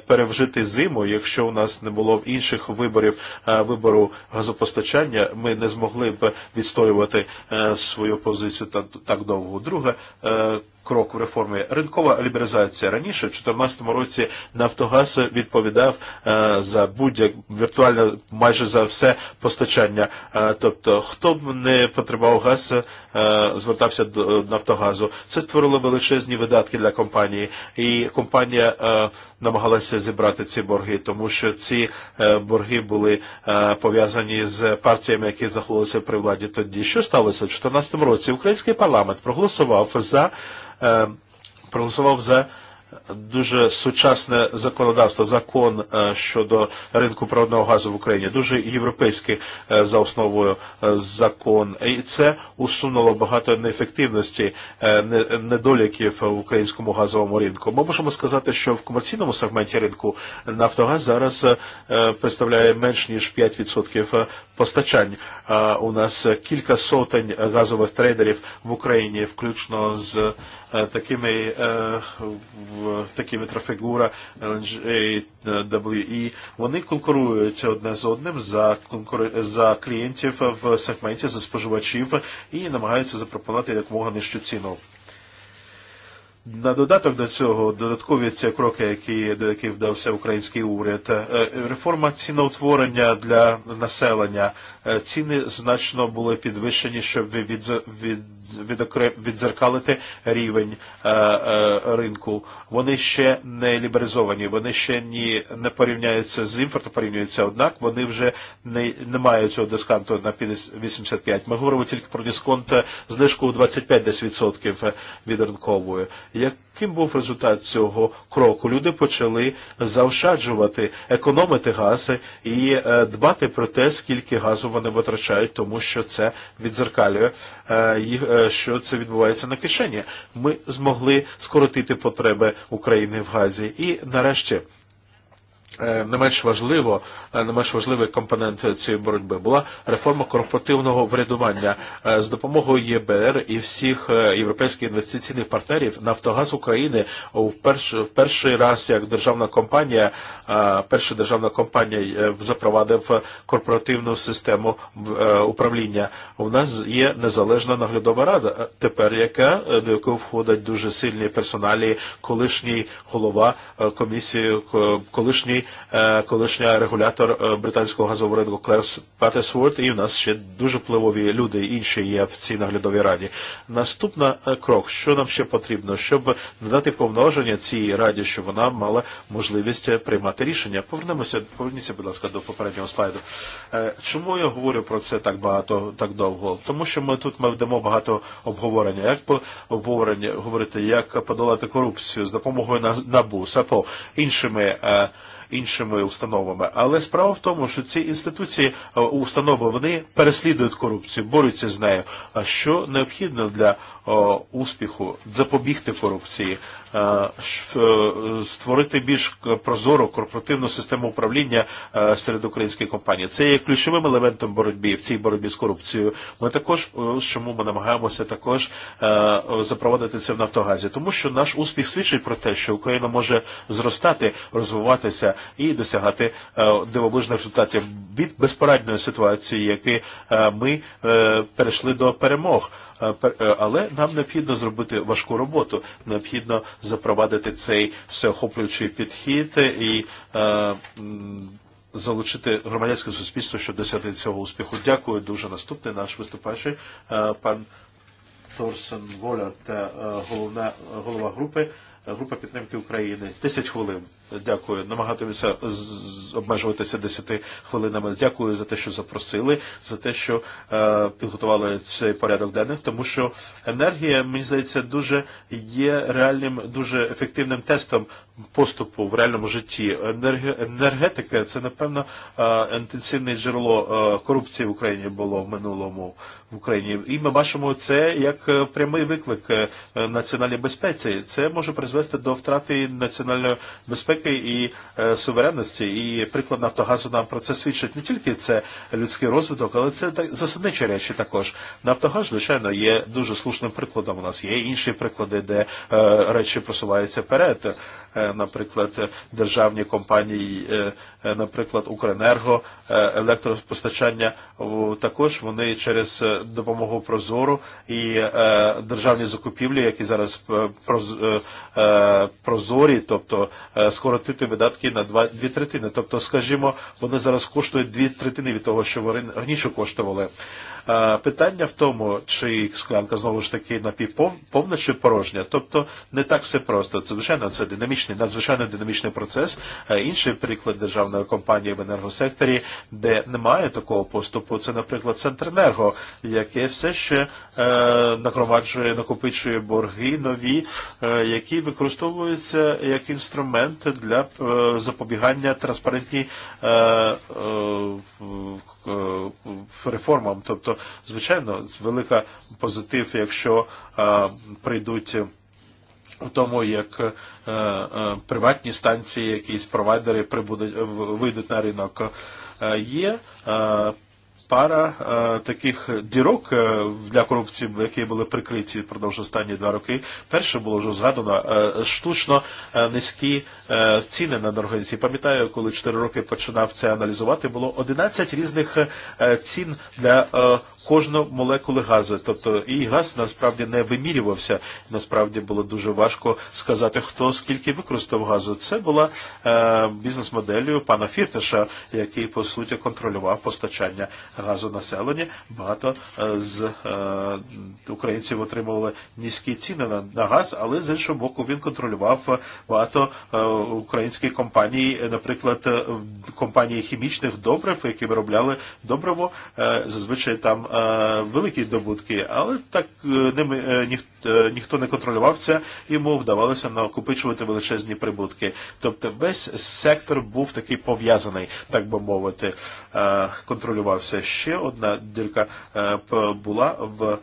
перевжити зиму, якщо у нас не було інших виборів вибору газопостачання, ми не змогли б відстоювати свою позицію так довго. Друге, крок в реформі. Ринкова лібералізація. Раніше, в 2014 році, Нафтогаз відповідав за будь-як віртуально майже за все постачання. Тобто, хто б не потребував газ, звертався до Нафтогазу. Це створило величезні видатки для компанії. І компанія намагалася зібрати ці борги, тому що ці борги були пов'язані з партіями, які знаходилися при владі тоді. Що сталося в 2014 році? Український парламент проголосував за проголосував за дуже сучасне законодавство, закон щодо ринку природного газу в Україні, дуже європейський за основою закон. І це усунуло багато неефективності, недоліків в українському газовому ринку. Ми можемо сказати, що в комерційному сегменті ринку Нафтогаз зараз представляє менш ніж 5% постачань. У нас кілька сотень газових трейдерів в Україні, включно з такими, такими трафігура LNJWE, вони конкурують одне з одним за, конкур... за клієнтів в сегменті, за споживачів і намагаються запропонувати якомога нижчу ціну. На додаток до цього додаткові ці кроки, які, до яких вдався український уряд, реформа ціноутворення для населення. Ціни значно були підвищені, щоб від, від, відзеркалити рівень ринку. Вони ще не ліберизовані, вони ще ні, не порівняються з імпортом, порівнюються однак, вони вже не, не мають цього дисконту на 85. Ми говоримо тільки про дисконт знижку у 25 десь відсотків від ринкової. Як ким був результат цього кроку. Люди почали заощаджувати, економити гази і дбати про те, скільки газу вони витрачають, тому що це відзеркалює, що це відбувається на кишені. Ми змогли скоротити потреби України в газі. І нарешті не менш важливо, не менш важливий компонент цієї боротьби була реформа корпоративного врядування з допомогою ЄБР і всіх європейських інвестиційних партнерів Нафтогаз України в перший, в перший раз як державна компанія, перша державна компанія запровадив корпоративну систему управління. У нас є незалежна наглядова рада, тепер яка до якої входять дуже сильні персоналі, колишній голова комісією колишній колишня регулятор британського газового ринку Клерс Патесворд, і в нас ще дуже впливові люди інші є в цій наглядовій раді. Наступна крок, що нам ще потрібно, щоб надати повноження цій раді, щоб вона мала можливість приймати рішення. Повернемося, поверніться, будь ласка, до попереднього слайду. Чому я говорю про це так багато, так довго? Тому що ми тут ми ведемо багато обговорення. Як по обговорення говорити, як подолати корупцію з допомогою НАБУ, по іншими іншими установами. Але справа в тому, що ці інституції, установи, вони переслідують корупцію, борються з нею. А що необхідно для успіху запобігти корупції? створити більш прозору корпоративну систему управління серед українських компаній. Це є ключовим елементом боротьби в цій боротьбі з корупцією. Ми також, чому ми намагаємося також запровадити це в Нафтогазі, тому що наш успіх свідчить про те, що Україна може зростати, розвиватися і досягати дивовижних результатів від безпорадної ситуації, які ми перейшли до перемог але нам необхідно зробити важку роботу, необхідно запровадити цей всеохоплюючий підхід і залучити громадянське суспільство, щоб досягти цього успіху. Дякую дуже. Наступний наш виступаючий пан Торсен Воля головна голова групи група підтримки України. 10 хвилин. Дякую. Намагатимуся обмежувати 10 хвилинами. Дякую за те, що запросили, за те, що е, підготували цей порядок денних, тому що енергія, мені здається, дуже є реальним, дуже ефективним тестом поступу в реальному житті. Енерг... Енергетика це, напевно, е, інтенсивне джерело е, корупції в Україні було в минулому в Україні. І ми бачимо це як прямий виклик національній безпеці. Це може призвести до втрати національної безпеки безпеки і суверенності. І приклад Нафтогазу нам про це свідчить не тільки це людський розвиток, але це засадничі речі також. Нафтогаз, звичайно, є дуже слушним прикладом. У нас є інші приклади, де речі просуваються вперед наприклад, державні компанії, наприклад, Укренерго, електропостачання, також вони через допомогу Прозору і державні закупівлі, які зараз прозорі, тобто скоротити видатки на два, дві третини. Тобто, скажімо, вони зараз коштують дві третини від того, що вони раніше коштували. Питання в тому, чи склянка знову ж таки напівповна чи порожня. Тобто не так все просто. Це звичайно це динамічний, надзвичайно динамічний процес. Інший приклад державної компанії в енергосекторі, де немає такого поступу, це, наприклад, Центренерго, яке все ще е, накромаджує, накопичує борги нові, е, які використовуються як інструмент для е, запобігання транспарентній е, е, реформам. Тобто, звичайно, велика позитив, якщо прийдуть в тому, як приватні станції, якісь провайдери прибудуть, вийдуть на ринок. Є пара таких дірок для корупції, які були прикриті впродовж останні два роки. Перше було вже згадано штучно низькі ціни на енергоносії. Пам'ятаю, коли 4 роки починав це аналізувати, було 11 різних цін для кожної молекули газу. Тобто і газ насправді не вимірювався. Насправді було дуже важко сказати, хто скільки використав газу. Це була бізнес-моделлю пана Фіртеша, який по суті контролював постачання газу населенні. Багато з українців отримували низькі ціни на газ, але з іншого боку він контролював багато українські компанії, э, наприклад, э, компанії хімічних добрив, які виробляли добриво, зазвичай там великі добутки, але так ними ніхто, ніхто не контролював це, йому вдавалося накопичувати величезні прибутки. Тобто весь сектор був такий пов'язаний, так би мовити, контролювався. Ще одна дірка була в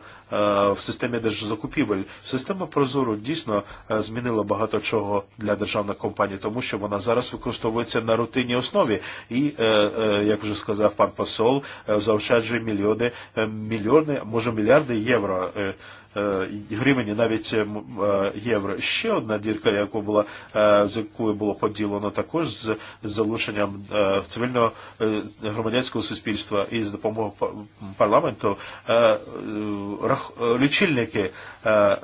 в системі держзакупівель. Система Прозору дійсно змінила багато чого для державних компаній, тому що вона зараз використовується на рутинній основі і, як вже сказав пан посол, заощаджує мільйони, мільйони, може мільярди євро Э, времени на навіть євро. Э, э, Ще одна дірка, яку була, з якою було поділено також з залученням цивільного громадянського суспільства і з допомогою парламенту лічильники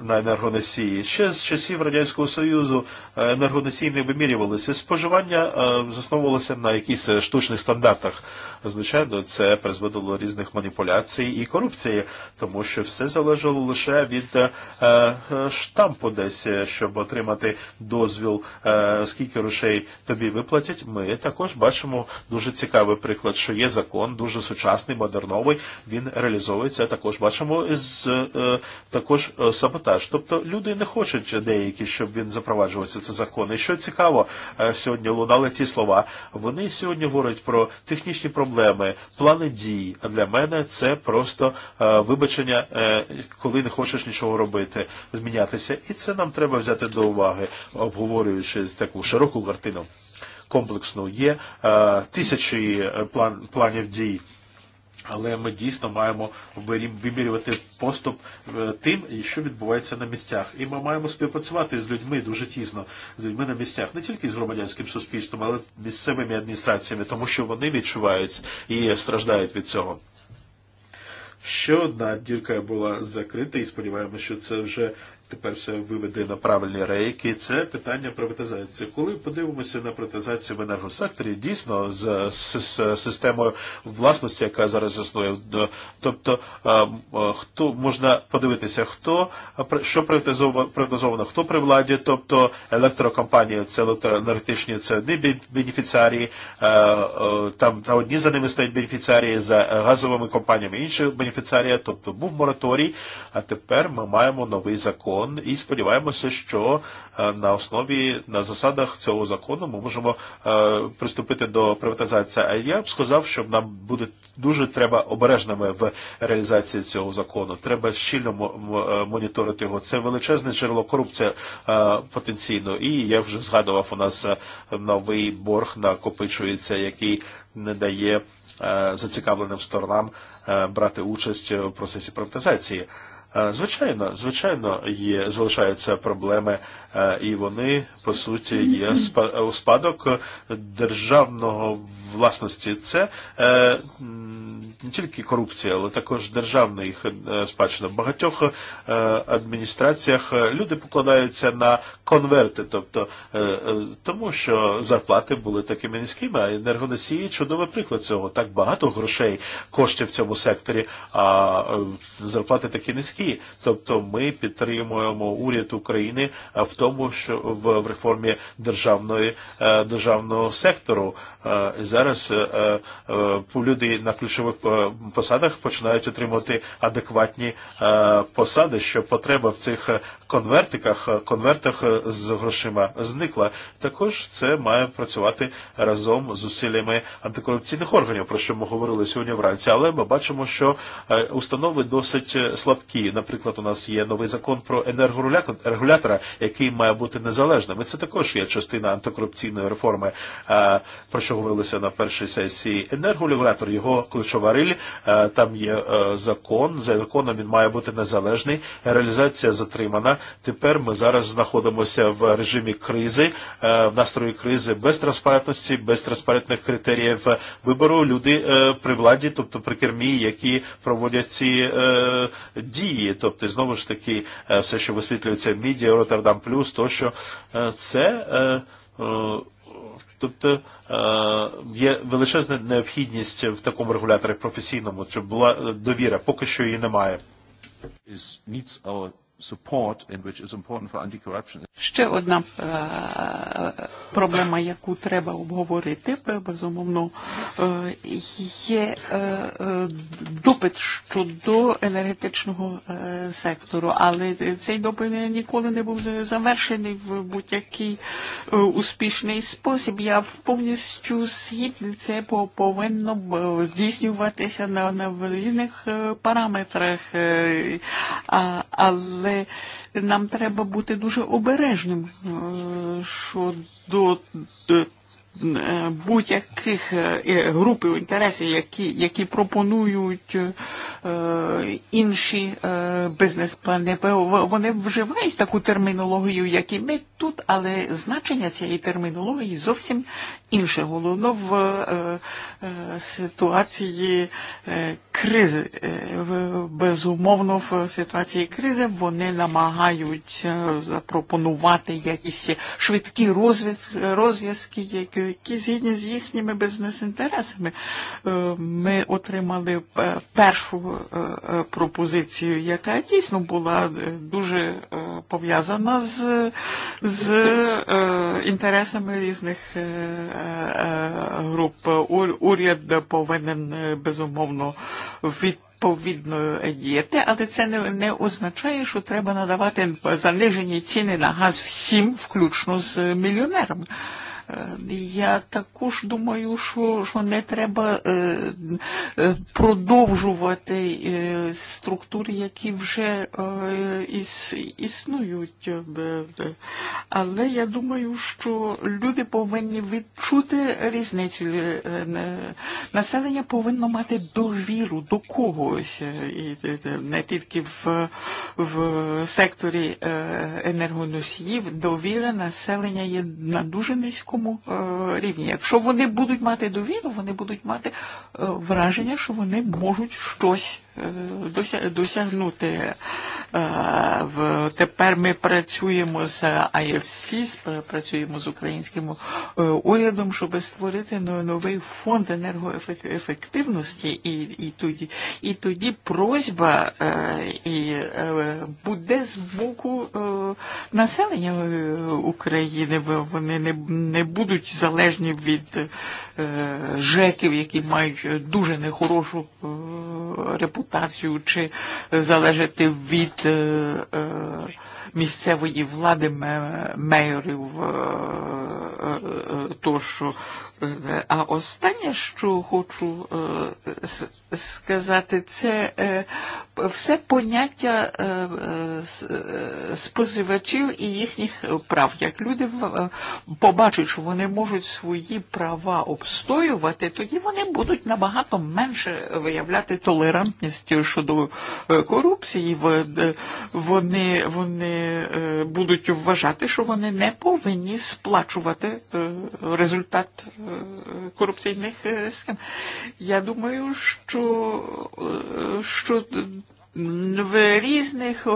на енергоносії. Ще з часів Радянського Союзу енергоносії не вимірювалися. Споживання засновувалося на якісь штучних стандартах звичайно, це призводило до різних маніпуляцій і корупції, тому що все залежало лише від е, штампу десь, щоб отримати дозвіл, е, скільки грошей тобі виплатять. Ми також бачимо дуже цікавий приклад, що є закон, дуже сучасний, модерновий, він реалізовується. Також бачимо з е, також саботаж. Тобто люди не хочуть деякі, щоб він запроваджувався це закон. І що цікаво, сьогодні лунали ці слова. Вони сьогодні говорять про технічні проблеми проблеми. Плани дій. Для мене це просто е, вибачення, е, коли не хочеш нічого робити, змінятися. І це нам треба взяти до уваги, обговорюючи таку широку картину комплексну. Є е, тисячі план, планів дій Але ми дійсно маємо вимірювати поступ тим, що відбувається на місцях. І ми маємо співпрацювати з людьми дуже тісно, з людьми на місцях, не тільки з громадянським суспільством, але місцевими адміністраціями, тому що вони відчувають і страждають від цього. Ще одна дірка була закрита, і сподіваємося, що це вже тепер все виведе на правильні рейки, це питання приватизації. Коли подивимося на приватизацію в енергосекторі, дійсно з, з, з системою власності, яка зараз існує, тобто хто можна подивитися, хто що приватизовано, приватизовано хто при владі, тобто електрокомпанії, це електроенергетичні, це одні бенефіціарії, там та одні за ними стоять бенефіціарії, за газовими компаніями інші бенефіціарії, тобто був мораторій, а тепер ми маємо новий закон закон и сподіваємося, що на основі, на засадах цього закону ми можемо приступити до приватизації. А я б сказав, що нам буде дуже треба обережними в реалізації цього закону. Треба щільно моніторити його. Це величезне джерело корупції потенційно. І я вже згадував, у нас новий борг накопичується, який не дає зацікавленим сторонам брати участь в процесі приватизації. Звичайно, звичайно, є залишаються проблеми і вони, по суті, є у спадок державного власності. Це не тільки корупція, але також державна їх спадщина. В багатьох адміністраціях люди покладаються на конверти, тобто тому, що зарплати були такими низькими, а енергоносії чудовий приклад цього. Так багато грошей коштів в цьому секторі, а зарплати такі низькі. Тобто ми підтримуємо уряд України в тому, що в реформі державної, державного сектору. Зараз люди на ключових посадах починають отримувати адекватні посади, що потреба в цих конвертиках, конвертах з грошима зникла. Також це має працювати разом з усиллями антикорупційних органів, про що ми говорили сьогодні вранці. Але ми бачимо, що установи досить слабкі. Наприклад, у нас є новий закон про енергорегулятора, який має бути незалежним. І це також є частина антикорупційної реформи, про що говорилося на першій сесії. Енергорегулятор, його ключова риль, там є закон, за законом він має бути незалежний, реалізація затримана, Тепер ми зараз знаходимося в режимі кризи, в настрої кризи без транспарентності, без транспарентних критеріїв вибору. Люди при владі, тобто при кермі, які проводять ці дії. Тобто, знову ж таки, все, що висвітлюється в медіа, Роттердам Плюс, то що це Тобто є величезна необхідність в такому регуляторі професійному, щоб була довіра, поки що її немає support and which is important for anti-corruption. Ще одна проблема, яку треба обговорити, безумовно, є допит щодо енергетичного сектору, але цей допит ніколи не був завершений в будь-який успішний спосіб. Я повністю згідний, це повинно здійснюватися на, на різних параметрах, але але нам треба бути дуже обережним щодо будь-яких груп інтересів, які, які пропонують інші бізнес-плани. Вони вживають таку термінологію, як і ми тут, але значення цієї термінології зовсім інших головно в ситуації е, кризи. Безумовно, в ситуації кризи вони намагаються запропонувати якісь швидкі розв'язки, які згідні з їхніми бізнес-інтересами. Ми отримали першу пропозицію, яка дійсно була дуже пов'язана з, з інтересами різних група. Уряд повинен, безумовно, від повідно діяти, але це не, не означає, що треба надавати занижені ціни на газ всім, включно з мільйонерами. Я також думаю, що, що не треба продовжувати структури, які вже іс, існують. Але я думаю, що люди повинні відчути різницю. Населення повинно мати довіру до когось, не тільки в, в секторі енергоносіїв. Довіра населення є на дуже низькому э, рівні. Якщо вони будуть мати довіру, вони будуть мати враження, що вони можуть щось досягнути. Тепер ми працюємо з IFC, працюємо з українським урядом, щоб створити новий фонд енергоефективності. І, і, тоді, і тоді просьба і буде з боку населення України. Вони не, не будуть залежні від ЖЕКів, які мають дуже нехорошу репутацію чи залежати від місцевої влади мейорів, то що А останнє, що хочу сказати, це все поняття споживачів і їхніх прав. Як люди побачать, що вони можуть свої права обстоювати, тоді вони будуть набагато менше виявляти толерантність щодо корупції. Вони, вони будуть вважати, що вони не повинні сплачувати результат корупційних схем. Я думаю, що, що в різних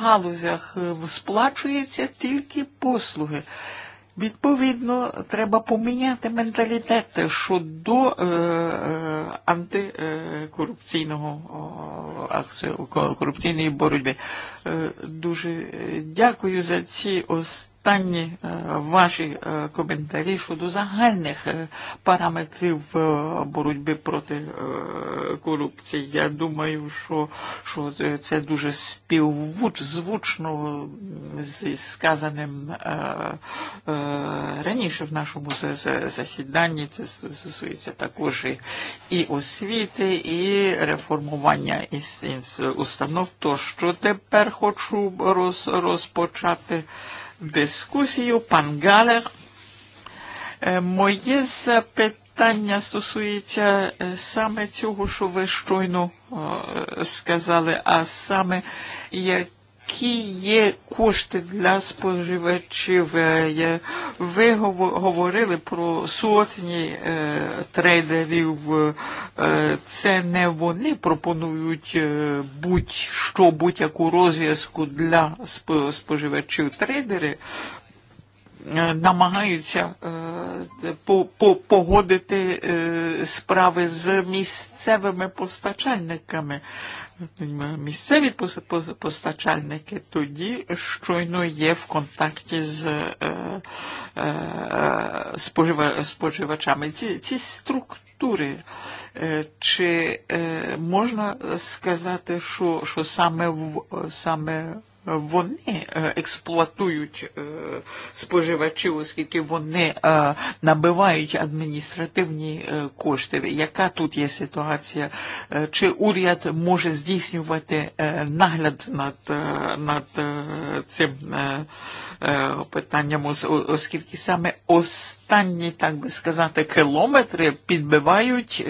галузях сплачується тільки послуги. Відповідно, треба поміняти менталітет щодо е, антикорупційного акцію корупційної боротьби. Е, дуже дякую за ці останні останні ваші коментарі щодо загальних параметрів боротьби проти корупції. Я думаю, що, що це дуже співзвуч, звучно зі сказаним раніше в нашому засіданні. Це стосується також і освіти, і реформування установ. То що тепер хочу розпочати дискусію. Пан Галер. Моє запитання стосується саме цього, що ви щойно сказали, а саме як Які кошти для споживачів? Ви говорили про сотні трейдерів. Це не вони пропонують будь-що, будь-яку розв'язку для споживачів. трейдерів намагаються погодити справи з місцевими постачальниками. Місцеві постачальники тоді щойно є в контакті з споживачами. Ці, ці структури, чи можна сказати, що, що саме, в, саме вони експлуатують споживачів, оскільки вони набивають адміністративні кошти. Яка тут є ситуація? Чи уряд може здійснювати нагляд над, над цим питанням, оскільки саме останні, так би сказати, кілометри підбивають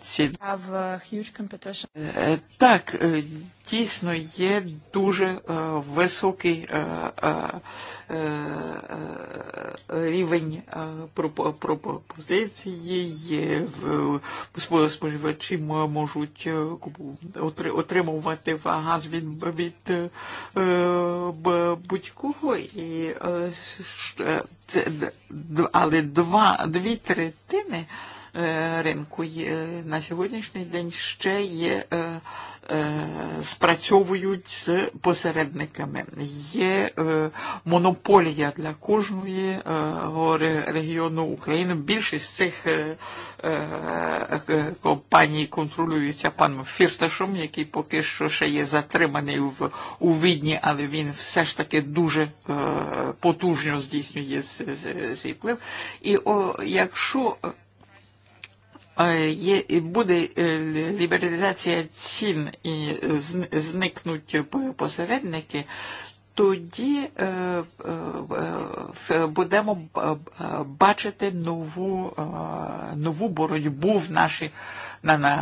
ці. Так, дійсно є дуже високий рівень пропозиції, є споживачі можуть отримувати газ від, від будь-кого. І, але два, дві третини ринку на сьогоднішній день ще є спрацьовують з посередниками. Є монополія для кожної регіону України. Більшість цих компаній контролюється паном Фірташом, який поки що ще є затриманий в, у Відні, але він все ж таки дуже потужно здійснює свій вплив. І о, якщо Э, буде э, лібералізація цін і зникнуть посередники, тоді э, будемо бачити нову, нову боротьбу в нашій, на, на,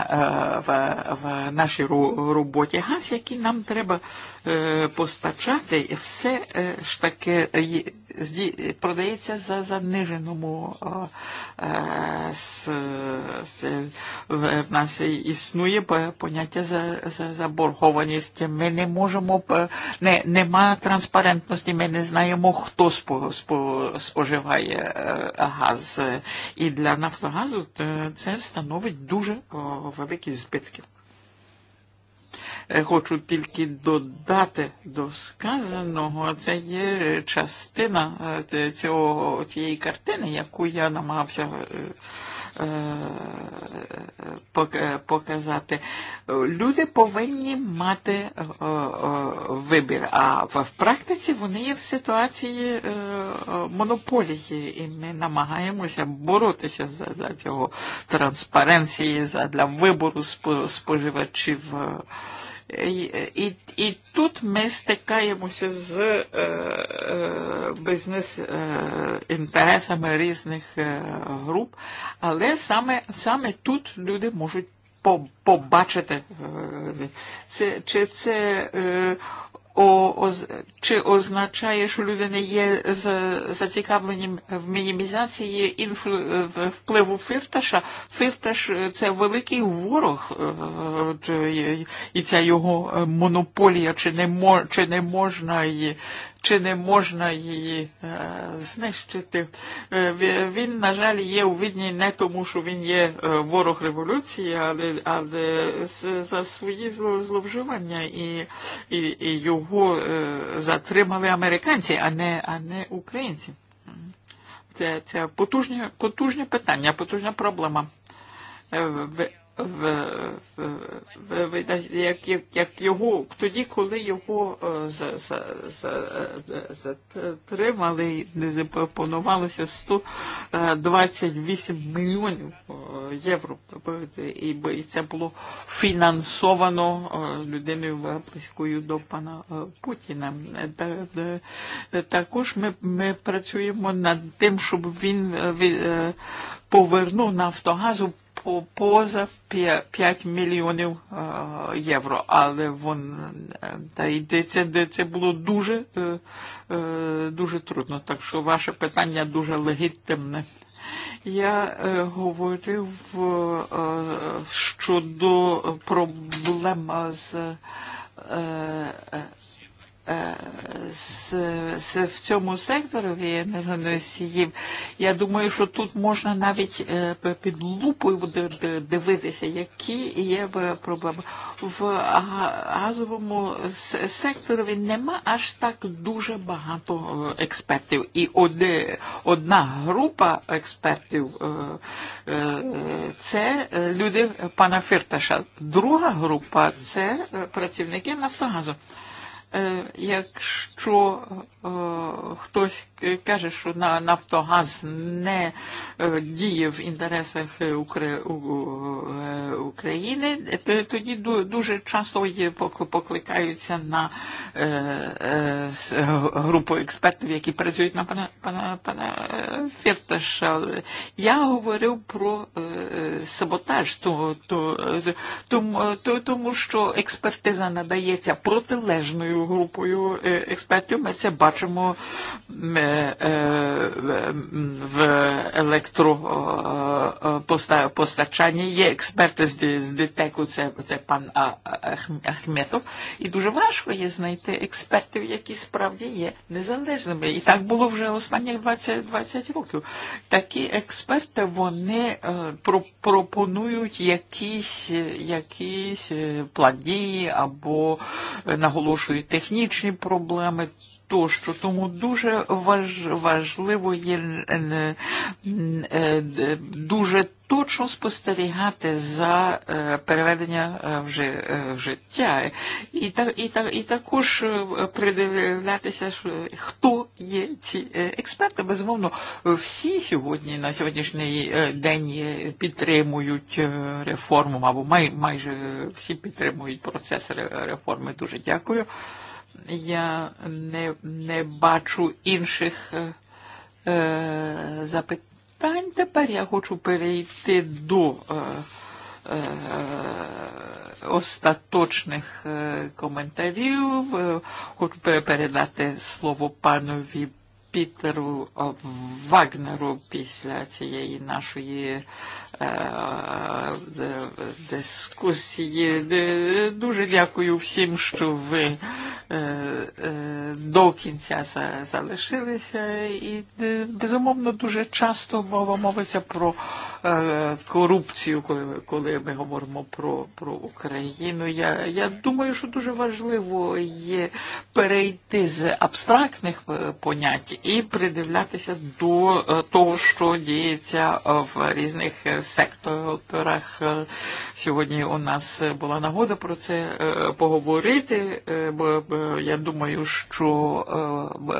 в, в нашій роботі. Газ, який нам треба постачати, все ж таки продається за заниженому в нас існує поняття за, за заборгованість. Ми не можемо, не, нема транспарентності, ми не знаємо, хто спо, спо, споживає газ. І для Нафтогазу це становить дуже великі збитки. Eh, хочу тільки додати до сказаного, це є частина цього, э, тієї картини, яку я намагався э, э, показати. Люди повинні мати вибір, а в практиці вони є в ситуації монополії, і ми намагаємося боротися за цього транспаренції, за для вибору споживачів. Uh, и, и тут ми стикаємося з е, е, бізнес е, інтересами різних е, груп, але саме, саме тут люди можуть побачити, це, чи це o, czy oznaczaje, że ludzie nie jest zaciekawieni w minimizacji wpływu firtasza. Firtasz to wielki wróg e, i ta jego monopolia, czy nie, mo, czy nie można i чи не можна її знищити. Він, на жаль, є у Відні не тому, що він є ворог революції, але, але за свої зловживання і, і, і його затримали американці, а не, а не українці. Це, це потужне, потужне питання, потужна проблема як його, тоді, коли його затримали, не запропонувалося 128 мільйонів євро. І це було фінансовано людиною близькою до пана Путіна. Також ми, ми працюємо над тим, щоб він повернув Нафтогазу поза 5 мільйонів євро, але вон, та йдеться, де це було дуже, дуже трудно. Так що ваше питання дуже легітимне. Я говорив щодо проблем з с, с, в цьому секторові енергоносіїв, я думаю, що тут можна навіть під лупою дивитися, які є проблеми. В газовому секторі. нема аж так дуже багато експертів. І одне, одна група експертів це люди пана Фірташа. Друга група це працівники Нафтогазу. Якщо хтось каже, що на Нафтогаз не діє в інтересах України, тоді дуже часто є покликаються на групу експертів, які працюють на пана, пана, пана Фірташа. Я говорив про саботаж, тому, тому що експертиза надається протилежною робочою групою експертів. Ми це бачимо в електропостачанні. Є експерти з ДТЕКу, це, це пан Ахметов. І дуже важко є знайти експертів, які справді є незалежними. І так було вже останні 20, 20 років. Такі експерти, вони пропонують якісь, якісь плані або наголошують технічні проблеми тощо. Тому дуже важ, важливо є дуже точно спостерігати за переведення в життя і, так, і, так, і також придивлятися, хто є ці експерти. Безумовно, всі сьогодні на сьогоднішній день підтримують реформу, або май, майже всі підтримують процес реформи. Дуже дякую. Я не, не бачу інших запитань питань. Тепер я хочу перейти до остаточних коментарів. Хочу передати слово панові Пітеру Вагнеру після цієї нашої Э, дискусії. Э, дуже дякую всім, що ви до кінця залишилися. І, безумовно, дуже часто мова мовиться про корупцію, коли, коли ми говоримо про, про Україну. Я, я думаю, що дуже важливо є перейти з абстрактних понять і придивлятися до того, що діється в різних секторах. Сьогодні у нас була нагода про це поговорити. Я думаю, що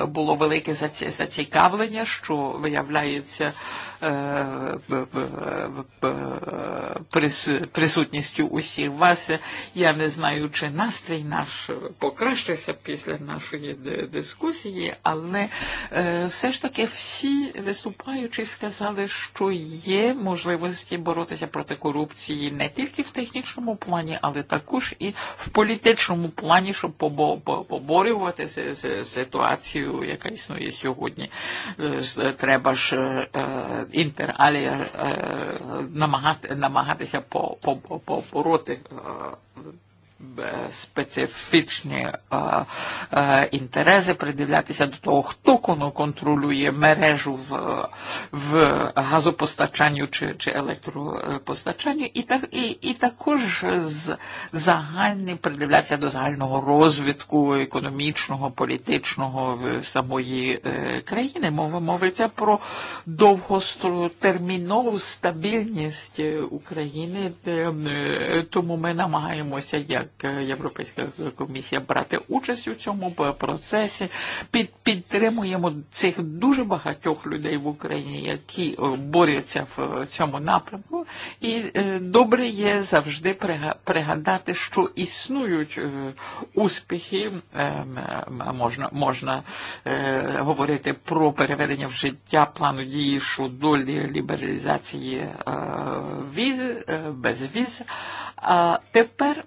було велике зацікавлення, що виявляється присутністю усіх вас. Я не знаю, чи настрій наш покращився після нашої дискусії, але все ж таки всі виступаючі сказали, що є можливості боротися проти корупції не тільки в технічному плані, але також і в політичному плані, щоб поборювати ситуацію, яка існує сьогодні. Треба ж інтер-алія намагати, намагатися по, по, по, побороти специфічні а, а, інтереси придивлятися до того, хто коно контролює мережу в, в газопостачанню чи, чи електропостачанню, і, так, і, і також з загальним придивлятися до загального розвитку економічного, політичного самої e, країни. Mowa мовиться про pro стабільність України, де, е, тому ми намагаємося як як Європейська комісія брати участь у цьому процесі. Під, підтримуємо цих дуже багатьох людей в Україні, які борються в цьому напрямку. І добре є завжди пригадати, що існують успіхи, можна, можна говорити про переведення в життя плану дії щодо лібералізації віз, без віз. А тепер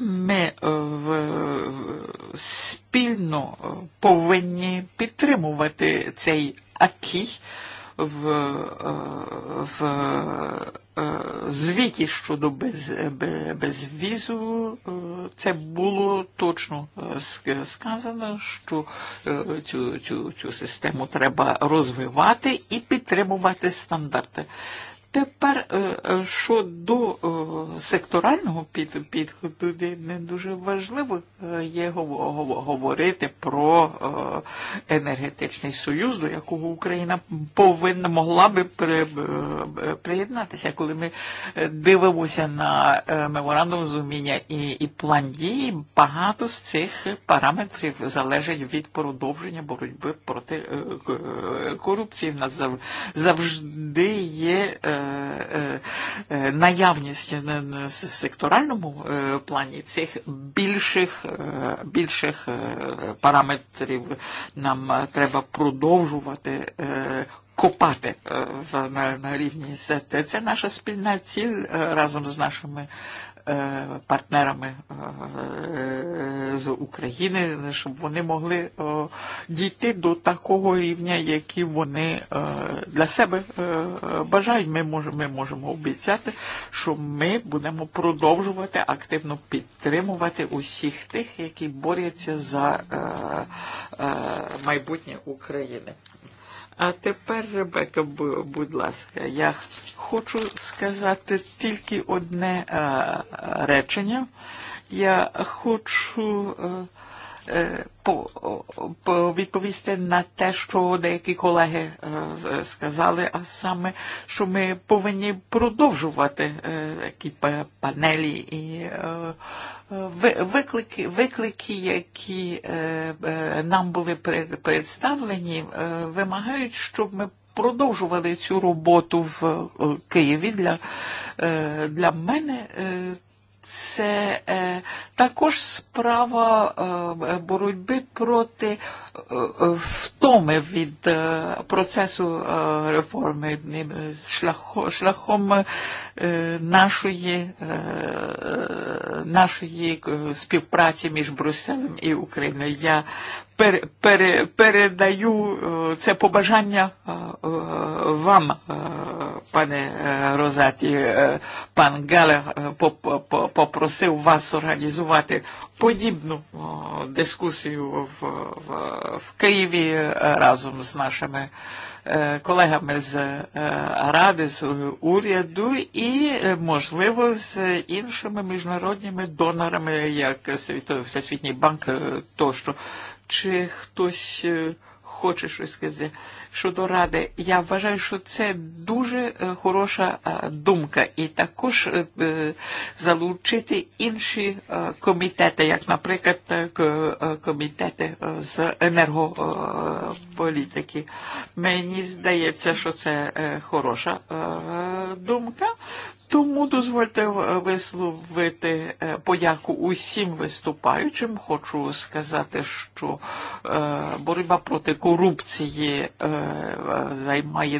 Ми спільно повинні підтримувати цей акій в, в звіті щодо без, безвізу це було точно сказано, що цю, цю, цю систему треба розвивати і підтримувати стандарти. Тепер щодо секторального підходу не дуже важливо є говорити про енергетичний союз, до якого Україна повинна могла би приєднатися. Коли ми дивимося на меморандум зуміння і, і план дії, багато з цих параметрів залежить від продовження боротьби проти корупції. В нас завжди є наявність в секторальному плані цих більших, більших параметрів нам треба продовжувати копати на, на рівні СТ. Це наша спільна ціль разом з нашими партнерами з України, щоб вони могли дійти до такого рівня, який вони для себе бажають. Ми можемо, ми можемо обіцяти, що ми будемо продовжувати активно підтримувати усіх тих, які борються за майбутнє України. А тепер, Ребека, будь ласка, я хочу сказати тільки одне речення. Я хочу. А, відповісти на те, що деякі колеги сказали, а саме, що ми повинні продовжувати такі панелі і виклики, виклики які нам були представлені, вимагають, щоб ми продовжували цю роботу в Києві. Для, для мене Це також справа боротьби проти втоми від процесу реформи шляхом нашої, нашої співпраці між Брюсселем і Україною. Я передаю це побажання вам, пане Розаті. Пан Гале попросив вас організувати подібну дискусію в, в, в Києві разом з нашими колегами з Ради, з уряду і, можливо, з іншими міжнародними донорами, як Всесвітній банк, тощо чи хтось хоче щось сказати щодо Ради. Я вважаю, що це дуже хороша думка. І також залучити інші комітети, як, наприклад, комітети з енергополітики. Мені здається, що це хороша думка. Тому дозвольте висловити подяку усім виступаючим. Хочу сказати, що боротьба проти корупції займає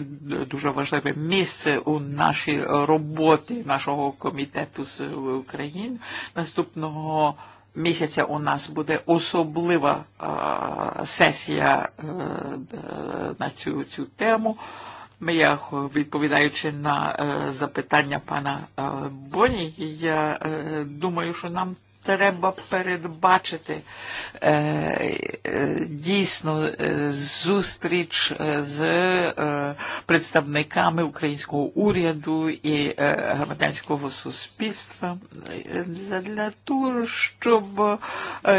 дуже важливе місце у нашій роботі нашого комітету з України. Наступного місяця у нас буде особлива сесія на цю, цю тему. Мija відповідаючи на запитання пана Боні, я думаю, що нам треба передбачити е, дійсно зустріч з е, представниками українського уряду і е, громадянського суспільства для, для того, щоб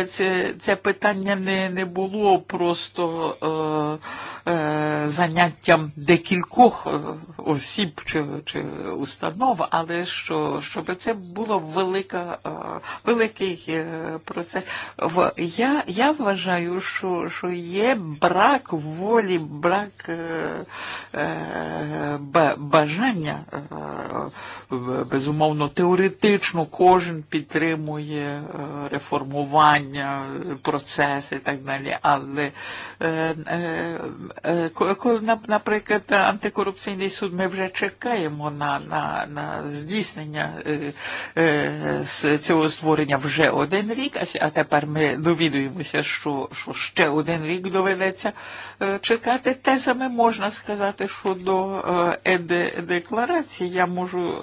це, це питання не, не було просто е, е, заняттям декількох осіб чи, чи установ, але що, щоб це була велика, е, велика такий э, процес. Я, я вважаю, що, що є брак волі, брак э, э, бажання. Безумовно, теоретично кожен підтримує реформування, процес і так далі, але коли, наприклад, антикорупційний суд ми вже чекаємо на, на, на здійснення з цього створення вже один рік, а тепер ми довідуємося, що, що ще один рік доведеться чекати. Те саме можна сказати щодо е-декларації. Я можу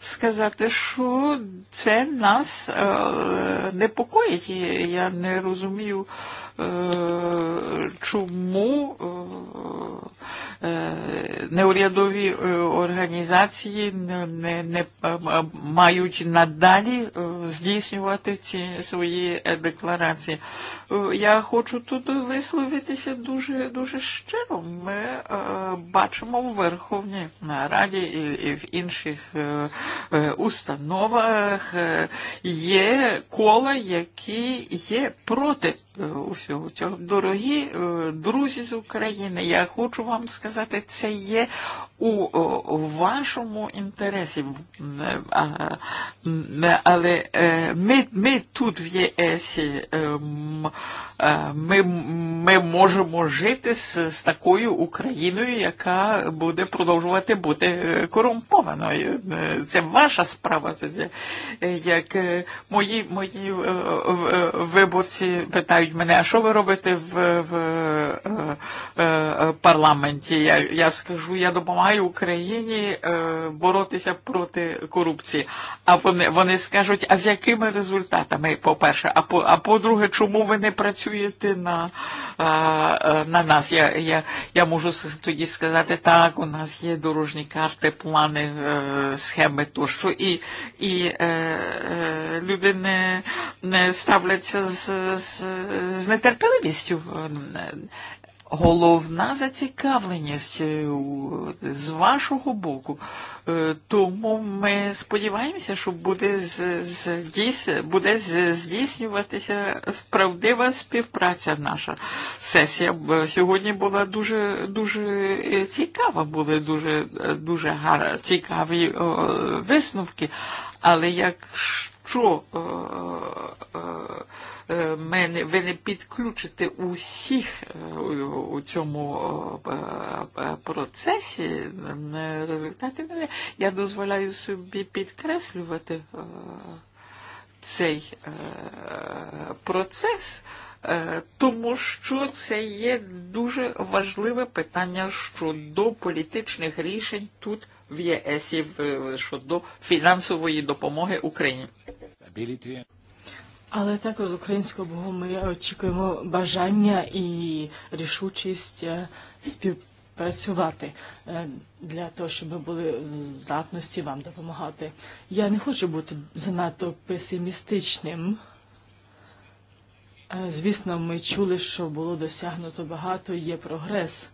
сказати, що це нас непокоїть. Я не розумію, чому неурядові організації не, не мають надалі здійснювати ці свої декларації. Я хочу тут висловитися дуже, дуже щиро. Ми бачимо в Верховній Раді і, і в інших установах є кола, які є проти Э, усього цього. Дорогі э, друзі з України, я хочу вам сказати, це є у вашому інтересі. Э, але ми, ми тут в ЄС, ми, ми можемо жити з, з такою Україною, яка буде продовжувати бути корумпованою. Це ваша справа, це як мої, мої виборці питають, спросить меня, а что вы робите в, в парламенті? Я, я скажу, я допомагаю Україні боротися проти корупції. А вони, вони скажуть, а з якими результатами, по-перше, а, по, а по-друге, чому ви не працюєте на, на нас? Я, я, я можу тоді сказати, так, у нас є дорожні карти, плани, схеми тощо. І, і люди не, не ставляться з, з з нетерпеливістю. Головна зацікавленість з вашого боку. Тому ми сподіваємося, що буде, здійс... буде здійснюватися справдива співпраця наша. Сесія сьогодні була дуже, дуже цікава, були дуже, дуже гар... цікаві висновки. Але якщо Мен вони підключити усіх у цьому процесі результатів. Я дозволяю собі підкреслювати цей процес тому що це є дуже важливе питання щодо політичних рішень тут в ЄС щодо фінансової допомоги Україні. Але також з українського богу ми очікуємо бажання і рішучість співпрацювати для того, щоб ми були в здатності вам допомагати. Я не хочу бути занадто песимістичним. Звісно, ми чули, що було досягнуто багато, є прогрес.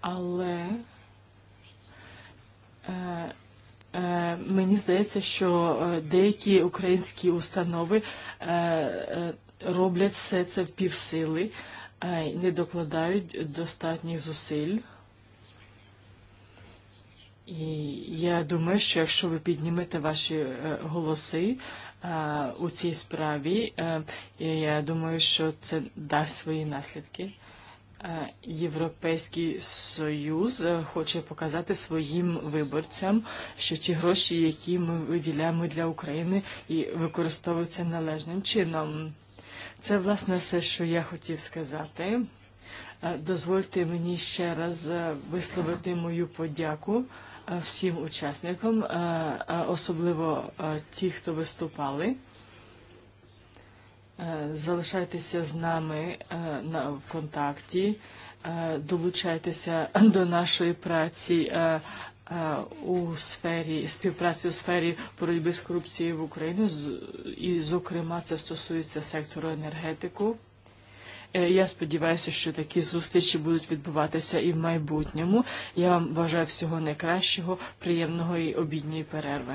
Але мені здається, що деякі українські установи роблять все це в півсили, не докладають достатніх зусиль. І я думаю, що якщо ви піднімете ваші голоси у цій справі, я думаю, що це дасть свої наслідки. Європейський Союз хоче показати своїм виборцям, що ті гроші, які ми виділяємо для України і використовуються належним чином. Це, власне, все, що я хотів сказати. Дозвольте мені ще раз висловити мою подяку всім учасникам, особливо ті, хто виступали залишайтеся з нами на контакті, долучайтеся до нашої праці у сфері співпраці у сфері боротьби з корупцією в Україні, і, зокрема, це стосується сектору енергетику. Я сподіваюся, що такі зустрічі будуть відбуватися і в майбутньому. Я вам бажаю всього найкращого, приємного і обідньої перерви.